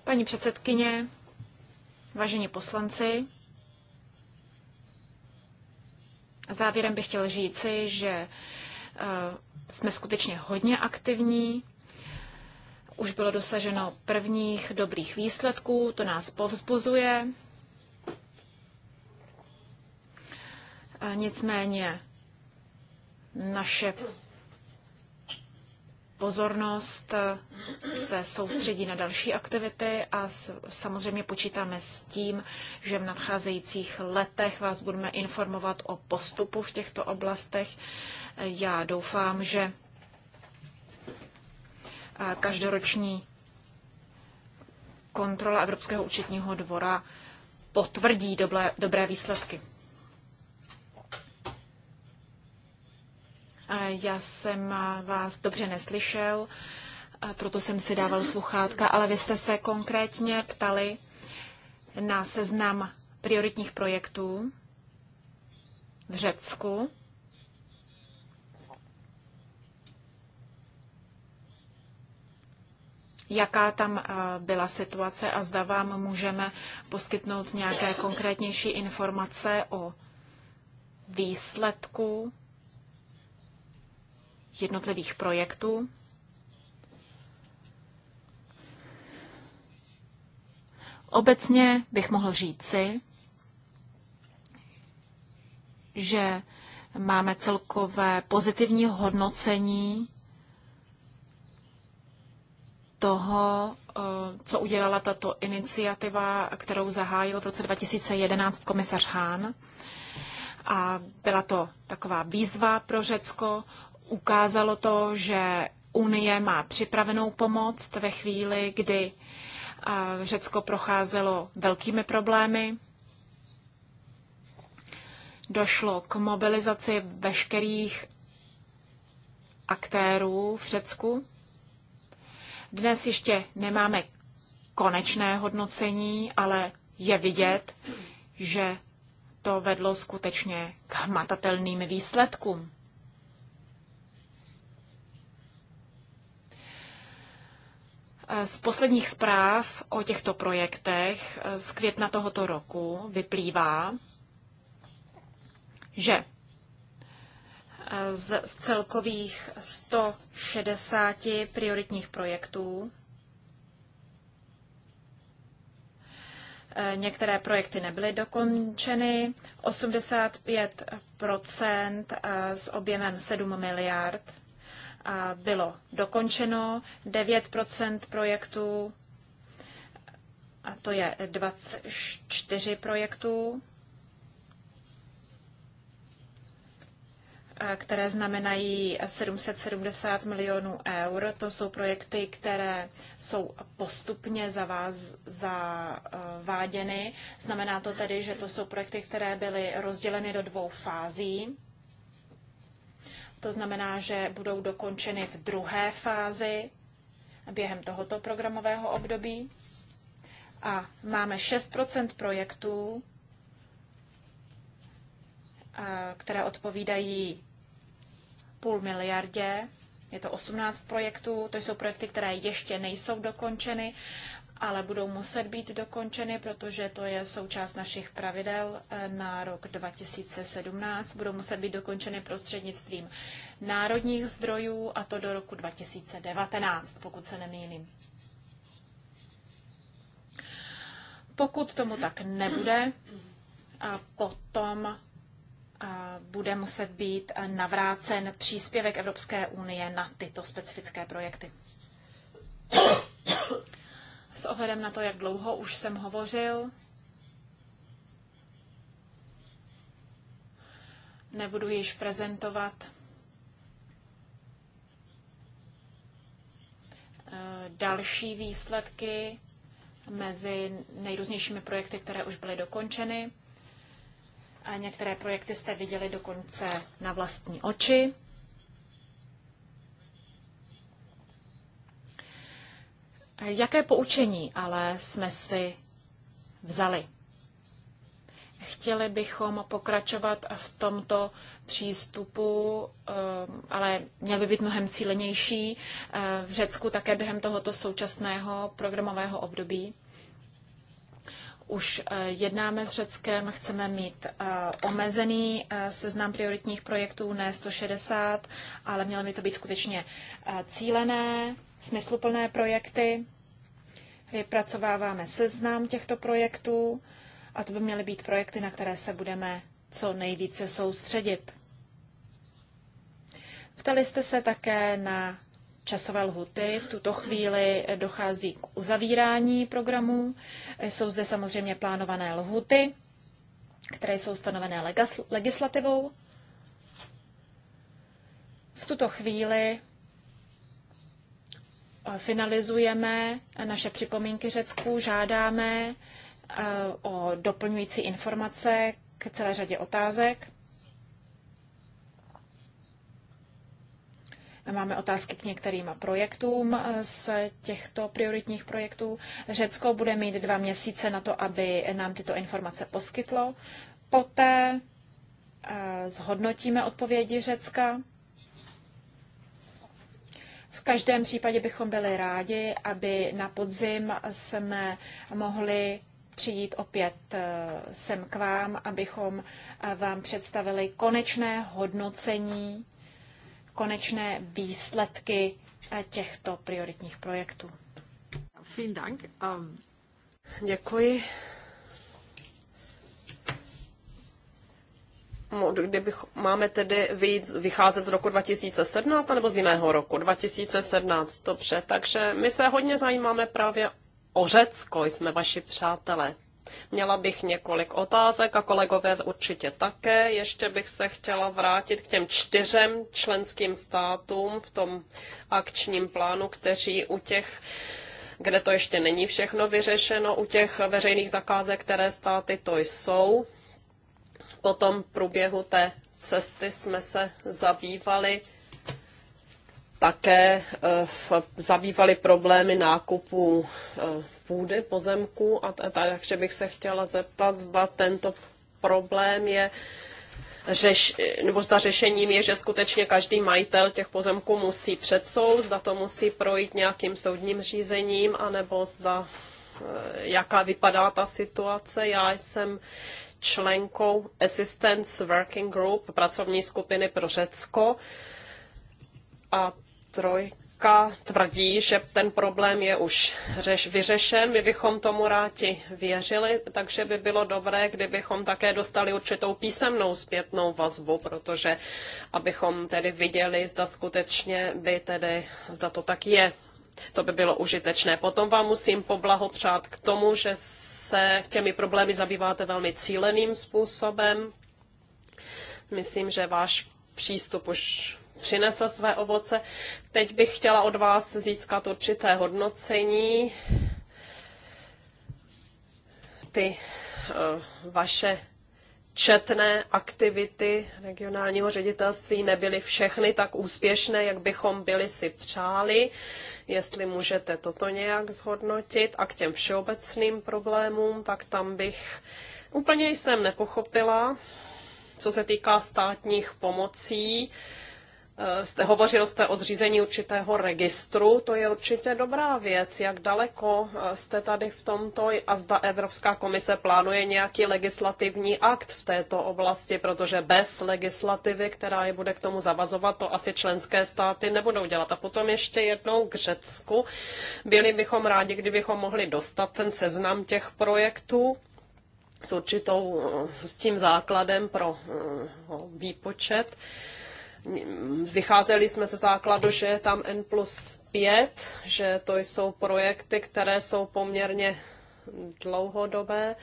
Paní předsedkyně, vážení poslanci, závěrem bych chtěl říci, že eh, jsme skutečně hodně aktivní. Už bylo dosaženo prvních dobrých výsledků, to nás povzbuzuje. Nicméně naše pozornost se soustředí na další aktivity a samozřejmě počítáme s tím, že v nadcházejících letech vás budeme informovat o postupu v těchto oblastech. Já doufám, že eh, každoroční kontrola Evropského účetního dvora potvrdí dobré, dobré výsledky. Já jsem vás dobře neslyšel, proto jsem si dával sluchátka, ale vy jste se konkrétně ptali na seznam prioritních projektů v Řecku. jaká tam byla situace a zda vám můžeme poskytnout nějaké konkrétnější informace o výsledku jednotlivých projektů. Obecně bych mohl říci, že máme celkové pozitivní hodnocení toho, eh, co udělala tato iniciativa, kterou zahájil v roce 2011 komisař Hahn. A byla to taková výzva pro Řecko, Ukázalo to, že Unie má připravenou pomoc ve chvíli, kdy eh, Řecko procházelo velkými problémy. Došlo k mobilizaci veškerých aktérů v Řecku. Dnes ještě nemáme konečné hodnocení, ale je vidět, že to vedlo skutečně k hmatatelným výsledkům. Z posledních zpráv o těchto projektech eh, z května tohoto roku vyplývá, že eh, z celkových 160 prioritních projektů eh, Některé projekty nebyly dokončeny, 85 s objemem 7 miliard bylo dokončeno, 9 projektů, a to je 24 projektů, které znamenají 770 milionů eur. To jsou projekty, které jsou postupně zaváz, zaváděny. Znamená to tedy, že to jsou projekty, které byly rozděleny do dvou fází. To znamená, že budou dokončeny v druhé fázi během tohoto programového období. A máme 6 projektů, které odpovídají půl miliardě. Je to 18 projektů, to jsou projekty, které ještě nejsou dokončeny ale budou muset být dokončeny, protože to je součást našich pravidel eh, na rok 2017. Budou muset být dokončeny prostřednictvím národních zdrojů a to do roku 2019, pokud se nemýlím. Pokud tomu tak nebude, a potom bude muset být eh, navrácen příspěvek Evropské unie na tyto specifické projekty s ohledem na to, jak dlouho už jsem hovořil. Nebudu již prezentovat eh, další výsledky mezi nejrůznějšími projekty, které už byly dokončeny. A některé projekty jste viděli dokonce na vlastní oči. Jaké poučení ale jsme si vzali? Chtěli bychom pokračovat v tomto přístupu, eh, ale měl by být mnohem cílenější eh, v Řecku také během tohoto současného programového období. Už eh, jednáme s Řeckem, chceme mít omezený seznam prioritních projektů, ne 160, ale mělo by to být skutečně cílené, smysluplné projekty. Vypracováváme seznam těchto projektů a to by měly být projekty, na které se budeme co nejvíce soustředit. Ptali jste se také na časové lhuty. V tuto chvíli dochází k uzavírání programů. Jsou zde samozřejmě plánované lhuty, které jsou stanovené legislativou. V tuto chvíli Eh, finalizujeme eh, naše připomínky Řecku, žádáme eh, o doplňující informace k celé řadě otázek. Máme otázky k některým projektům z těchto prioritních projektů. Řecko bude mít dva měsíce na to, aby nám tyto informace poskytlo. Poté zhodnotíme odpovědi Řecka v každém případě bychom byli rádi, aby na podzim jsme mohli přijít opět eh, sem k vám, abychom eh, vám představili konečné hodnocení, konečné výsledky eh, těchto prioritních projektů. Vielen Dank. Ähm, Děkuji. kdybych, máme tedy víc, vycházet z roku 2017 nebo z jiného roku? 2017, dobře. Takže my se hodně zajímáme právě o Řecko, jsme vaši přátelé. Měla bych několik otázek a kolegové určitě také. Ještě bych se chtěla vrátit k těm čtyřem členským státům v tom akčním plánu, kteří u těch kde to ještě není všechno vyřešeno, u těch veřejných zakázek, které státy to jsou, potom v průběhu té cesty jsme se zabývali také eh, zabývali problémy nákupu eh, půdy, pozemků, a takže bych se chtěla zeptat, zda tento problém je řeš, nebo zda řešením je, že skutečně každý majitel těch pozemků musí před soud, zda to musí projít nějakým soudním řízením, anebo zda eh, jaká vypadá ta situace. Já jsem členkou Assistance Working Group, pracovní skupiny pro Řecko. A trojka tvrdí, že ten problém je už řeš, vyřešen. My bychom tomu rádi věřili, takže by bylo dobré, kdybychom také dostali určitou písemnou zpětnou vazbu, protože abychom tedy viděli, zda skutečně by tedy, zda to tak je to by bylo užitečné. Potom vám musím poblahopřát k tomu, že se těmi problémy zabýváte velmi cíleným způsobem. Myslím, že váš přístup už přinesl své ovoce. Teď bych chtěla od vás získat určité hodnocení. Ty eh, vaše četné aktivity regionálního ředitelství nebyly všechny tak úspěšné, jak bychom byli si přáli. Jestli můžete toto nějak zhodnotit a k těm všeobecným problémům, tak tam bych úplně jsem nepochopila, co se týká státních pomocí Eh, jste, hovořil jste o zřízení určitého registru, to je určitě dobrá věc. Jak daleko eh, jste tady v tomto a zda Evropská komise plánuje nějaký legislativní akt v této oblasti, protože bez legislativy, která je bude k tomu zavazovat, to asi členské státy nebudou dělat. A potom ještě jednou k Řecku. Byli bychom rádi, kdybychom mohli dostat ten seznam těch projektů, s určitou, eh, s tím základem pro výpočet. Uh, Vycházeli jsme ze základu, že je tam N plus 5, že to jsou projekty, které jsou poměrně dlouhodobé,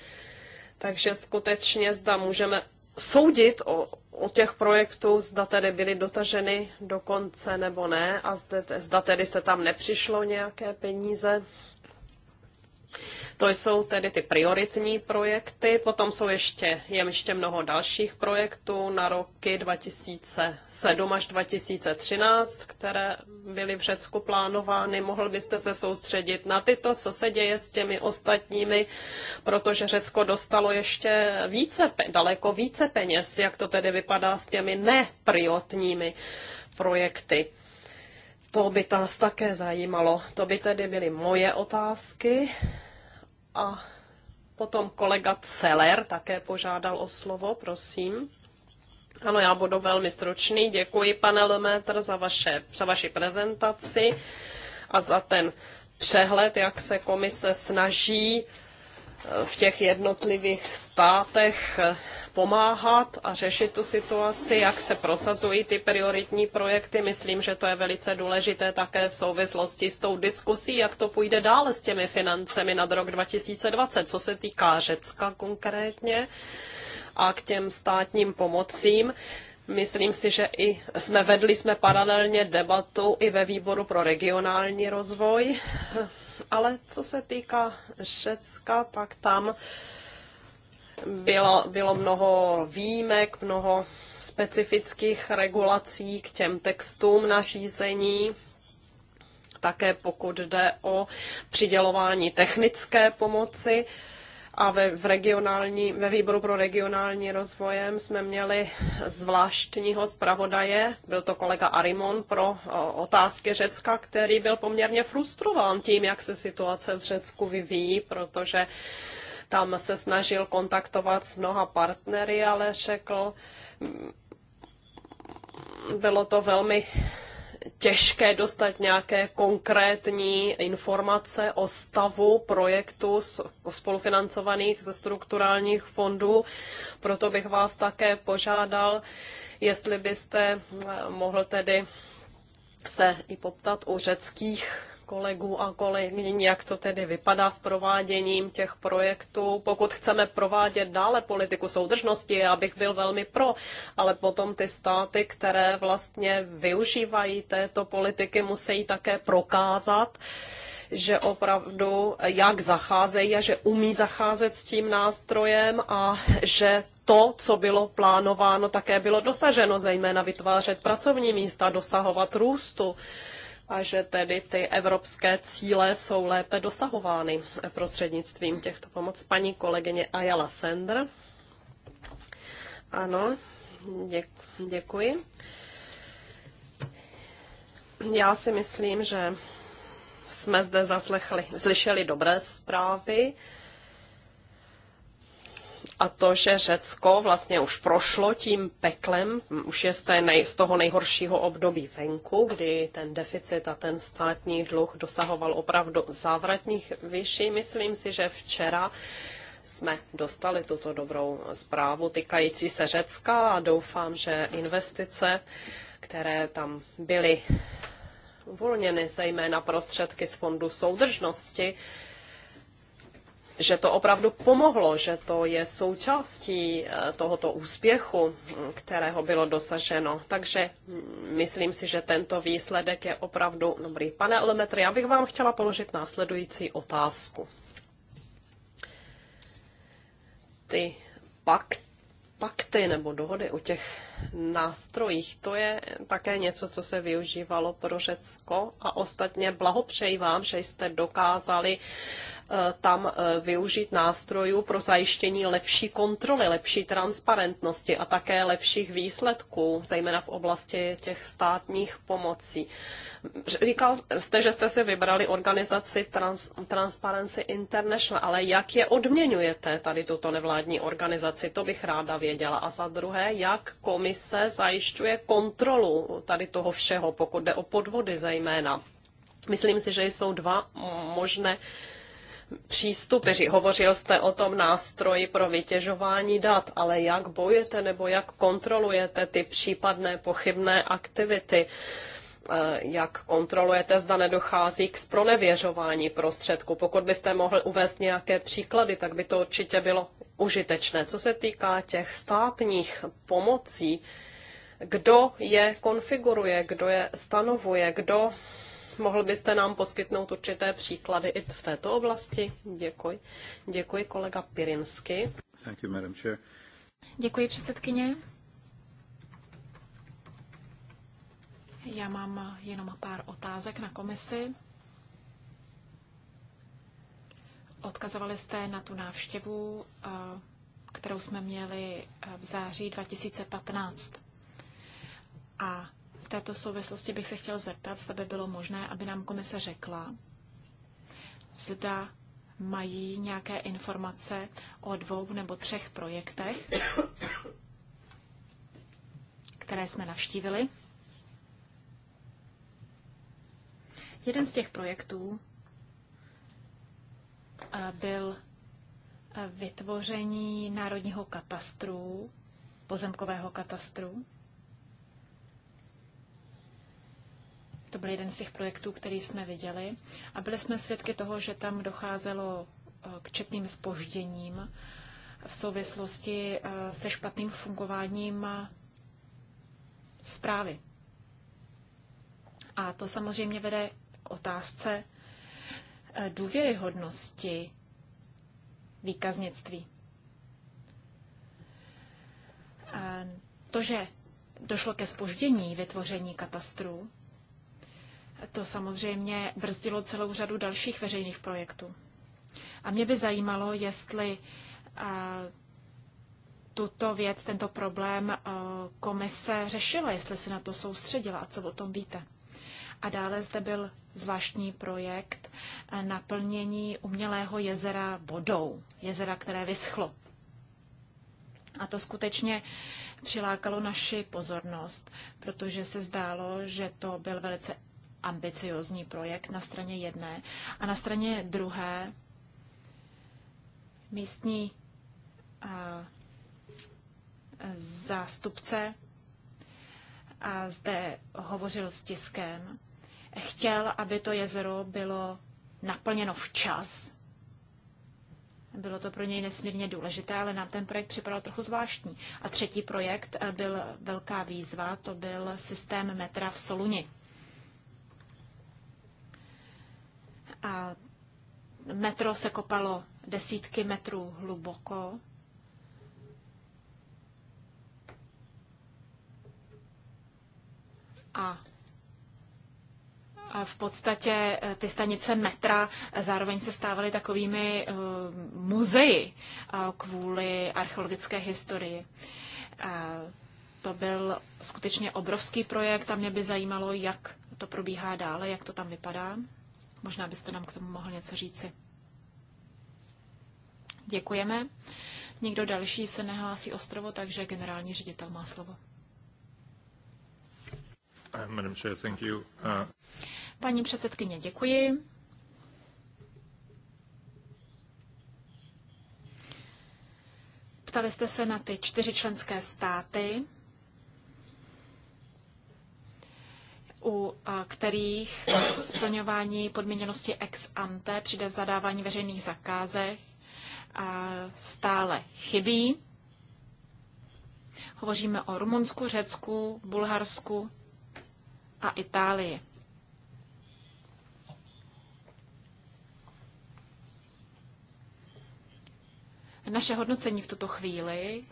takže skutečně zda můžeme soudit o, o těch projektů, zda tedy byly dotaženy do konce nebo ne a zda tedy se tam nepřišlo nějaké peníze to jsou tedy ty prioritní projekty, potom jsou ještě, je ještě mnoho dalších projektů na roky 2007 až 2013, které byly v Řecku plánovány. Mohl byste se soustředit na tyto, co se děje s těmi ostatními, protože Řecko dostalo ještě více, daleko více peněz, jak to tedy vypadá s těmi neprioritními projekty. To by nás také zajímalo. To by tedy byly moje otázky. A potom kolega Celer také požádal o slovo, prosím. Ano, já budu velmi stručný. Děkuji, pane Lemetr, za, vaše, za vaši prezentaci a za ten přehled, jak se komise snaží uh, v těch jednotlivých státech eh, pomáhat a řešit tu situaci, jak se prosazují ty prioritní projekty. Myslím, že to je velice důležité také v souvislosti s tou diskusí, jak to půjde dále s těmi financemi nad rok 2020, co se týká Řecka konkrétně a k těm státním pomocím. Myslím si, že i jsme vedli jsme paralelně debatu i ve výboru pro regionální rozvoj ale co se týká Řecka, tak tam bylo, bylo mnoho výjimek, mnoho specifických regulací k těm textům nařízení, také pokud jde o přidělování technické pomoci. Uh, a ve, v regionální, ve výboru pro regionální rozvojem jsme měli zvláštního zpravodaje, byl to kolega Arimon pro o, otázky Řecka, který byl poměrně frustrován tím, jak se situace v Řecku vyvíjí, protože tam se snažil kontaktovat s mnoha partnery, ale řekl, bylo to velmi těžké dostat nějaké konkrétní informace o stavu projektu spolufinancovaných ze strukturálních fondů. Proto bych vás také požádal, jestli byste eh, mohl tedy se i poptat u řeckých kolegů a kolegyň, jak to tedy vypadá s prováděním těch projektů. Pokud chceme provádět dále politiku soudržnosti, já bych byl velmi pro, ale potom ty státy, které vlastně využívají této politiky, musí také prokázat, že opravdu jak zacházejí a že umí zacházet s tím nástrojem a že to, co bylo plánováno, také bylo dosaženo, zejména vytvářet pracovní místa, dosahovat růstu a že tedy ty evropské cíle jsou lépe dosahovány prostřednictvím těchto pomoc. Paní kolegyně Ayala Sender. Ano, děkuji. Já si myslím, že jsme zde zaslechli, slyšeli dobré zprávy a to, že Řecko vlastně už prošlo tím peklem, už je z, té nej, z toho nejhoršího období venku, kdy ten deficit a ten státní dluh dosahoval opravdu závratných vyšší. Myslím si, že včera jsme dostali tuto dobrou zprávu týkající se Řecka a doufám, že investice, které tam byly uvolněny, zejména prostředky z Fondu soudržnosti, že to opravdu pomohlo, že to je součástí eh, tohoto úspěchu, mm, kterého bylo dosaženo. Takže mm, myslím si, že tento výsledek je opravdu dobrý. Pane Elemetry, já bych vám chtěla položit následující otázku. Ty pak, pakty nebo dohody o těch nástrojích, to je také něco, co se využívalo pro Řecko a ostatně blahopřeji vám, že jste dokázali uh, Eh, tam eh, využít nástrojů pro zajištění lepší kontroly, lepší transparentnosti a také lepších výsledků, zejména v oblasti těch státních pomocí. Říkal jste, že jste si vybrali organizaci Trans- Transparency International, ale jak je odměňujete tady tuto nevládní organizaci? To bych ráda věděla. A za druhé, jak komise zajišťuje kontrolu tady toho všeho, pokud jde o podvody zejména? Myslím si, že jsou dva možné přístupy. Hovořil jste o tom nástroji pro vytěžování dat, ale jak bojujete nebo jak kontrolujete ty případné pochybné aktivity? Eh, jak kontrolujete, zda nedochází k spronevěřování prostředku. Pokud byste mohl uvést nějaké příklady, tak by to určitě bylo užitečné. Co se týká těch státních pomocí, kdo je konfiguruje, kdo je stanovuje, kdo Mohl byste nám poskytnout určité příklady i v této oblasti? Děkuji. Děkuji kolega Pirinsky. Thank you, Madam Chair. Děkuji předsedkyně. Já mám jenom pár otázek na komisi. Odkazovali jste na tu návštěvu, eh, kterou jsme měli eh, v září 2015. A této souvislosti bych se chtěl zeptat, zda by bylo možné, aby nám komise řekla, zda mají nějaké informace o dvou nebo třech projektech, které jsme navštívili. Jeden z těch projektů eh, byl eh, vytvoření národního katastru, pozemkového katastru To byl jeden z těch projektů, který jsme viděli. A byli jsme svědky toho, že tam docházelo eh, k četným spožděním v souvislosti eh, se špatným fungováním eh, zprávy. A to samozřejmě vede k otázce důvěryhodnosti výkaznictví. To, že došlo ke spoždění vytvoření katastru. To samozřejmě brzdilo celou řadu dalších veřejných projektů. A mě by zajímalo, jestli eh, tuto věc, tento problém eh, komise řešila, jestli se na to soustředila a co o tom víte. A dále zde byl zvláštní projekt eh, naplnění umělého jezera vodou, jezera, které vyschlo. A to skutečně přilákalo naši pozornost, protože se zdálo, že to byl velice ambiciozní projekt na straně jedné a na straně druhé místní a, eh, zástupce a zde hovořil s tiskem. Chtěl, aby to jezero bylo naplněno včas. Bylo to pro něj nesmírně důležité, ale nám ten projekt připadal trochu zvláštní. A třetí projekt eh, byl velká výzva, to byl systém metra v Soluni. A metro se kopalo desítky metrů hluboko. A v podstatě eh, ty stanice metra zároveň se stávaly takovými eh, muzeji eh, kvůli archeologické historii. To byl skutečně obrovský projekt a mě by zajímalo, jak to probíhá dále, jak to tam vypadá. Možná byste nám k tomu mohl něco říci. Děkujeme. Nikdo další se nehlásí ostrovo, takže generální ředitel má slovo. Uh, Madam Chair, thank you. Uh, Paní předsedkyně, děkuji. Ptali jste se na ty čtyři členské státy, u kterých splňování podmíněnosti ex ante při zadávání veřejných zakázek stále chybí. Hovoříme o Rumunsku, Řecku, Bulharsku a Itálii. Naše hodnocení v tuto chvíli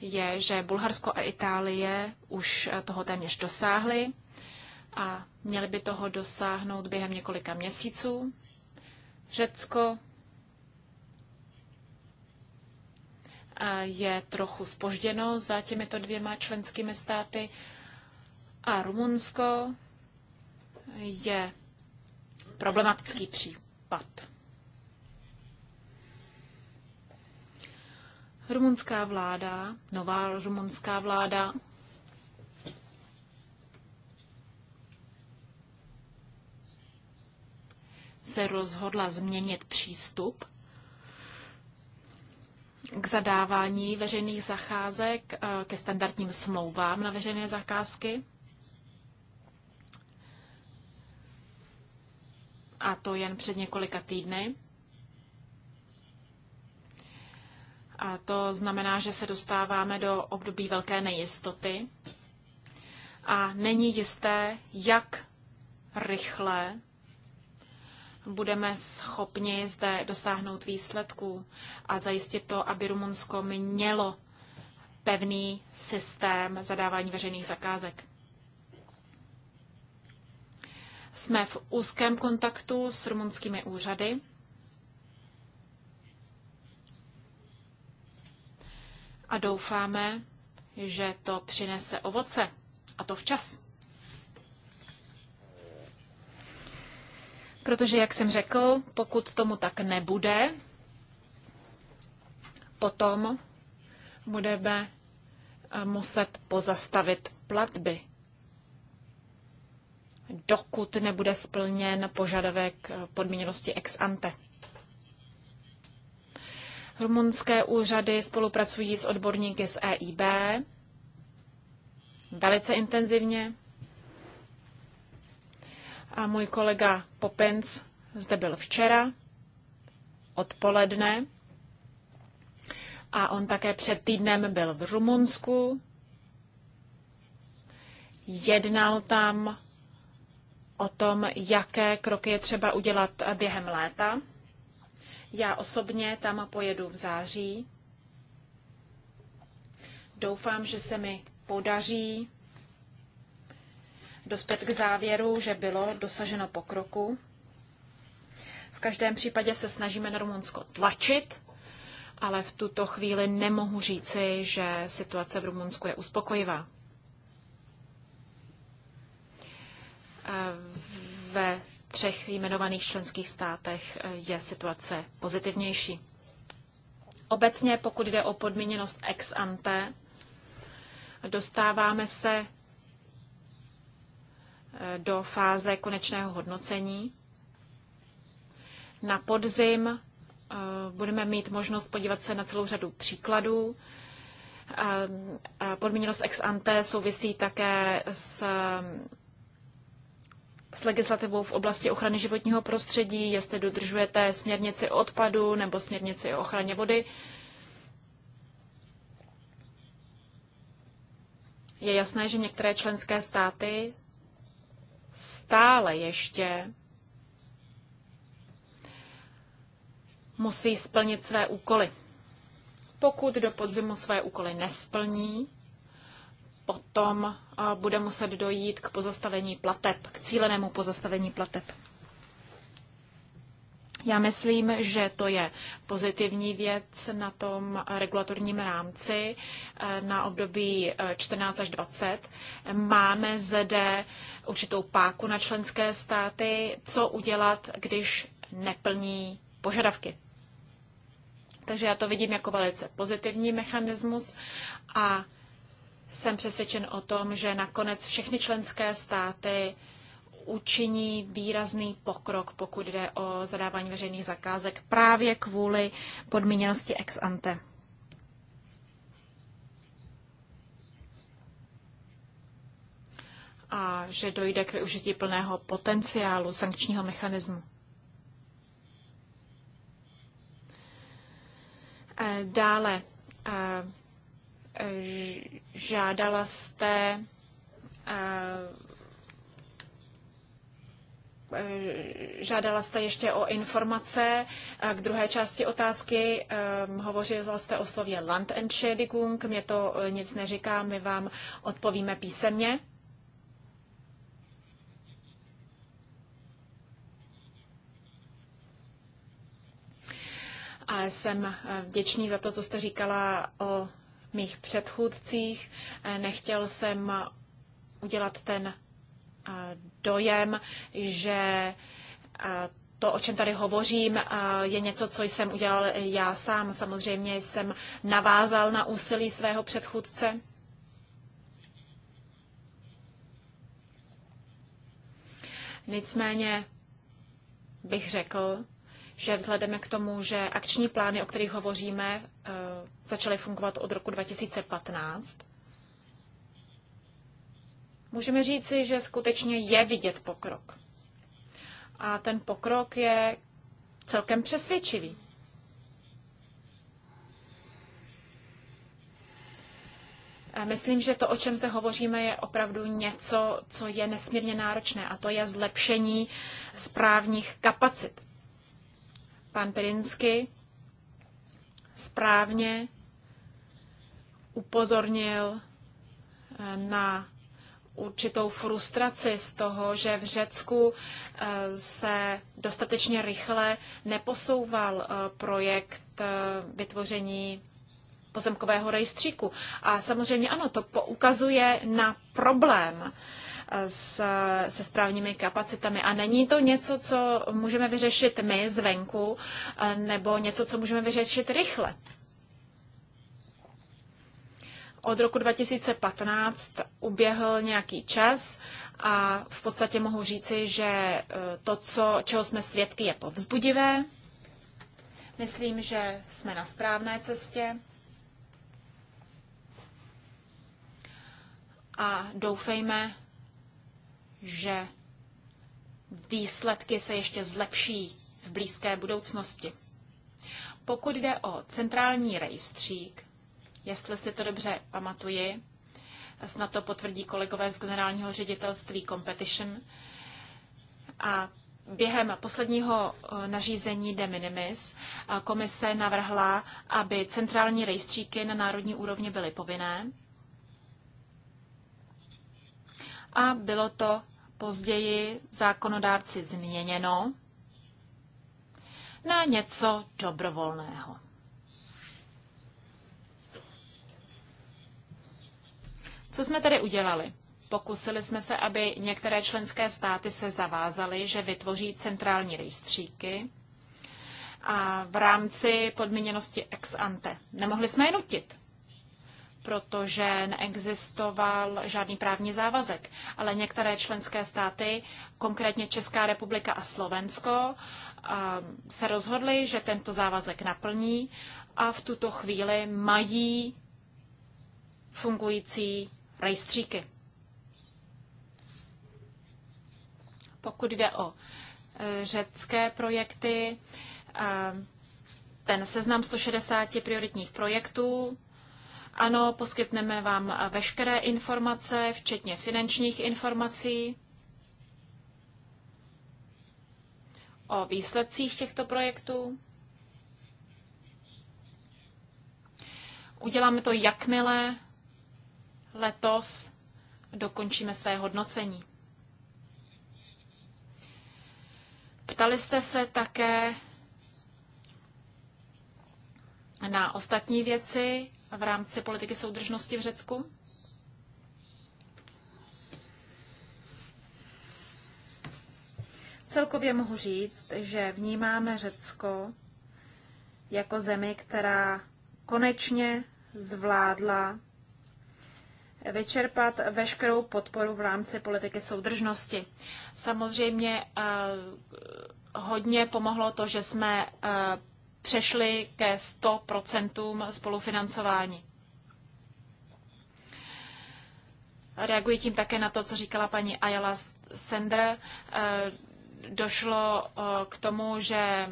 je, že Bulharsko a Itálie už toho téměř dosáhly a měli by toho dosáhnout během několika měsíců. Řecko je trochu spožděno za těmito dvěma členskými státy a Rumunsko je problematický případ. Rumunská vláda, nová rumunská vláda se rozhodla změnit přístup k zadávání veřejných zacházek, eh, ke standardním smlouvám na veřejné zakázky. A to jen před několika týdny. A to znamená, že se dostáváme do období velké nejistoty a není jisté, jak rychle budeme schopni zde dosáhnout výsledků a zajistit to, aby Rumunsko mělo pevný systém zadávání veřejných zakázek. Jsme v úzkém kontaktu s rumunskými úřady. A doufáme, že to přinese ovoce. A to včas. protože, jak jsem řekl, pokud tomu tak nebude, potom budeme eh, muset pozastavit platby, dokud nebude splněn požadavek eh, podmíněnosti ex ante. Rumunské úřady spolupracují s odborníky z EIB velice intenzivně. A můj kolega Popens zde byl včera odpoledne a on také před týdnem byl v Rumunsku. Jednal tam o tom, jaké kroky je třeba udělat během léta. Já osobně tam pojedu v září. Doufám, že se mi podaří dospět k závěru, že bylo dosaženo pokroku. V každém případě se snažíme na Rumunsko tlačit, ale v tuto chvíli nemohu říci, že situace v Rumunsku je uspokojivá. Eh, ve třech jmenovaných členských státech eh, je situace pozitivnější. Obecně, pokud jde o podmíněnost ex ante, dostáváme se do fáze konečného hodnocení. Na podzim eh, budeme mít možnost podívat se na celou řadu příkladů. Eh, eh, podmíněnost ex ante souvisí také s, s legislativou v oblasti ochrany životního prostředí, jestli dodržujete směrnici odpadu nebo směrnici o ochraně vody. Je jasné, že některé členské státy stále ještě musí splnit své úkoly. Pokud do podzimu své úkoly nesplní, potom eh, bude muset dojít k pozastavení plateb, k cílenému pozastavení plateb. Já myslím, že to je pozitivní věc na tom regulatorním rámci eh, na období 14 eh, až 20. Máme zde určitou páku na členské státy, co udělat, když neplní požadavky. Takže já to vidím jako velice pozitivní mechanismus a jsem přesvědčen o tom, že nakonec všechny členské státy učiní výrazný pokrok, pokud jde o zadávání veřejných zakázek právě kvůli podmíněnosti ex ante. a že dojde k využití plného potenciálu sankčního mechanismu. E, dále e, e, žádala jste Žádala jste ještě o informace. k druhé části otázky ehm, hovořila jste o slově Landentschädigung. Mě to e, nic neříká, my vám odpovíme písemně. A jsem e, vděčný za to, co jste říkala o mých předchůdcích. E, nechtěl jsem udělat ten dojem, že to, o čem tady hovořím, je něco, co jsem udělal já sám. Samozřejmě jsem navázal na úsilí svého předchůdce. Nicméně bych řekl, že vzhledem k tomu, že akční plány, o kterých hovoříme, e, začaly fungovat od roku 2015, Můžeme říci, že skutečně je vidět pokrok. A ten pokrok je celkem přesvědčivý. Myslím, že to, o čem zde hovoříme, je opravdu něco, co je nesmírně náročné, a to je zlepšení správních kapacit. Pan Pirinsky správně upozornil eh, na určitou frustraci z toho, že v Řecku eh, se dostatečně rychle neposouval eh, projekt eh, vytvoření pozemkového rejstříku. A samozřejmě ano, to poukazuje na problém s, se správními kapacitami. A není to něco, co můžeme vyřešit my zvenku, nebo něco, co můžeme vyřešit rychle. Od roku 2015 uběhl nějaký čas a v podstatě mohu říci, že e, to, co, čeho jsme svědky, je povzbudivé. Myslím, že jsme na správné cestě. A doufejme, že výsledky se ještě zlepší v blízké budoucnosti. Pokud jde o centrální rejstřík, Jestli si to dobře pamatuji, snad to potvrdí kolegové z generálního ředitelství Competition. A během posledního eh, nařízení de minimis eh, komise navrhla, aby centrální rejstříky na národní úrovni byly povinné. A bylo to později zákonodárci změněno na něco dobrovolného. Co jsme tedy udělali? Pokusili jsme se, aby některé členské státy se zavázaly, že vytvoří centrální rejstříky a v rámci podmíněnosti ex ante. Nemohli jsme je nutit, protože neexistoval žádný právní závazek. Ale některé členské státy, konkrétně Česká republika a Slovensko, ehm, se rozhodly, že tento závazek naplní a v tuto chvíli mají fungující rejstříky. Pokud jde o e, řecké projekty, e, ten seznam 160 prioritních projektů, ano, poskytneme vám veškeré informace, včetně finančních informací o výsledcích těchto projektů. Uděláme to, jakmile letos dokončíme své hodnocení. Ptali jste se také na ostatní věci v rámci politiky soudržnosti v Řecku? Celkově mohu říct, že vnímáme Řecko jako zemi, která konečně zvládla vyčerpat veškerou podporu v rámci politiky soudržnosti. Samozřejmě eh, hodně pomohlo to, že jsme eh, přešli ke 100% spolufinancování. Reaguji tím také na to, co říkala paní Ayala Sender. Eh, došlo k tomu, že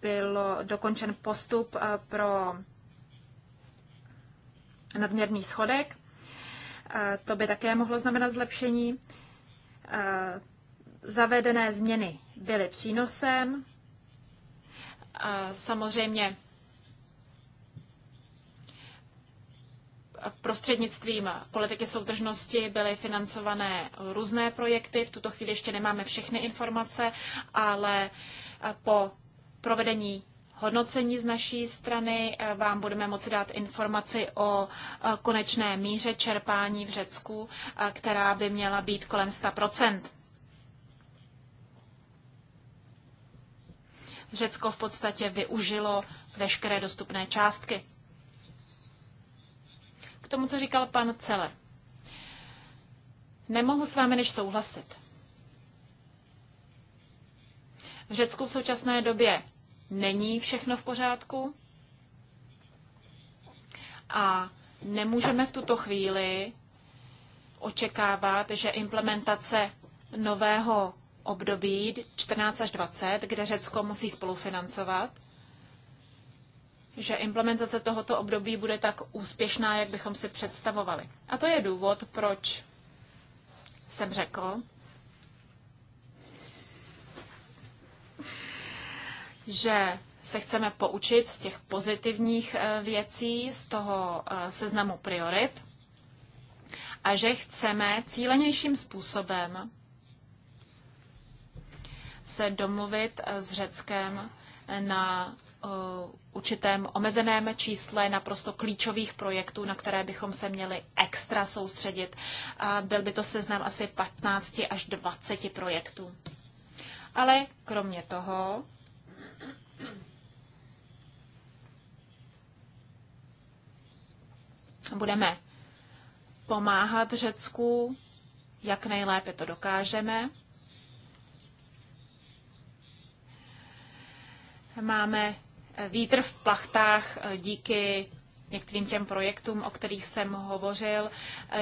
byl dokončen postup pro nadměrný schodek. To by také mohlo znamenat zlepšení. Zavedené změny byly přínosem. Samozřejmě prostřednictvím politiky soudržnosti byly financované různé projekty. V tuto chvíli ještě nemáme všechny informace, ale po provedení hodnocení z naší strany. Eh, vám budeme moci dát informaci o eh, konečné míře čerpání v Řecku, eh, která by měla být kolem 100 Řecko v podstatě využilo veškeré dostupné částky. K tomu, co říkal pan Cele. Nemohu s vámi než souhlasit. V Řecku v současné době není všechno v pořádku a nemůžeme v tuto chvíli očekávat, že implementace nového období 14 až 20, kde Řecko musí spolufinancovat, že implementace tohoto období bude tak úspěšná, jak bychom si představovali. A to je důvod, proč jsem řekl, že se chceme poučit z těch pozitivních eh, věcí, z toho eh, seznamu priorit a že chceme cílenějším způsobem se domluvit eh, s Řeckem na určitém omezeném čísle naprosto klíčových projektů, na které bychom se měli extra soustředit. Byl by to seznam asi 15 až 20 projektů. Ale kromě toho Budeme pomáhat Řecku, jak nejlépe to dokážeme. Máme vítr v plachtách díky některým těm projektům, o kterých jsem hovořil.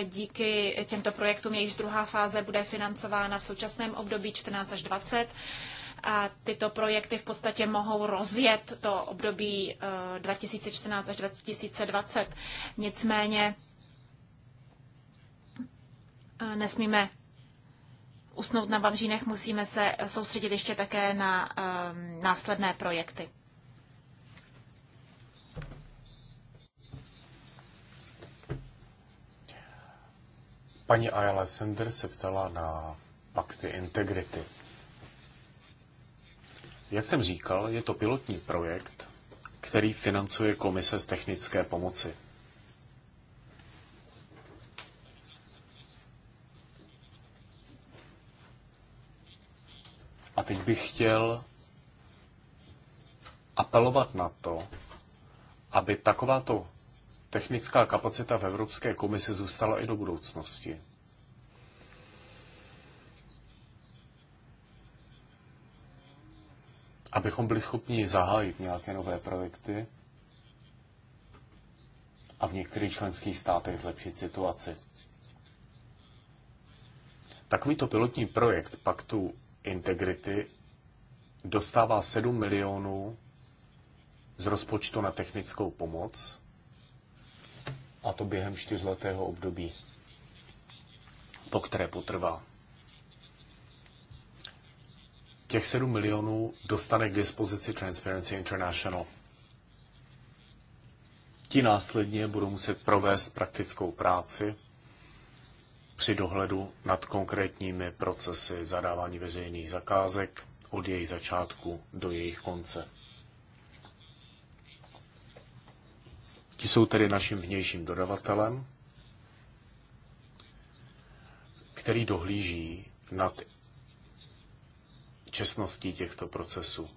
Díky těmto projektům jejichž druhá fáze bude financována v současném období 14 až 20 a tyto projekty v podstatě mohou rozjet to období 2014 eh, až 2020. Nicméně eh, nesmíme usnout na bavřínech, musíme se soustředit ještě také na eh, následné projekty. Paní Ayala Sender se ptala na pakty integrity. Jak jsem říkal, je to pilotní projekt, který financuje Komise z technické pomoci. A teď bych chtěl apelovat na to, aby takováto technická kapacita v Evropské komisi zůstala i do budoucnosti. abychom byli schopni zahájit nějaké nové projekty a v některých členských státech zlepšit situaci. Takovýto pilotní projekt Paktu Integrity dostává 7 milionů z rozpočtu na technickou pomoc, a to během čtyřletého období, po které potrvá těch 7 milionů dostane k dispozici Transparency International. Ti následně budou muset provést praktickou práci při dohledu nad konkrétními procesy zadávání veřejných zakázek od jejich začátku do jejich konce. Ti jsou tedy naším vnějším dodavatelem, který dohlíží nad čestností těchto procesů.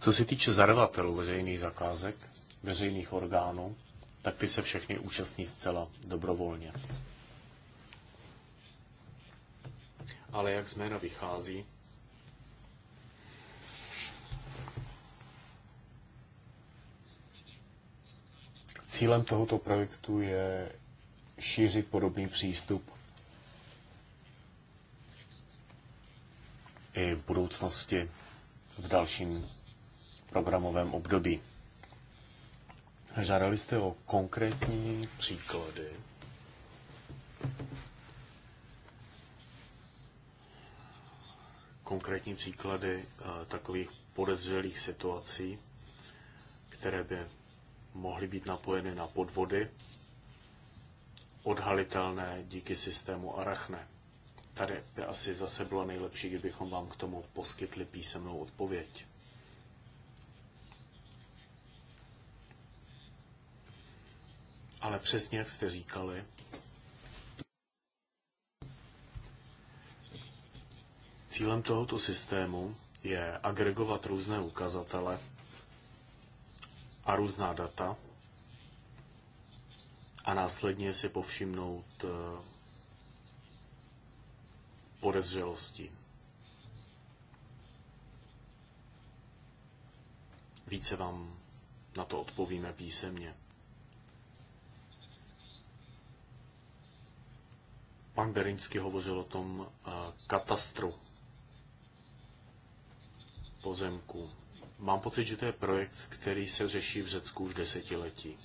Co se týče zadavatelů veřejných zakázek, veřejných orgánů, tak ty se všechny účastní zcela dobrovolně. Ale jak z jména vychází, Cílem tohoto projektu je šířit podobný přístup i v budoucnosti v dalším programovém období. Žádali jste o konkrétní příklady. Konkrétní příklady eh, takových podezřelých situací, které by mohly být napojeny na podvody, odhalitelné díky systému Arachne. Tady by asi zase bylo nejlepší, kdybychom vám k tomu poskytli písemnou odpověď. Ale přesně jak jste říkali, cílem tohoto systému je agregovat různé ukazatele a různá data a následně si povšimnout eh, podezřelosti. Více vám na to odpovíme písemně. Pan Berinsky hovořil o tom eh, katastru pozemku. Mám pocit, že to je projekt, který se řeší v Řecku už desetiletí.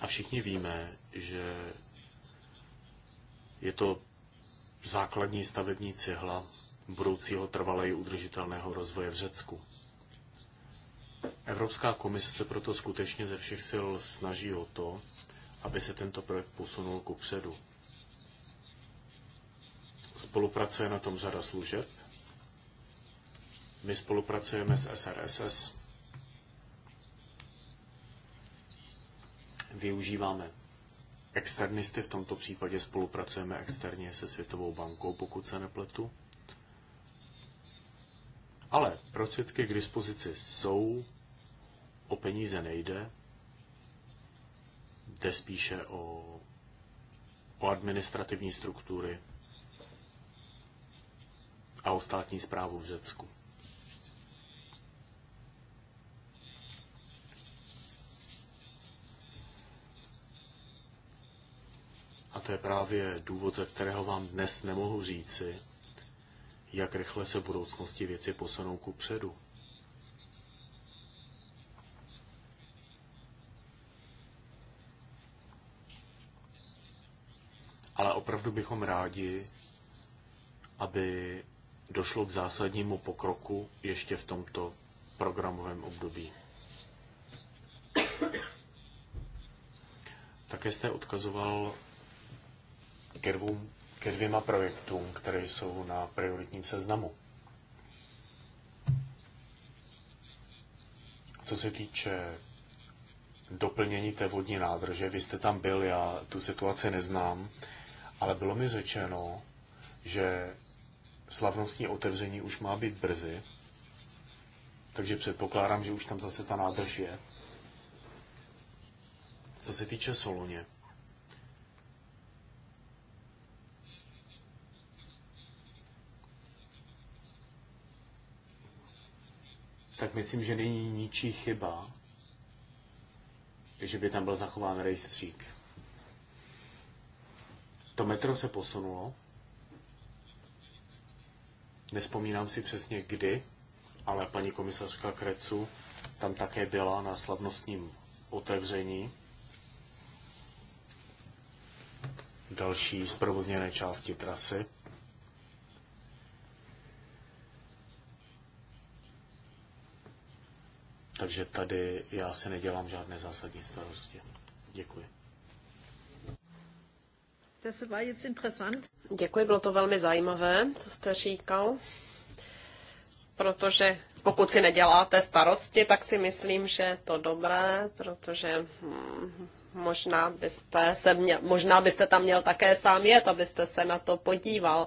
A všichni víme, že je to základní stavební cihla budoucího trvalej udržitelného rozvoje v Řecku. Evropská komise se proto skutečně ze všech sil snaží o to, aby se tento projekt posunul ku předu. Spolupracuje na tom řada služeb. My spolupracujeme s SRSS. Využíváme externisty, v tomto případě spolupracujeme externě se Světovou bankou, pokud se nepletu. Ale prostředky k dispozici jsou, o peníze nejde, jde spíše o, o administrativní struktury a o státní zprávu v Řecku. A to je právě důvod, ze kterého vám dnes nemohu říci, jak rychle se v budoucnosti věci posunou ku předu. Ale opravdu bychom rádi, aby došlo k zásadnímu pokroku ještě v tomto programovém období. Také jste odkazoval ke, dvou, ke dvěma projektům, které jsou na prioritním seznamu. Co se týče doplnění té vodní nádrže, vy jste tam byl, já tu situaci neznám, ale bylo mi řečeno, že slavnostní otevření už má být brzy, takže předpokládám, že už tam zase ta nádrž je. Co se týče Soluně, tak myslím, že není ničí chyba, že by tam byl zachován rejstřík. To metro se posunulo. Nespomínám si přesně kdy, ale paní komisařka Krecu tam také byla na slavnostním otevření další zprovozněné části trasy. Takže tady já si nedělám žádné zásadní starosti. Děkuji. Děkuji, bylo to velmi zajímavé, co jste říkal. Protože pokud si neděláte starosti, tak si myslím, že je to dobré, protože hm, možná byste, se měl, možná byste tam měl také sám jet, abyste se na to podíval. Uh,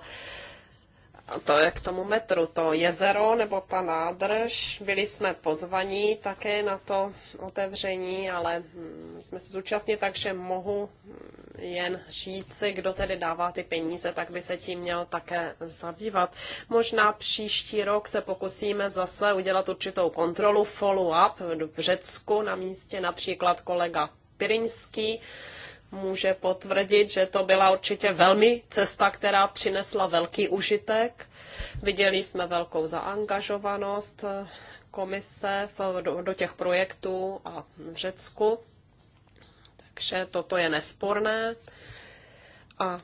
to je k tomu metru, to jezero nebo ta nádrž. Byli jsme pozvaní také na to otevření, ale hm, jsme se zúčastnili, takže mohu hm, jen říci, kdo tedy dává ty peníze, tak by se tím měl také zabývat. Možná příští rok se pokusíme zase udělat určitou kontrolu follow-up v Řecku na místě, například kolega Pirinský může potvrdit, že to byla určitě velmi cesta, která přinesla velký užitek. Viděli jsme velkou zaangažovanost eh, komise do, do těch projektů a v Řecku. Takže toto je nesporné. A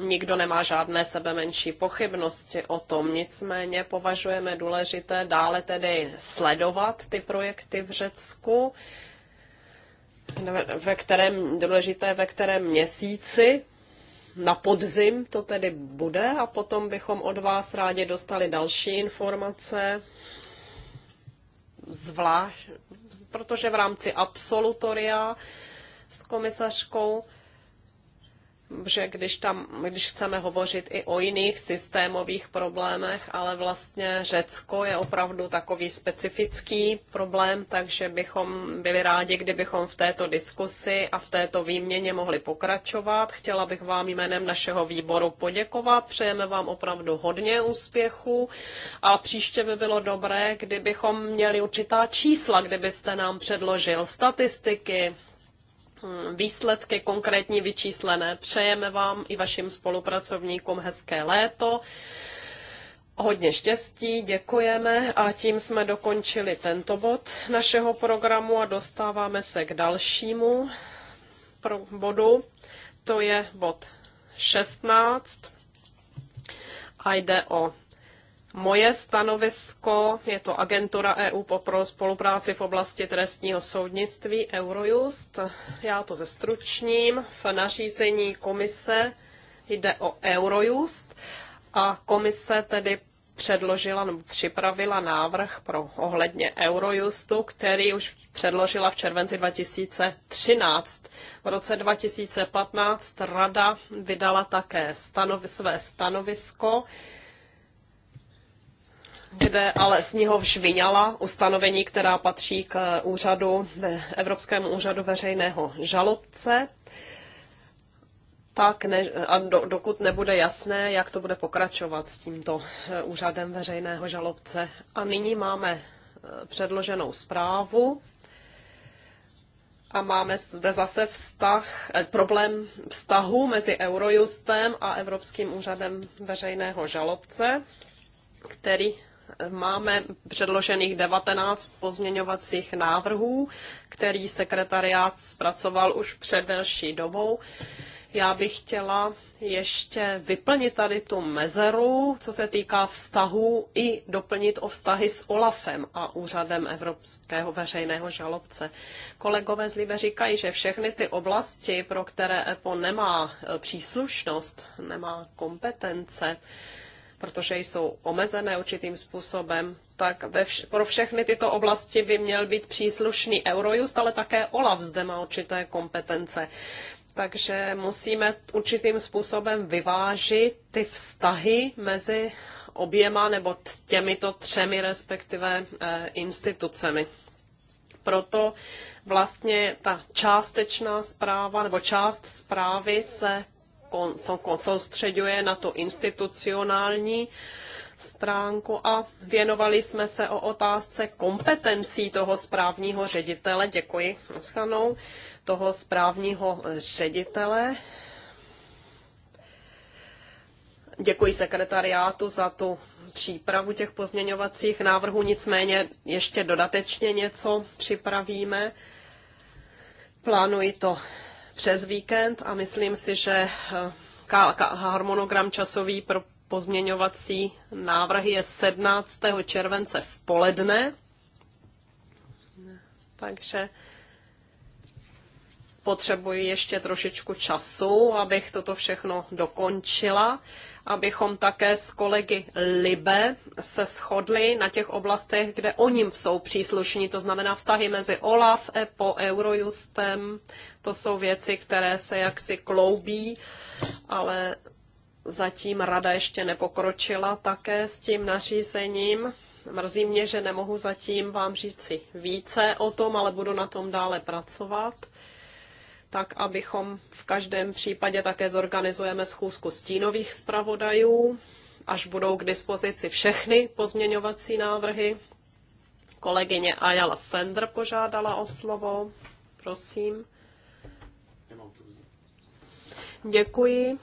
nikdo nemá žádné sebe menší pochybnosti o tom. Nicméně považujeme důležité dále tedy sledovat ty projekty v Řecku ve kterém, důležité ve kterém měsíci, na podzim to tedy bude a potom bychom od vás rádi dostali další informace, zvlášť, protože v rámci absolutoria s komisařkou že když, tam, když chceme hovořit i o jiných systémových problémech, ale vlastně Řecko je opravdu takový specifický problém, takže bychom byli rádi, kdybychom v této diskusi a v této výměně mohli pokračovat. Chtěla bych vám jménem našeho výboru poděkovat, přejeme vám opravdu hodně úspěchu a příště by bylo dobré, kdybychom měli určitá čísla, kdybyste nám předložil statistiky, Hm, výsledky konkrétní vyčíslené. Přejeme vám i vašim spolupracovníkům hezké léto. Hodně štěstí, děkujeme a tím jsme dokončili tento bod našeho programu a dostáváme se k dalšímu bodu. To je bod 16 a jde o Moje stanovisko je to agentura EU pro spolupráci v oblasti trestního soudnictví Eurojust. Já to zestručním. V nařízení komise jde o Eurojust a komise tedy předložila nebo připravila návrh pro ohledně Eurojustu, který už předložila v červenci 2013. V roce 2015 rada vydala také stanovi, své stanovisko kde ale z něho vyňala ustanovení, která patří k úřadu, Evropskému úřadu veřejného žalobce, tak ne, a do, dokud nebude jasné, jak to bude pokračovat s tímto eh, úřadem veřejného žalobce. A nyní máme eh, předloženou zprávu a máme zde zase vztah, eh, problém vztahu mezi Eurojustem a Evropským úřadem veřejného žalobce, který Máme předložených 19 pozměňovacích návrhů, který sekretariát zpracoval už před delší dobou. Já bych chtěla ještě vyplnit tady tu mezeru, co se týká vztahu, i doplnit o vztahy s OLAFem a úřadem Evropského veřejného žalobce. Kolegové z Libe říkají, že všechny ty oblasti, pro které EPO nemá e, příslušnost, nemá kompetence, protože jsou omezené určitým způsobem, tak ve vš- pro všechny tyto oblasti by měl být příslušný Eurojust, ale také OLAF zde má určité kompetence. Takže musíme určitým způsobem vyvážit ty vztahy mezi oběma nebo těmito třemi respektive eh, institucemi. Proto vlastně ta částečná zpráva nebo část zprávy se kon, soustředuje na tu institucionální stránku a věnovali jsme se o otázce kompetencí toho správního ředitele. Děkuji, Schanou, toho správního ředitele. Děkuji sekretariátu za tu přípravu těch pozměňovacích návrhů, nicméně ještě dodatečně něco připravíme. Plánuji to přes víkend a myslím si, že eh, harmonogram časový pro pozměňovací návrhy je 17. července v poledne. Takže potřebuji ještě trošičku času, abych toto všechno dokončila, abychom také s kolegy Libe se shodli na těch oblastech, kde oni jsou příslušní, to znamená vztahy mezi OLAF, EPO, Eurojustem, to jsou věci, které se jaksi kloubí, ale zatím rada ještě nepokročila také s tím nařízením. Mrzí mě, že nemohu zatím vám říci více o tom, ale budu na tom dále pracovat tak abychom v každém případě také zorganizujeme schůzku stínových zpravodajů, až budou k dispozici všechny pozměňovací návrhy. Kolegyně Ayala Sender požádala o slovo. Prosím. Děkuji.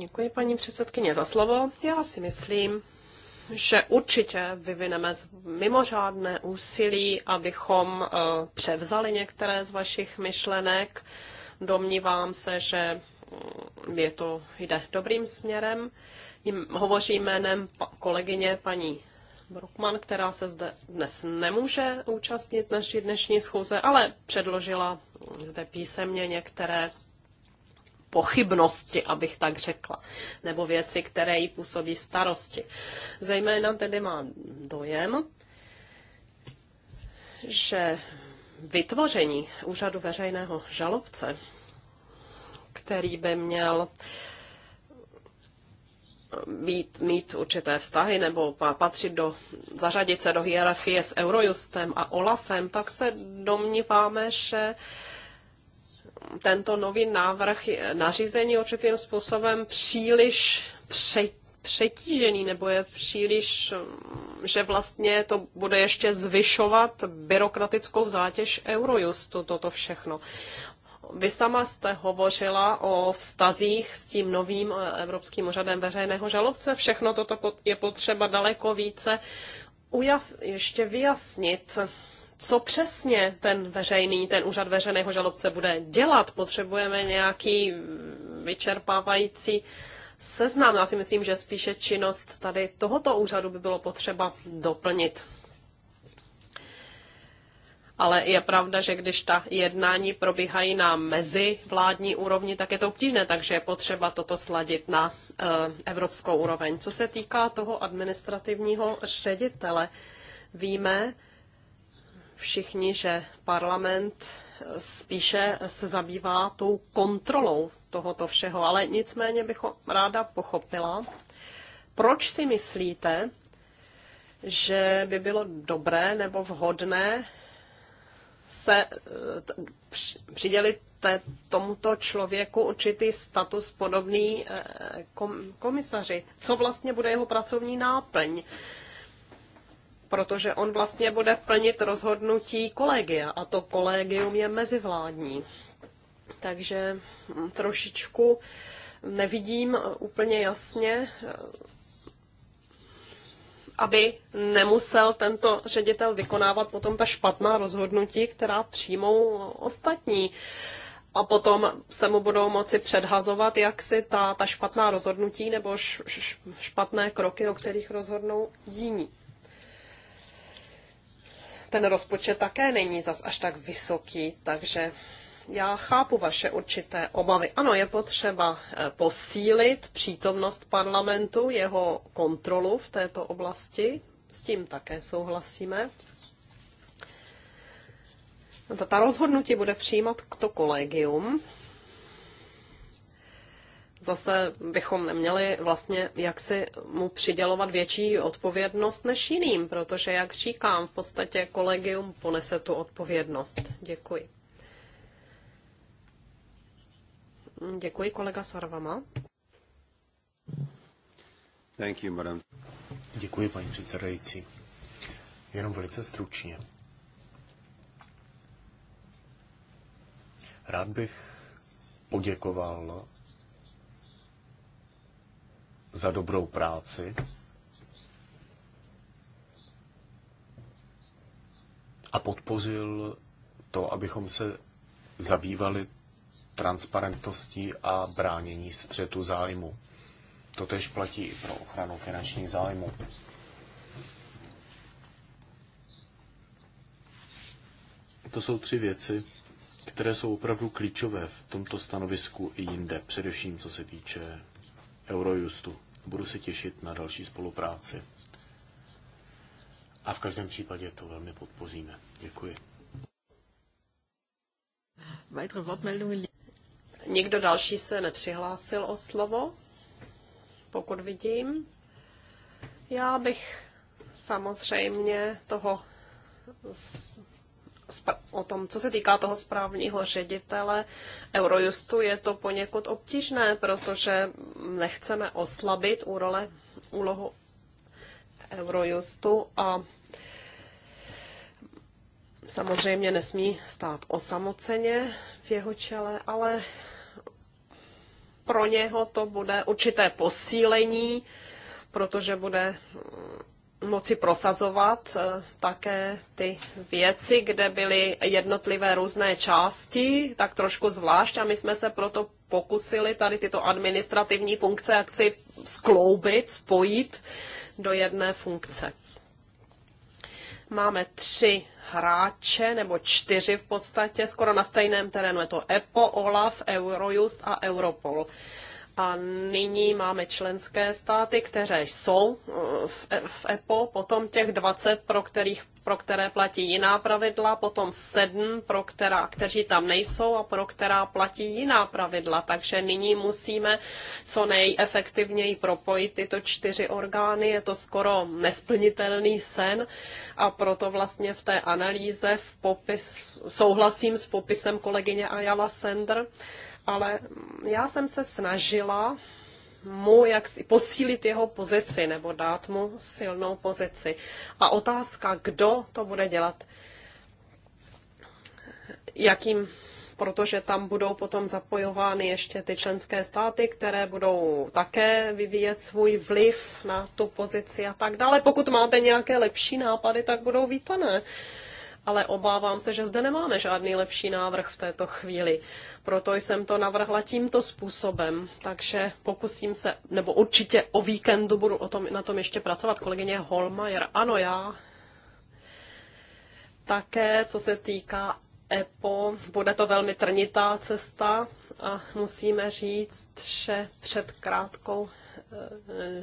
Děkuji paní předsedkyně za slovo. Já si myslím, že určitě vyvineme mimořádné úsilí, abychom eh, převzali některé z vašich myšlenek. Domnívám se, že mm, je to jde dobrým směrem. Hovoří jménem kolegyně paní Brukman, která se zde dnes nemůže účastnit naší dnešní schůze, ale předložila zde písemně některé pochybnosti, abych tak řekla, nebo věci, které jí působí starosti. Zejména tedy má dojem, že vytvoření úřadu veřejného žalobce, který by měl být, mít určité vztahy nebo patřit do, zařadit se do hierarchie s Eurojustem a Olafem, tak se domníváme, že tento nový návrh nařízení určitým způsobem příliš pře, přetížený, nebo je příliš, mm, že vlastně to bude ještě zvyšovat byrokratickou zátěž Eurojustu, toto všechno. Vy sama jste hovořila o vztazích s tím novým e, Evropským úřadem veřejného žalobce. Všechno toto je potřeba daleko více ujas, ještě vyjasnit co přesně ten veřejný, ten úřad veřejného žalobce bude dělat. Potřebujeme nějaký vyčerpávající seznam. Já si myslím, že spíše činnost tady tohoto úřadu by bylo potřeba doplnit. Ale je pravda, že když ta jednání probíhají na mezi vládní úrovni, tak je to obtížné, takže je potřeba toto sladit na e, evropskou úroveň. Co se týká toho administrativního ředitele, víme, všichni, že parlament spíše se zabývá tou kontrolou tohoto všeho, ale nicméně bych ráda pochopila, proč si myslíte, že by bylo dobré nebo vhodné se eh, přidělit tomuto člověku určitý status podobný eh, komisaři. Co vlastně bude jeho pracovní náplň? protože on vlastně bude plnit rozhodnutí kolegia a to kolegium je mezivládní. Takže trošičku nevidím úplně jasně, aby nemusel tento ředitel vykonávat potom ta špatná rozhodnutí, která přijmou ostatní. A potom se mu budou moci předhazovat, jak si ta, ta špatná rozhodnutí nebo š, š, špatné kroky, o kterých rozhodnou jiní ten rozpočet také není zas až tak vysoký, takže já chápu vaše určité obavy. Ano, je potřeba eh, posílit přítomnost parlamentu, jeho kontrolu v této oblasti. S tím také souhlasíme. Ta rozhodnutí bude přijímat to kolegium zase bychom neměli vlastně jaksi mu přidělovat větší odpovědnost než jiným, protože, jak říkám, v podstatě kolegium ponese tu odpovědnost. Děkuji. Děkuji, kolega Sarvama. Thank you, madam. Děkuji, paní předsedající. Jenom velice stručně. Rád bych poděkoval za dobrou práci. A podpořil to, abychom se zabývali transparentností a bránění střetu zájmu. To tež platí i pro ochranu finančních zájmů. To jsou tři věci, které jsou opravdu klíčové v tomto stanovisku i jinde, především co se týče Eurojustu. Budu se těšit na další spolupráci. A v každém případě to velmi podpoříme. Děkuji. Nikdo další se nepřihlásil o slovo, pokud vidím. Já bych samozřejmě toho o tom, co se týká toho správního ředitele Eurojustu, je to poněkud obtížné, protože nechceme oslabit úrole, úlohu Eurojustu a samozřejmě nesmí stát osamoceně v jeho čele, ale pro něho to bude určité posílení, protože bude moci prosazovat eh, také ty věci, kde byly jednotlivé různé části, tak trošku zvlášť a my jsme se proto pokusili tady tyto administrativní funkce jaksi skloubit, spojit do jedné funkce. Máme tři hráče, nebo čtyři v podstatě, skoro na stejném terénu. Je to EPO, OLAF, Eurojust a Europol. A nyní máme členské státy, které jsou uh, v EPO, potom těch 20, pro, kterých, pro které platí jiná pravidla, potom 7, pro která, kteří tam nejsou a pro která platí jiná pravidla. Takže nyní musíme co nejefektivněji propojit tyto čtyři orgány. Je to skoro nesplnitelný sen a proto vlastně v té analýze v popis, souhlasím s popisem kolegyně Ayala Sender, ale já jsem se snažila mu jak si posílit jeho pozici nebo dát mu silnou pozici. A otázka, kdo to bude dělat, jakým protože tam budou potom zapojovány ještě ty členské státy, které budou také vyvíjet svůj vliv na tu pozici a tak dále. Pokud máte nějaké lepší nápady, tak budou vítané. Uh, ale obávám se, že zde nemáme žádný lepší návrh v této chvíli. Proto jsem to navrhla tímto způsobem, takže pokusím se, nebo určitě o víkendu budu o tom, na tom ještě pracovat. Kolegyně Holmajer, ano, já také, co se týká EPO, bude to velmi trnitá cesta, a musíme říct, že před krátkou, eh,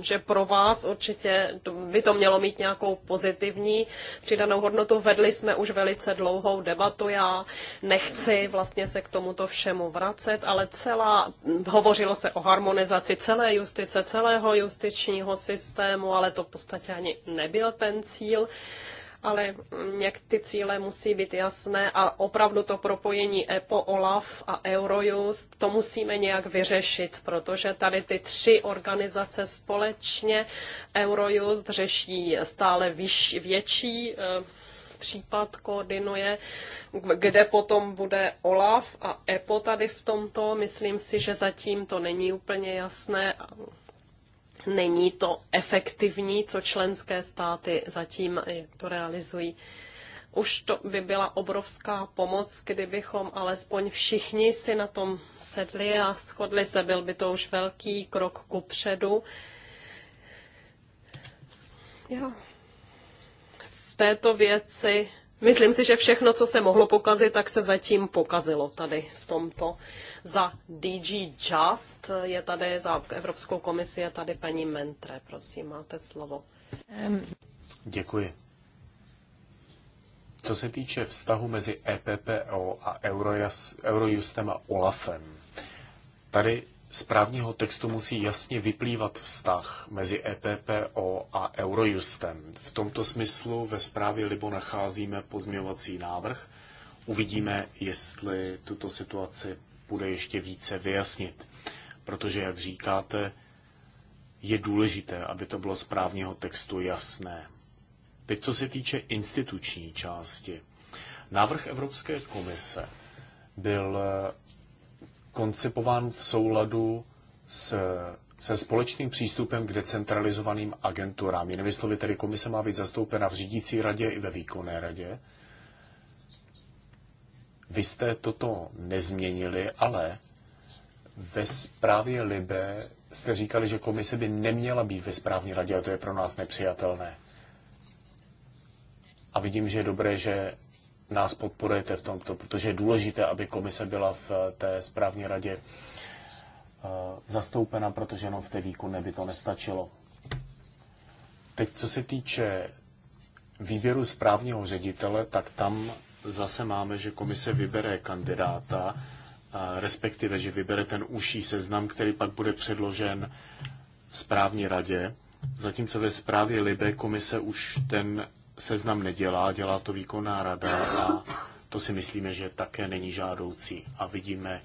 že pro vás určitě by to mělo mít nějakou pozitivní přidanou hodnotu. Vedli jsme už velice dlouhou debatu, já nechci vlastně se k tomuto všemu vracet, ale celá, hovořilo se o harmonizaci celé justice, celého justičního systému, ale to v podstatě ani nebyl ten cíl ale něk ty cíle musí být jasné a opravdu to propojení EPO, OLAF a Eurojust, to musíme nějak vyřešit, protože tady ty tři organizace společně Eurojust řeší stále vyš, větší eh, případ koordinuje, kde potom bude OLAF a EPO tady v tomto. Myslím si, že zatím to není úplně jasné není to efektivní, co členské státy zatím to realizují. Už to by byla obrovská pomoc, kdybychom alespoň všichni si na tom sedli a shodli se. Byl by to už velký krok ku předu. Já v této věci Myslím si, že všechno, co se mohlo pokazit, tak se zatím pokazilo tady v tomto. Za DG Just je tady, za Evropskou komisi je tady paní Mentre. Prosím, máte slovo. Děkuji. Co se týče vztahu mezi EPPO a Eurojustem a OLAFem, tady z právního textu musí jasně vyplývat vztah mezi EPPO a Eurojustem. V tomto smyslu ve zprávě Libo nacházíme pozměňovací návrh. Uvidíme, jestli tuto situaci bude ještě více vyjasnit. Protože, jak říkáte, je důležité, aby to bylo z právního textu jasné. Teď, co se týče instituční části. Návrh Evropské komise byl koncipován v souladu s, se společným přístupem k decentralizovaným agenturám. Jinými slovy, tedy komise má být zastoupena v řídící radě i ve výkonné radě. Vy jste toto nezměnili, ale ve zprávě Libe jste říkali, že komise by neměla být ve správní radě a to je pro nás nepřijatelné. A vidím, že je dobré, že nás podporujete v tomto, protože je důležité, aby komise byla v eh, té správní radě eh, zastoupena, protože jenom v té výkonné by to nestačilo. Teď, co se týče výběru správního ředitele, tak tam zase máme, že komise vybere kandidáta, eh, respektive, že vybere ten užší seznam, který pak bude předložen správní radě. Zatímco ve správě Libe komise už ten seznam nedělá, dělá to výkonná rada a to si myslíme, že také není žádoucí. A vidíme,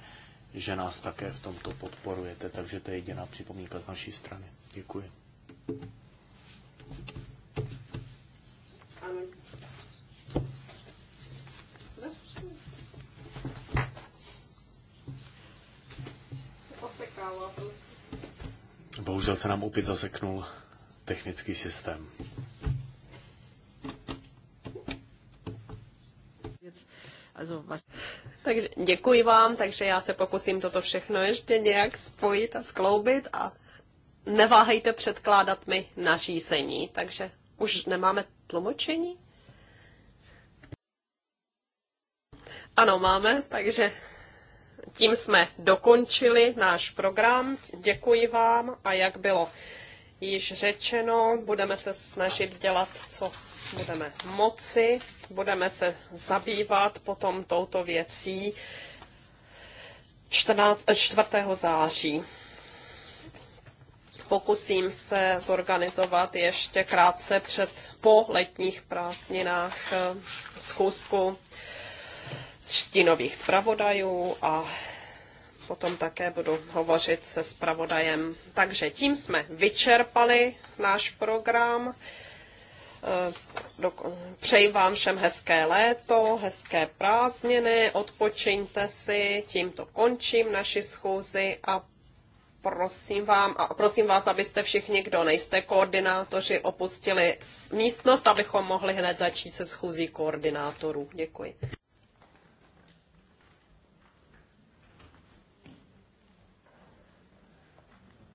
že nás také v tomto podporujete, takže to je jediná připomínka z naší strany. Děkuji. Bohužel se nám opět zaseknul technický systém. Takže děkuji vám, takže já se pokusím toto všechno ještě nějak spojit a skloubit a neváhejte předkládat mi nařízení. Takže už nemáme tlumočení? Ano, máme, takže tím jsme dokončili náš program. Děkuji vám a jak bylo již řečeno, budeme se snažit dělat, co budeme moci budeme se zabývat potom touto věcí 14, 4. Eh, září. Pokusím se zorganizovat ještě krátce před po letních prázdninách eh, schůzku štínových zpravodajů a potom také budu hovořit se zpravodajem. Takže tím jsme vyčerpali náš program. Eh, přeji vám všem hezké léto, hezké prázdniny, odpočiňte si, tímto končím naši schůzi a prosím, vám, a prosím vás, abyste všichni, kdo nejste koordinátoři, opustili místnost, abychom mohli hned začít se schůzí koordinátorů. Děkuji.